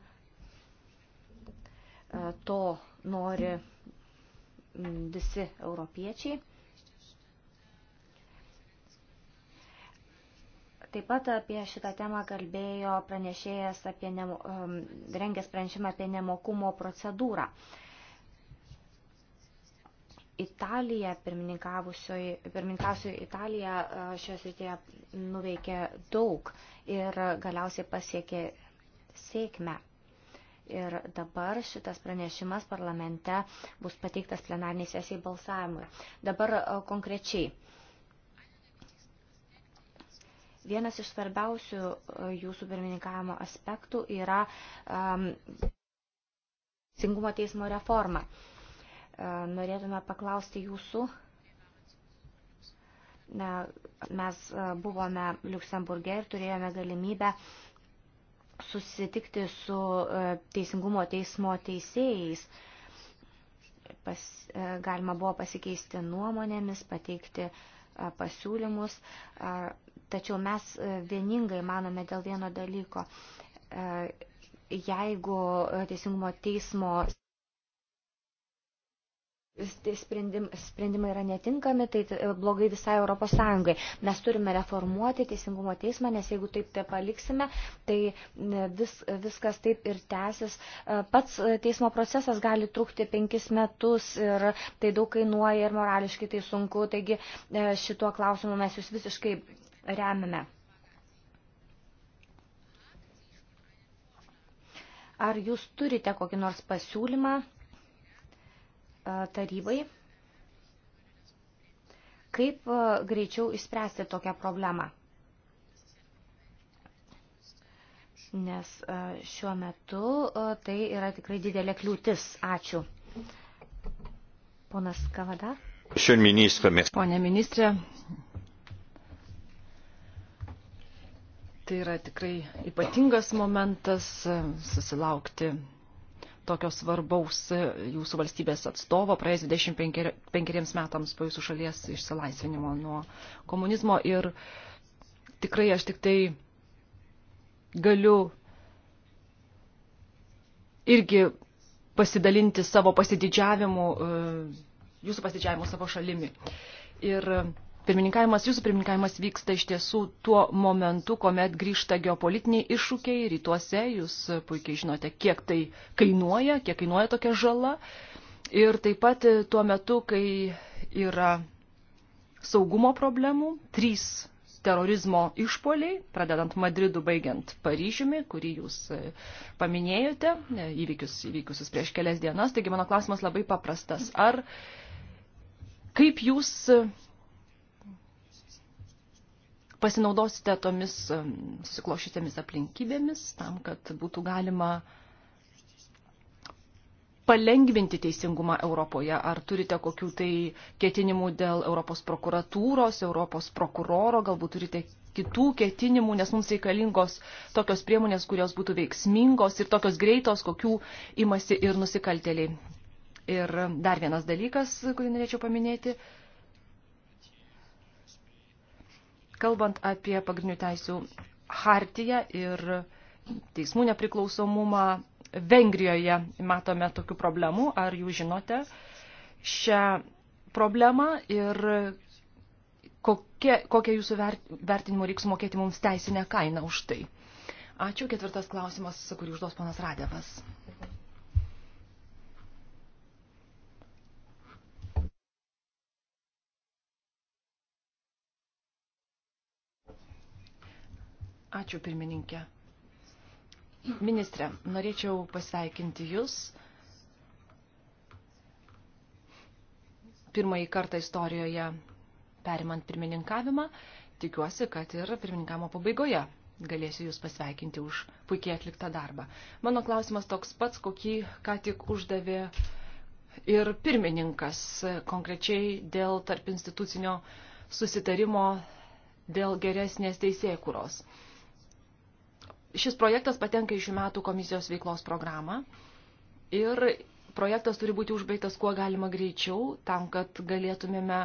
to nori visi europiečiai. Taip pat apie šitą temą kalbėjo pranešėjas apie nemo, e, rengęs pranešimą apie nemokumo procedūrą. Uh, Italija, pirmininkavusioji Italija šioje srityje nuveikė daug ir galiausiai pasiekė sėkmę. Ir dabar šitas pranešimas parlamente bus pateiktas plenarniai sesijai balsavimui. Dabar konkrečiai. Vienas iš svarbiausių jūsų pirmininkavimo aspektų yra um, Singumo teismo reforma. Uh, E, norėtume paklausti jūsų. Mes e, buvome Luksemburgė ir turėjome galimybę susitikti su e, Teisingumo teismo teisėjais. Pas, galima buvo pasikeisti nuomonėmis, pateikti pasiūlymus, tačiau mes vieningai manome dėl vieno dalyko. Jeigu Teisingumo teismo Tai sprendimai yra netinkami, tai blogai visai Europos Sąjungai. Mes turime reformuoti teisingumo teismą, nes jeigu taip tai paliksime, tai vis, viskas taip ir tęsis. E, pats e, teismo procesas gali trukti penkis metus ir tai daug kainuoja ir morališkai tai sunku, taigi e, šituo klausimu mes jūs visiškai remime. Ar jūs turite kokį nors pasiūlymą? tarybai, kaip greičiau išspręsti tokią problemą. Nes šiuo metu tai yra tikrai didelė kliūtis. Ačiū. Ponas Kavada. Pone ministrė, tai yra tikrai ypatingas momentas susilaukti tokio svarbaus e, jūsų valstybės atstovo praėjus 25 metams po jūsų šalies išsilaisvinimo nuo komunizmo. Ir tikrai aš tik tai galiu irgi pasidalinti savo pasididžiavimu, e, jūsų pasididžiavimu savo šalimi. Ir pirmininkavimas, jūsų pirmininkavimas vyksta iš tiesų tuo momentu, kuomet grįžta geopolitiniai iššūkiai rytuose, jūs puikiai žinote, kiek tai kainuoja, kiek kainuoja tokia žala. Ir taip pat tuo metu, kai yra saugumo problemų, trys terorizmo išpoliai, pradedant Madridu, baigiant Paryžiumi, kurį jūs e, paminėjote, e, įvykius, įvykiusius prieš kelias dienas. Taigi mano klausimas labai paprastas. Ar kaip jūs pasinaudosite tomis susiklošytėmis aplinkybėmis tam, kad būtų galima palengvinti teisingumą Europoje? Ar turite kokių tai ketinimų dėl Europos prokuratūros, Europos prokuroro, galbūt turite kitų ketinimų, nes mums reikalingos tokios priemonės, kurios būtų veiksmingos ir tokios greitos, kokių imasi ir nusikalteliai. Ir dar vienas dalykas, kurį norėčiau paminėti. Uh, Kalbant apie pagrindinių teisių hartiją ir teismų nepriklausomumą, Vengrijoje matome tokių problemų, ar jūs žinote šią problemą ir kokia, kokia jūsų vertinimo reiks mokėti mums teisinę kainą už tai. Ačiū. Ketvirtas klausimas, kurį užduos panas Radėvas. Ačiū pirmininkė. Ministrė, norėčiau pasveikinti Jūs. Pirmąjį kartą istorijoje perimant pirmininkavimą, tikiuosi, kad ir pirmininkavimo pabaigoje galėsiu Jūs pasveikinti už puikiai atliktą darbą. Mano klausimas toks pats, kokį ką tik uždavė ir pirmininkas konkrečiai dėl tarp institucinio susitarimo dėl geresnės teisėkuros. kuros šis projektas patenka į šių metų komisijos veiklos programą ir projektas turi būti užbaigtas kuo galima greičiau, tam, kad galėtumėme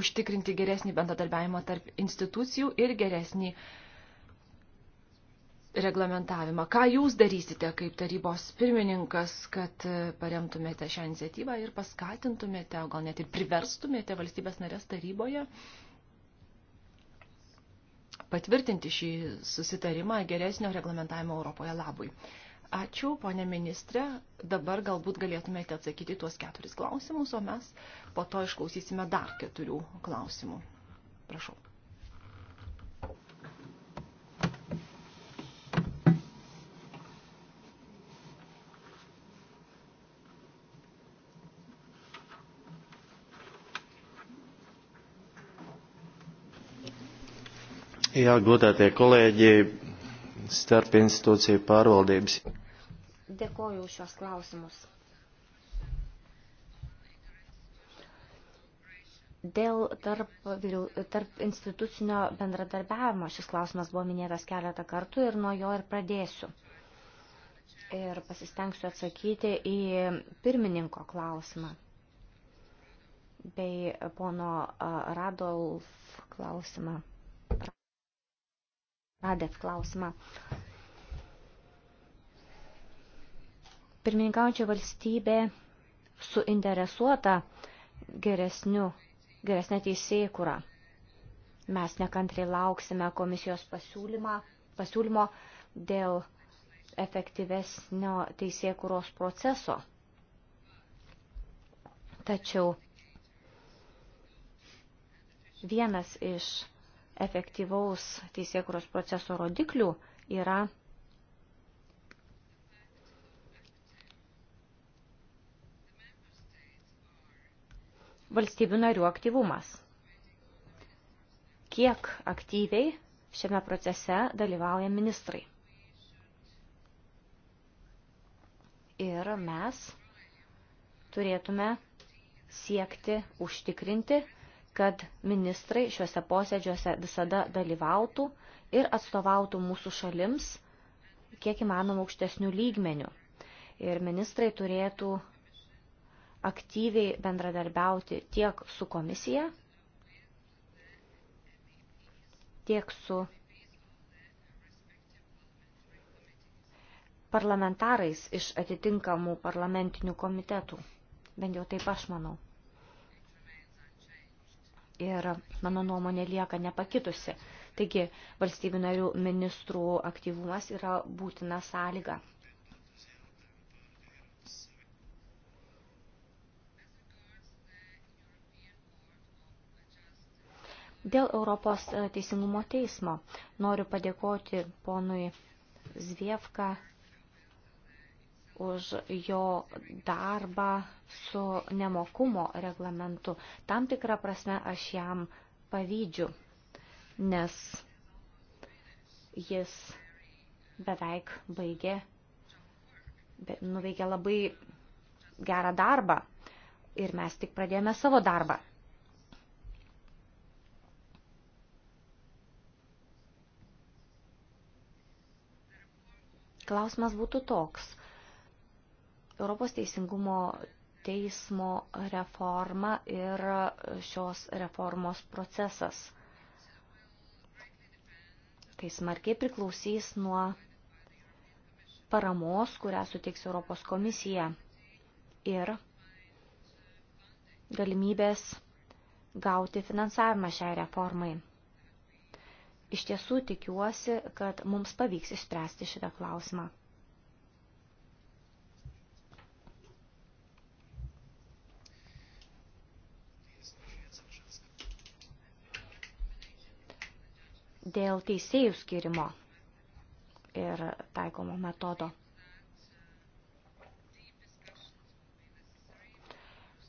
užtikrinti geresnį bendradarbiavimą tarp institucijų ir geresnį reglamentavimą. Ką jūs darysite kaip tarybos pirmininkas, kad paremtumėte šią iniciatyvą ir paskatintumėte, o gal net ir priverstumėte valstybės narės taryboje patvirtinti šį susitarimą geresnio reglamentavimo Europoje labui. Ačiū, ponė ministrė. Dabar galbūt galėtumėte atsakyti tuos keturis klausimus, o mes po to išklausysime dar keturių klausimų. Prašau. Jā, godātie kolēģi, starp institūciju pārvaldības. Dėkoju už šios klausimus. Dėl tarp, tarp institucinio bendradarbiavimo šis klausimas buvo minėtas keletą kartų ir nuo jo ir pradėsiu. Ir pasistengsiu atsakyti į pirmininko klausimą bei pono Radolf klausimą. Radev klausimą. Pirmininkaujančia valstybė suinteresuota geresniu, geresnė teisėkura. Mes nekantriai lauksime komisijos pasiūlymo dėl efektyvesnio teisėkuros proceso. Tačiau vienas iš efektyvaus teisėkuros proceso rodiklių yra valstybių narių aktyvumas. Kiek aktyviai šiame procese dalyvauja ministrai. Ir mes turėtume siekti užtikrinti, kad ministrai šiuose posėdžiuose visada dalyvautų ir atstovautų mūsų šalims kiek įmanoma aukštesnių lygmenių. Ir ministrai turėtų aktyviai bendradarbiauti tiek su komisija, tiek su parlamentarais iš atitinkamų parlamentinių komitetų. Bent jau taip aš manau ir mano nuomonė lieka nepakitusi. Taigi valstybių narių ministrų aktyvumas yra būtina sąlyga. Dėl Europos teisingumo teismo noriu padėkoti ponui Zviefka už jo darbą su nemokumo reglamentu. Tam tikrą prasme aš jam pavydžiu, nes jis beveik baigė, be, nuveikė labai gerą darbą ir mes tik pradėjome savo darbą. Klausimas būtų toks Europos teisingumo teismo reforma ir šios reformos procesas. Tai smarkiai priklausys nuo paramos, kurią suteiks Europos komisija ir galimybės gauti finansavimą šiai reformai. Iš tiesų tikiuosi, kad mums pavyks išspręsti šitą klausimą. dėl teisėjų skirimo ir taikomo metodo.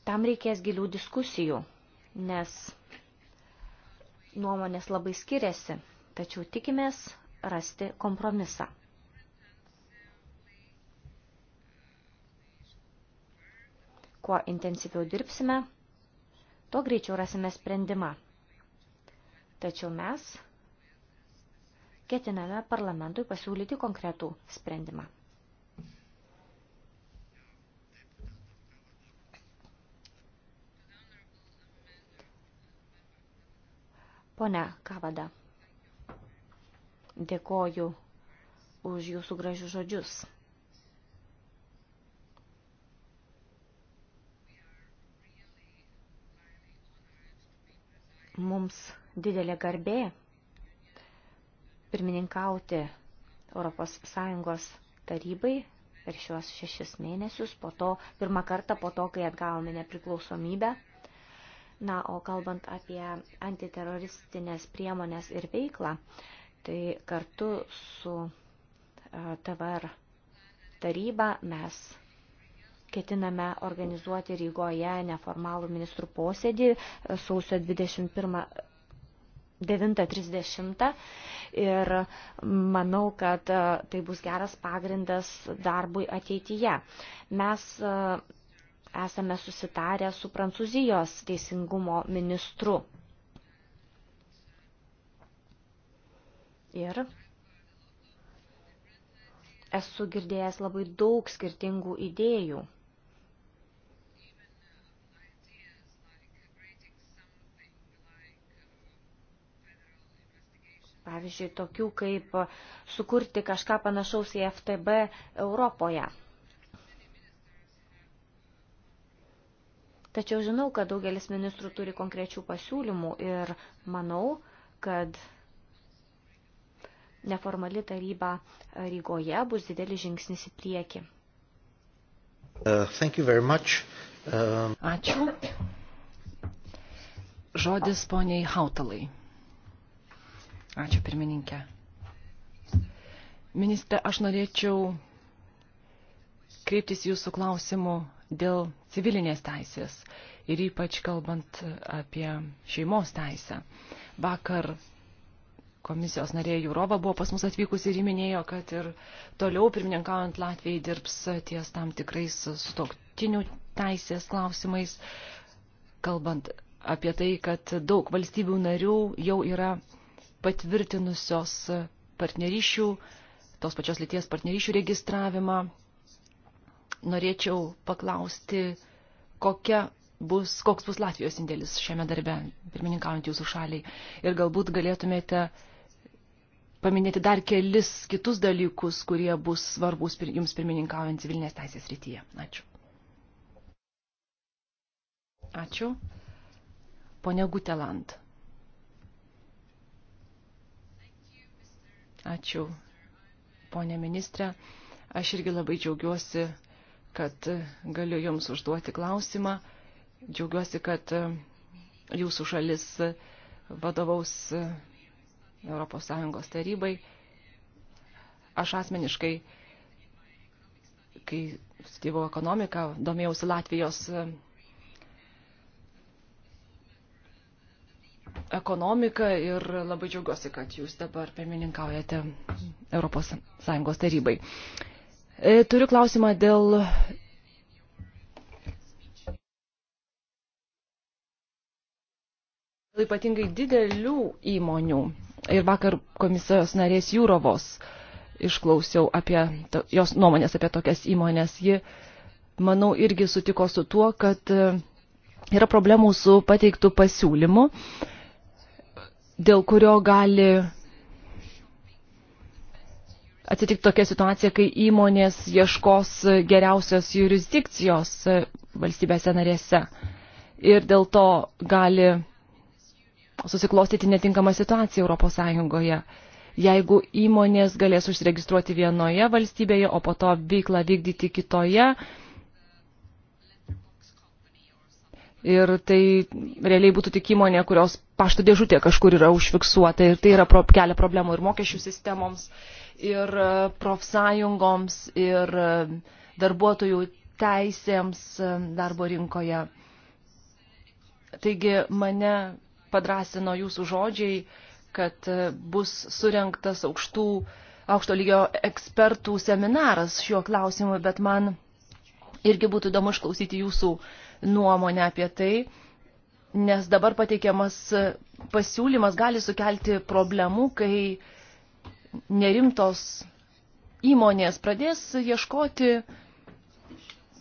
Tam reikės gilių diskusijų, nes nuomonės labai skiriasi, tačiau tikimės rasti kompromisą. Kuo intensyviau dirbsime, tuo greičiau rasime sprendimą. Tačiau mes ketiname parlamentui pasiūlyti konkretų sprendimą. Pone Kavada, dėkoju už jūsų gražius žodžius. Mums didelė garbė pirmininkauti ES tarybai per šiuos šešis mėnesius, po to, pirmą kartą po to, kai atgavome nepriklausomybę. Na, o kalbant apie antiteroristinės priemonės ir veiklą, tai kartu su e, TVR taryba mes ketiname organizuoti Rygoje neformalų ministrų posėdį e, sausio 21 9.30 ir manau, kad e, tai bus geras pagrindas darbui ateityje. Mes e, esame susitarę su Prancūzijos teisingumo ministru. Ir esu girdėjęs labai daug skirtingų idėjų. pavyzdžiui, tokių kaip sukurti kažką panašaus į FTB Europoje. Tačiau žinau, kad daugelis ministrų turi konkrečių pasiūlymų ir manau, kad neformali taryba Rygoje bus didelis žingsnis į priekį. Uh, uh... Ačiū. Žodis poniai Hautalai. Ačiū pirmininkė. Ministre, aš norėčiau kreiptis jūsų klausimų dėl civilinės teisės ir ypač kalbant apie šeimos teisę. Vakar komisijos narė Jūrova buvo pas mus atvykusi ir įminėjo, kad ir toliau pirmininkaujant Latvijai dirbs ties tam tikrais sutoktinių teisės klausimais, kalbant apie tai, kad daug valstybių narių jau yra patvirtinusios partnerysčių, tos pačios lyties partnerysčių registravimą. Norėčiau paklausti, kokia bus, koks bus Latvijos indėlis šiame darbe, pirmininkaujant jūsų šaliai. Ir galbūt galėtumėte paminėti dar kelis kitus dalykus, kurie bus svarbus jums pirmininkaujant civilinės teisės rytyje. Ačiū. Ačiū. Pone Gutelant. Ačiū, ponė ministrė. Aš irgi labai džiaugiuosi, kad galiu Jums užduoti klausimą. Džiaugiuosi, kad Jūsų šalis vadovaus ES tarybai. Aš asmeniškai, kai studijavau ekonomiką, domėjausi Latvijos ekonomiką ir labai džiaugiuosi, kad jūs dabar pirmininkaujate ES tarybai. E, turiu klausimą dėl. Ypatingai didelių įmonių. Ir vakar komisijos narės Jūrovos išklausiau apie to, jos nuomonės apie tokias įmonės. Ji, manau, irgi sutiko su tuo, kad e, yra problemų su pateiktų pasiūlymu. Uh, dėl kurio gali atsitikti tokia situacija, kai įmonės ieškos geriausios jurisdikcijos valstybėse narėse ir dėl to gali susiklostyti netinkama situacija Europos Sąjungoje. Jeigu įmonės galės užsiregistruoti vienoje valstybėje, o po to veiklą vykdyti kitoje, ir tai realiai būtų tik įmonė, kurios pašto dėžutė kažkur yra užfiksuota ir tai yra pro, kelia problemų ir mokesčių sistemoms, ir e, profsąjungoms, ir e, darbuotojų teisėms e, darbo rinkoje. Taigi mane padrasino jūsų žodžiai, kad bus surinktas aukštų, aukšto lygio ekspertų seminaras šiuo klausimu, bet man irgi būtų įdomu išklausyti jūsų uh, nuomonę apie tai, nes dabar pateikiamas pasiūlymas gali sukelti problemų, kai nerimtos įmonės pradės ieškoti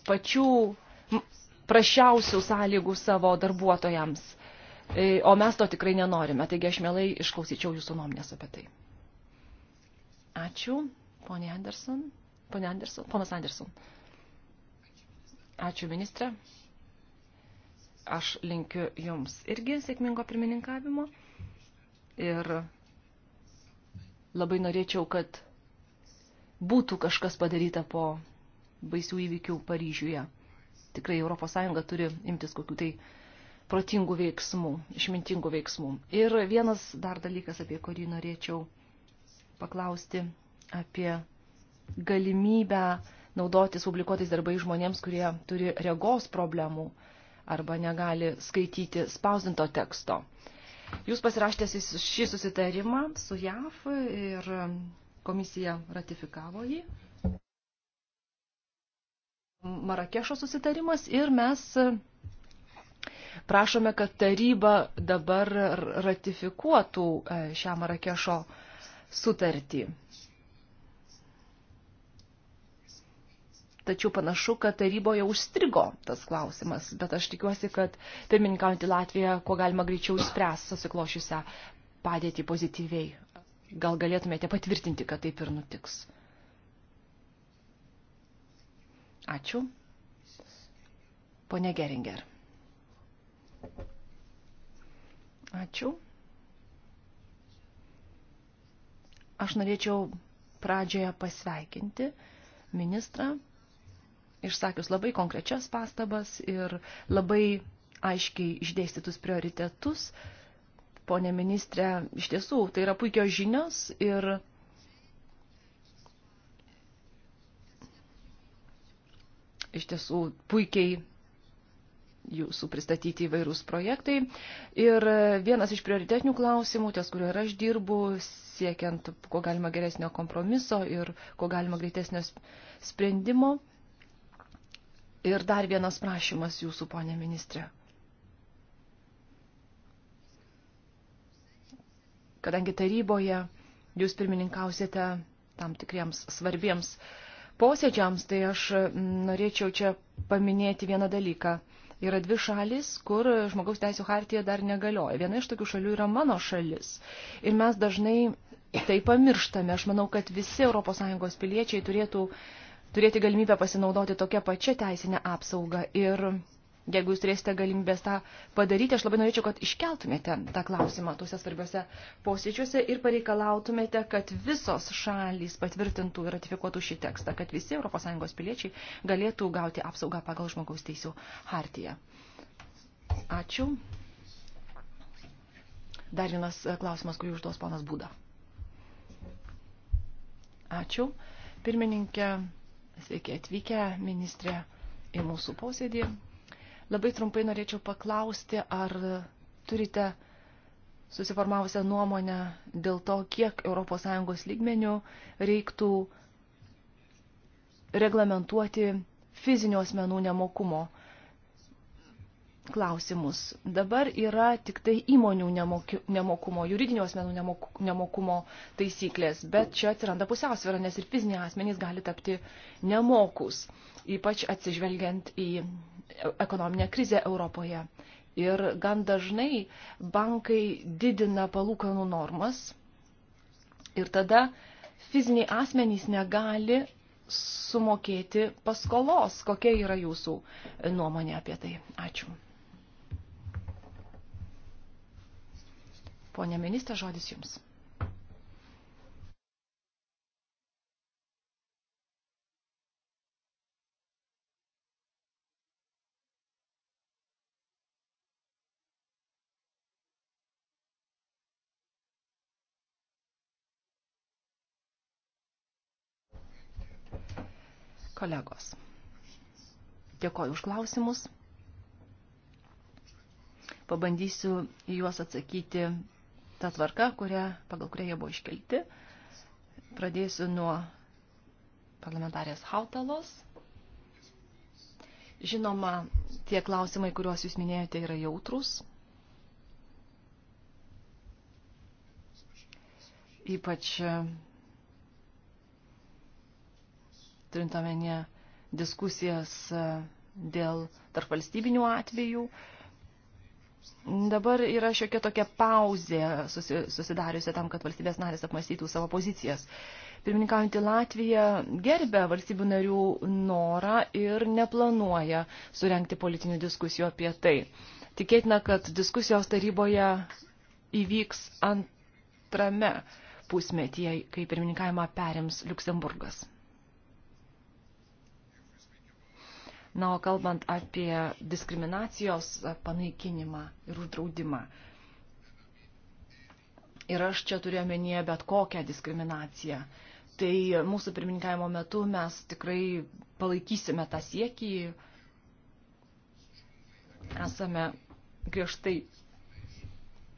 pačių prašiausių sąlygų savo darbuotojams. E, o mes to tikrai nenorime, taigi aš mielai išklausyčiau jūsų nuomonės apie tai. Ačiū, ponė Anderson. Ponė Anderson, ponas Anderson. Ačiū, ministrė aš linkiu jums irgi sėkmingo pirmininkavimo ir labai norėčiau, kad būtų kažkas padaryta po baisių įvykių Paryžiuje. Tikrai ES turi imtis kokių tai protingų veiksmų, išmintingų veiksmų. Ir vienas dar dalykas, apie kurį norėčiau paklausti, apie galimybę naudotis publikuotais darbai žmonėms, kurie turi regos problemų. Uh, arba negali skaityti spausdinto teksto. Jūs pasirašėte šį susitarimą su JAF ir komisija ratifikavo jį. Marakešo susitarimas ir mes prašome, kad taryba dabar ratifikuotų e, šią Marakešo sutartį. Tačiau panašu, kad taryboje užstrigo tas klausimas, bet aš tikiuosi, kad pirmininkaujantį Latviją, kuo galima greičiau spręs susiklošiusią padėtį pozityviai. Gal galėtumėte patvirtinti, kad taip ir nutiks. Ačiū. Pone Geringer. Ačiū. Aš norėčiau pradžioje pasveikinti ministrą išsakius labai konkrečias pastabas ir labai aiškiai išdėstytus prioritetus. Pone ministrė, iš tiesų, tai yra puikios žinios ir iš tiesų puikiai jūsų pristatyti įvairūs projektai. Ir vienas iš prioritetinių klausimų, ties kuriuo ir aš dirbu, siekiant kuo galima geresnio kompromiso ir kuo galima greitesnio sprendimo Ir dar vienas prašymas jūsų, ponė ministrė. Kadangi taryboje jūs pirmininkausite tam tikriems svarbiems posėdžiams, tai aš mm, norėčiau čia paminėti vieną dalyką. Yra dvi šalis, kur žmogaus teisų hartija dar negalioja. Viena iš tokių šalių yra mano šalis. Ir mes dažnai tai pamirštame. Aš manau, kad visi ES piliečiai turėtų uh, turėti galimybę pasinaudoti tokią pačią teisinę apsaugą. Ir jeigu jūs turėsite galimybės tą padaryti, aš labai norėčiau, kad iškeltumėte tą klausimą tuose svarbiuose posėdžiuose ir pareikalautumėte, kad visos šalys patvirtintų ir ratifikuotų šį tekstą, kad visi ES piliečiai galėtų gauti apsaugą pagal žmogaus teisų hartiją. Ačiū. Dar vienas e, klausimas, kurį užduos ponas Būda. Ačiū. Pirmininkė, Sveiki atvykę, ministrė, į mūsų posėdį. Labai trumpai norėčiau paklausti, ar turite susiformavusią nuomonę dėl to, kiek ES lygmenių reiktų reglamentuoti fizinių asmenų nemokumo klausimus. Dabar yra tik tai įmonių nemokumo, juridinių asmenų nemokumo taisyklės, bet čia atsiranda pusiausvėra, nes ir fiziniai asmenys gali tapti nemokus, ypač atsižvelgiant į ekonominę krizę Europoje. Ir gan dažnai bankai didina palūkanų normas ir tada fiziniai asmenys negali sumokėti paskolos. Kokia yra jūsų nuomonė apie tai? Ačiū. Pone ministrė, žodis jums. kolegos. Dėkoju už klausimus. Pabandysiu į juos atsakyti ta tvarka, kuria, pagal kurią jie buvo iškelti. Pradėsiu nuo parlamentarės Hautalos. Žinoma, tie klausimai, kuriuos jūs minėjote, yra jautrus. Ypač e, turint omenyje diskusijas e, dėl tarpvalstybinių atvejų. atvejų Dabar yra šiokia tokia pauzė susidariusi tam, kad valstybės narės apmastytų savo pozicijas. Pirmininkaujantį Latviją gerbė valstybių narių norą ir neplanuoja surenkti politinių diskusijų apie tai. Tikėtina, kad diskusijos taryboje įvyks antrame pusmetyje, kai pirmininkavimą perims Luksemburgas. Na, o kalbant apie diskriminacijos panaikinimą ir uždraudimą. Ir aš čia turiu omenyje bet kokią diskriminaciją. Tai mūsų pirmininkavimo metu mes tikrai palaikysime tą siekį. Esame griežtai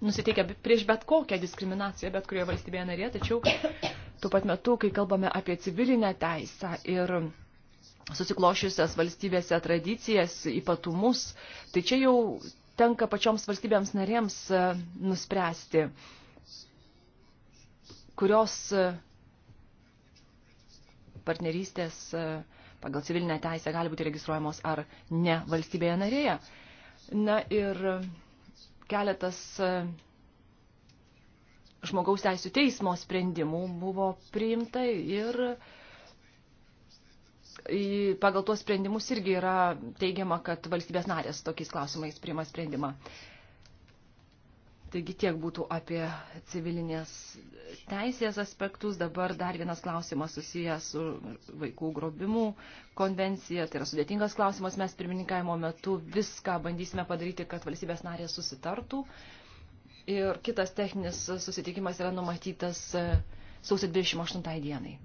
nusiteikę prieš bet kokią diskriminaciją, bet kurioje valstybėje narėje, tačiau tuo pat metu, kai kalbame apie civilinę teisę ir susiklošiusias valstybėse tradicijas, ypatumus, tai čia jau tenka pačioms valstybėms narėms e, nuspręsti, kurios e, partnerystės e, pagal civilinę teisę gali būti registruojamos ar ne valstybėje narėje. Na ir keletas žmogaus teisų teismo sprendimų buvo priimta ir uh, pagal tuos sprendimus irgi yra teigiama, kad valstybės narės tokiais klausimais priima sprendimą. Taigi tiek būtų apie civilinės teisės aspektus. Dabar dar vienas klausimas susijęs su vaikų grobimų konvencija. Tai yra sudėtingas klausimas. Mes pirmininkavimo metu viską bandysime padaryti, kad valstybės narės susitartų. Ir kitas techninis susitikimas yra numatytas sausio 28 dienai.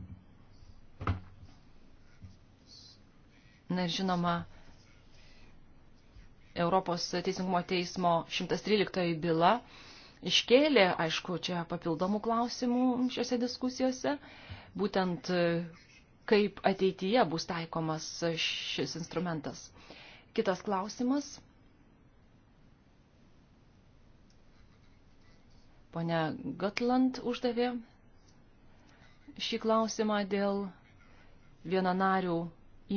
Na ir žinoma, Europos teisingumo teismo 113 byla iškėlė, aišku, čia papildomų klausimų šiuose diskusijose, būtent e, kaip ateityje bus taikomas šis instrumentas. Kitas klausimas. Pone Gotland uždavė šį klausimą dėl vienanarių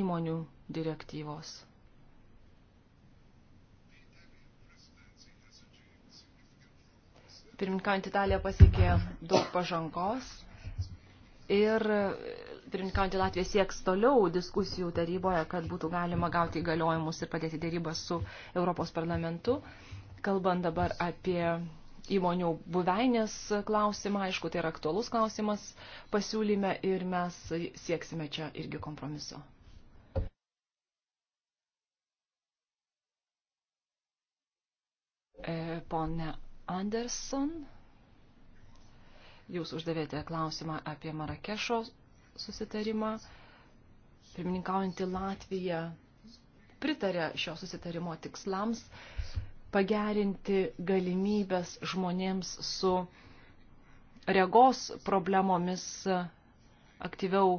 įmonių direktyvos. Pirminkant Italija pasiekė daug pažangos ir pirminkant Latvija sieks toliau diskusijų taryboje, kad būtų galima gauti įgaliojimus ir padėti dėrybas su Europos parlamentu. Kalbant dabar apie įmonių buveinės klausimą, aišku, tai yra aktualus klausimas pasiūlyme ir mes sieksime čia irgi kompromiso. E, pone Anderson, jūs uždavėte klausimą apie Marakešo susitarimą. Pirmininkaujantį Latviją pritarė šio susitarimo tikslams pagerinti galimybės žmonėms su regos problemomis aktyviau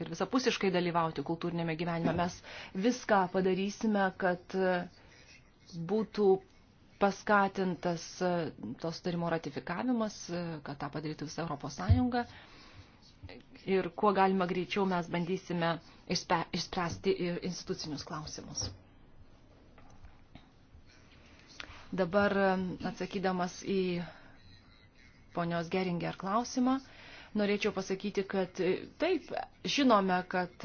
ir visapusiškai dalyvauti kultūrinėme gyvenime. Mes viską padarysime, kad būtų paskatintas e, tos tarimo ratifikavimas, e, kad tą padarytų visą Europos Sąjungą. Ir kuo galima greičiau mes bandysime išspręsti institucinius klausimus. Dabar e, atsakydamas į ponios Geringer klausimą, norėčiau pasakyti, kad taip, žinome, kad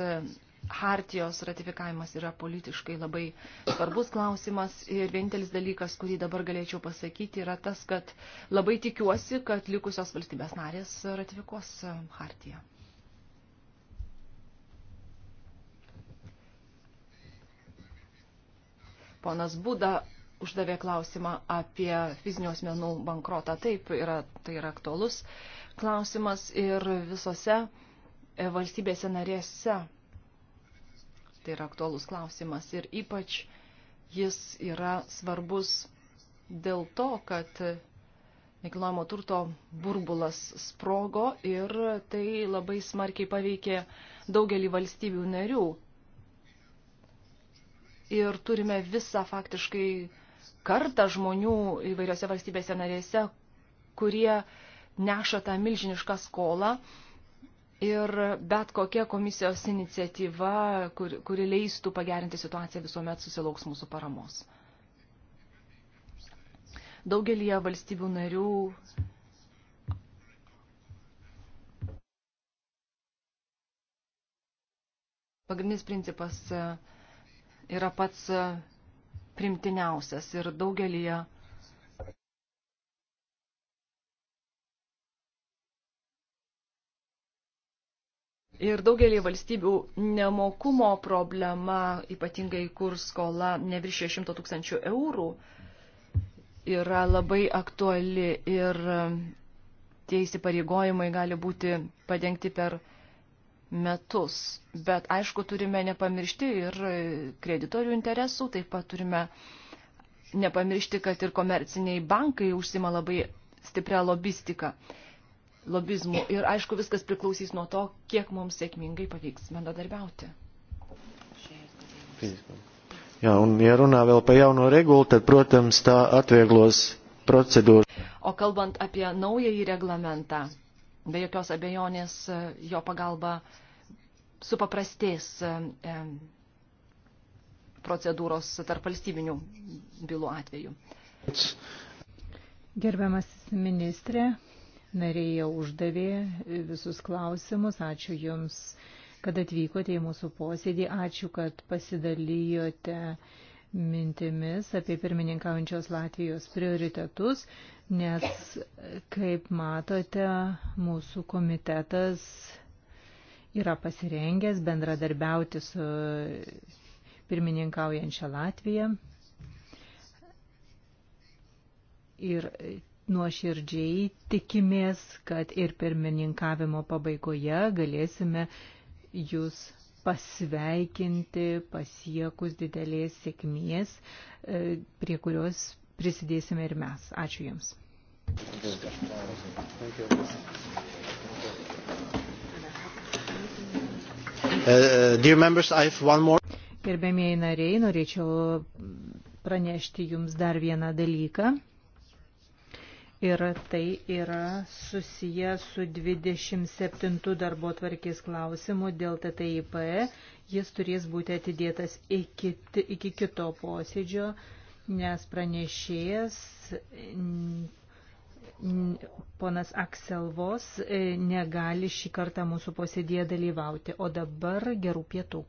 hartijos ratifikavimas yra politiškai labai svarbus klausimas ir vienintelis dalykas, kurį dabar galėčiau pasakyti, yra tas, kad labai tikiuosi, kad likusios valstybės narės ratifikuos e, hartiją. Ponas Būda uždavė klausimą apie fizinių asmenų bankrotą. Taip, yra, tai yra aktualus klausimas ir visose e, valstybėse narėse Tai yra aktuolus klausimas ir ypač jis yra svarbus dėl to, kad nekilnojamo turto burbulas sprogo ir tai labai smarkiai paveikė daugelį valstybių narių. Ir turime visą faktiškai kartą žmonių įvairiose valstybėse narėse, kurie neša tą milžinišką skolą Ir bet kokia komisijos iniciatyva, kur, kuri leistų pagerinti situaciją, visuomet susilauks mūsų paramos. Daugelį valstybių narių pagrindinis principas e, yra pats e, primtiniausias ir daugelį Ir daugelį valstybių nemokumo problema, ypatingai kur skola neviršė 100 tūkstančių eurų, yra labai aktuali ir um, tie įsipareigojimai gali būti padengti per metus. Bet aišku, turime nepamiršti ir kreditorių interesų, taip pat turime nepamiršti, kad ir komerciniai bankai užsima labai stiprią lobistiką lobizmu. Ir aišku, viskas priklausys nuo to, kiek mums sėkmingai pavyks bendradarbiauti. Jā, un ja runā vēl par jauno regulu, tad, protams, tā atvieglos procedūru. O kalbant apie naująjį reglamentą, be jokios abejonės e, jo pagalba supaprastės e, e, procedūros tarp valstybinių bylų atveju. Gerbiamas ministrė, narėje uždavė visus klausimus. Ačiū Jums, kad atvykote į mūsų posėdį. Ačiū, kad pasidalijote mintimis apie pirmininkaujančios Latvijos prioritetus, nes, kaip matote, mūsų komitetas yra pasirengęs bendradarbiauti su pirmininkaujančia Latvija. Ir nuoširdžiai tikimės, kad ir pirmininkavimo pabaigoje galėsime jūs pasveikinti pasiekus didelės sėkmės, e, prie kurios prisidėsime ir mes. Ačiū Jums. Uh, uh, Gerbėmėjai nariai, norėčiau pranešti Jums dar vieną dalyką ir tai yra susiję su 27 darbo tvarkės klausimu dėl TTIP. Jis turės būti atidėtas iki, iki kito posėdžio, nes pranešėjas ponas Akselvos e, negali šį kartą mūsų posėdėje dalyvauti. O dabar gerų pietų.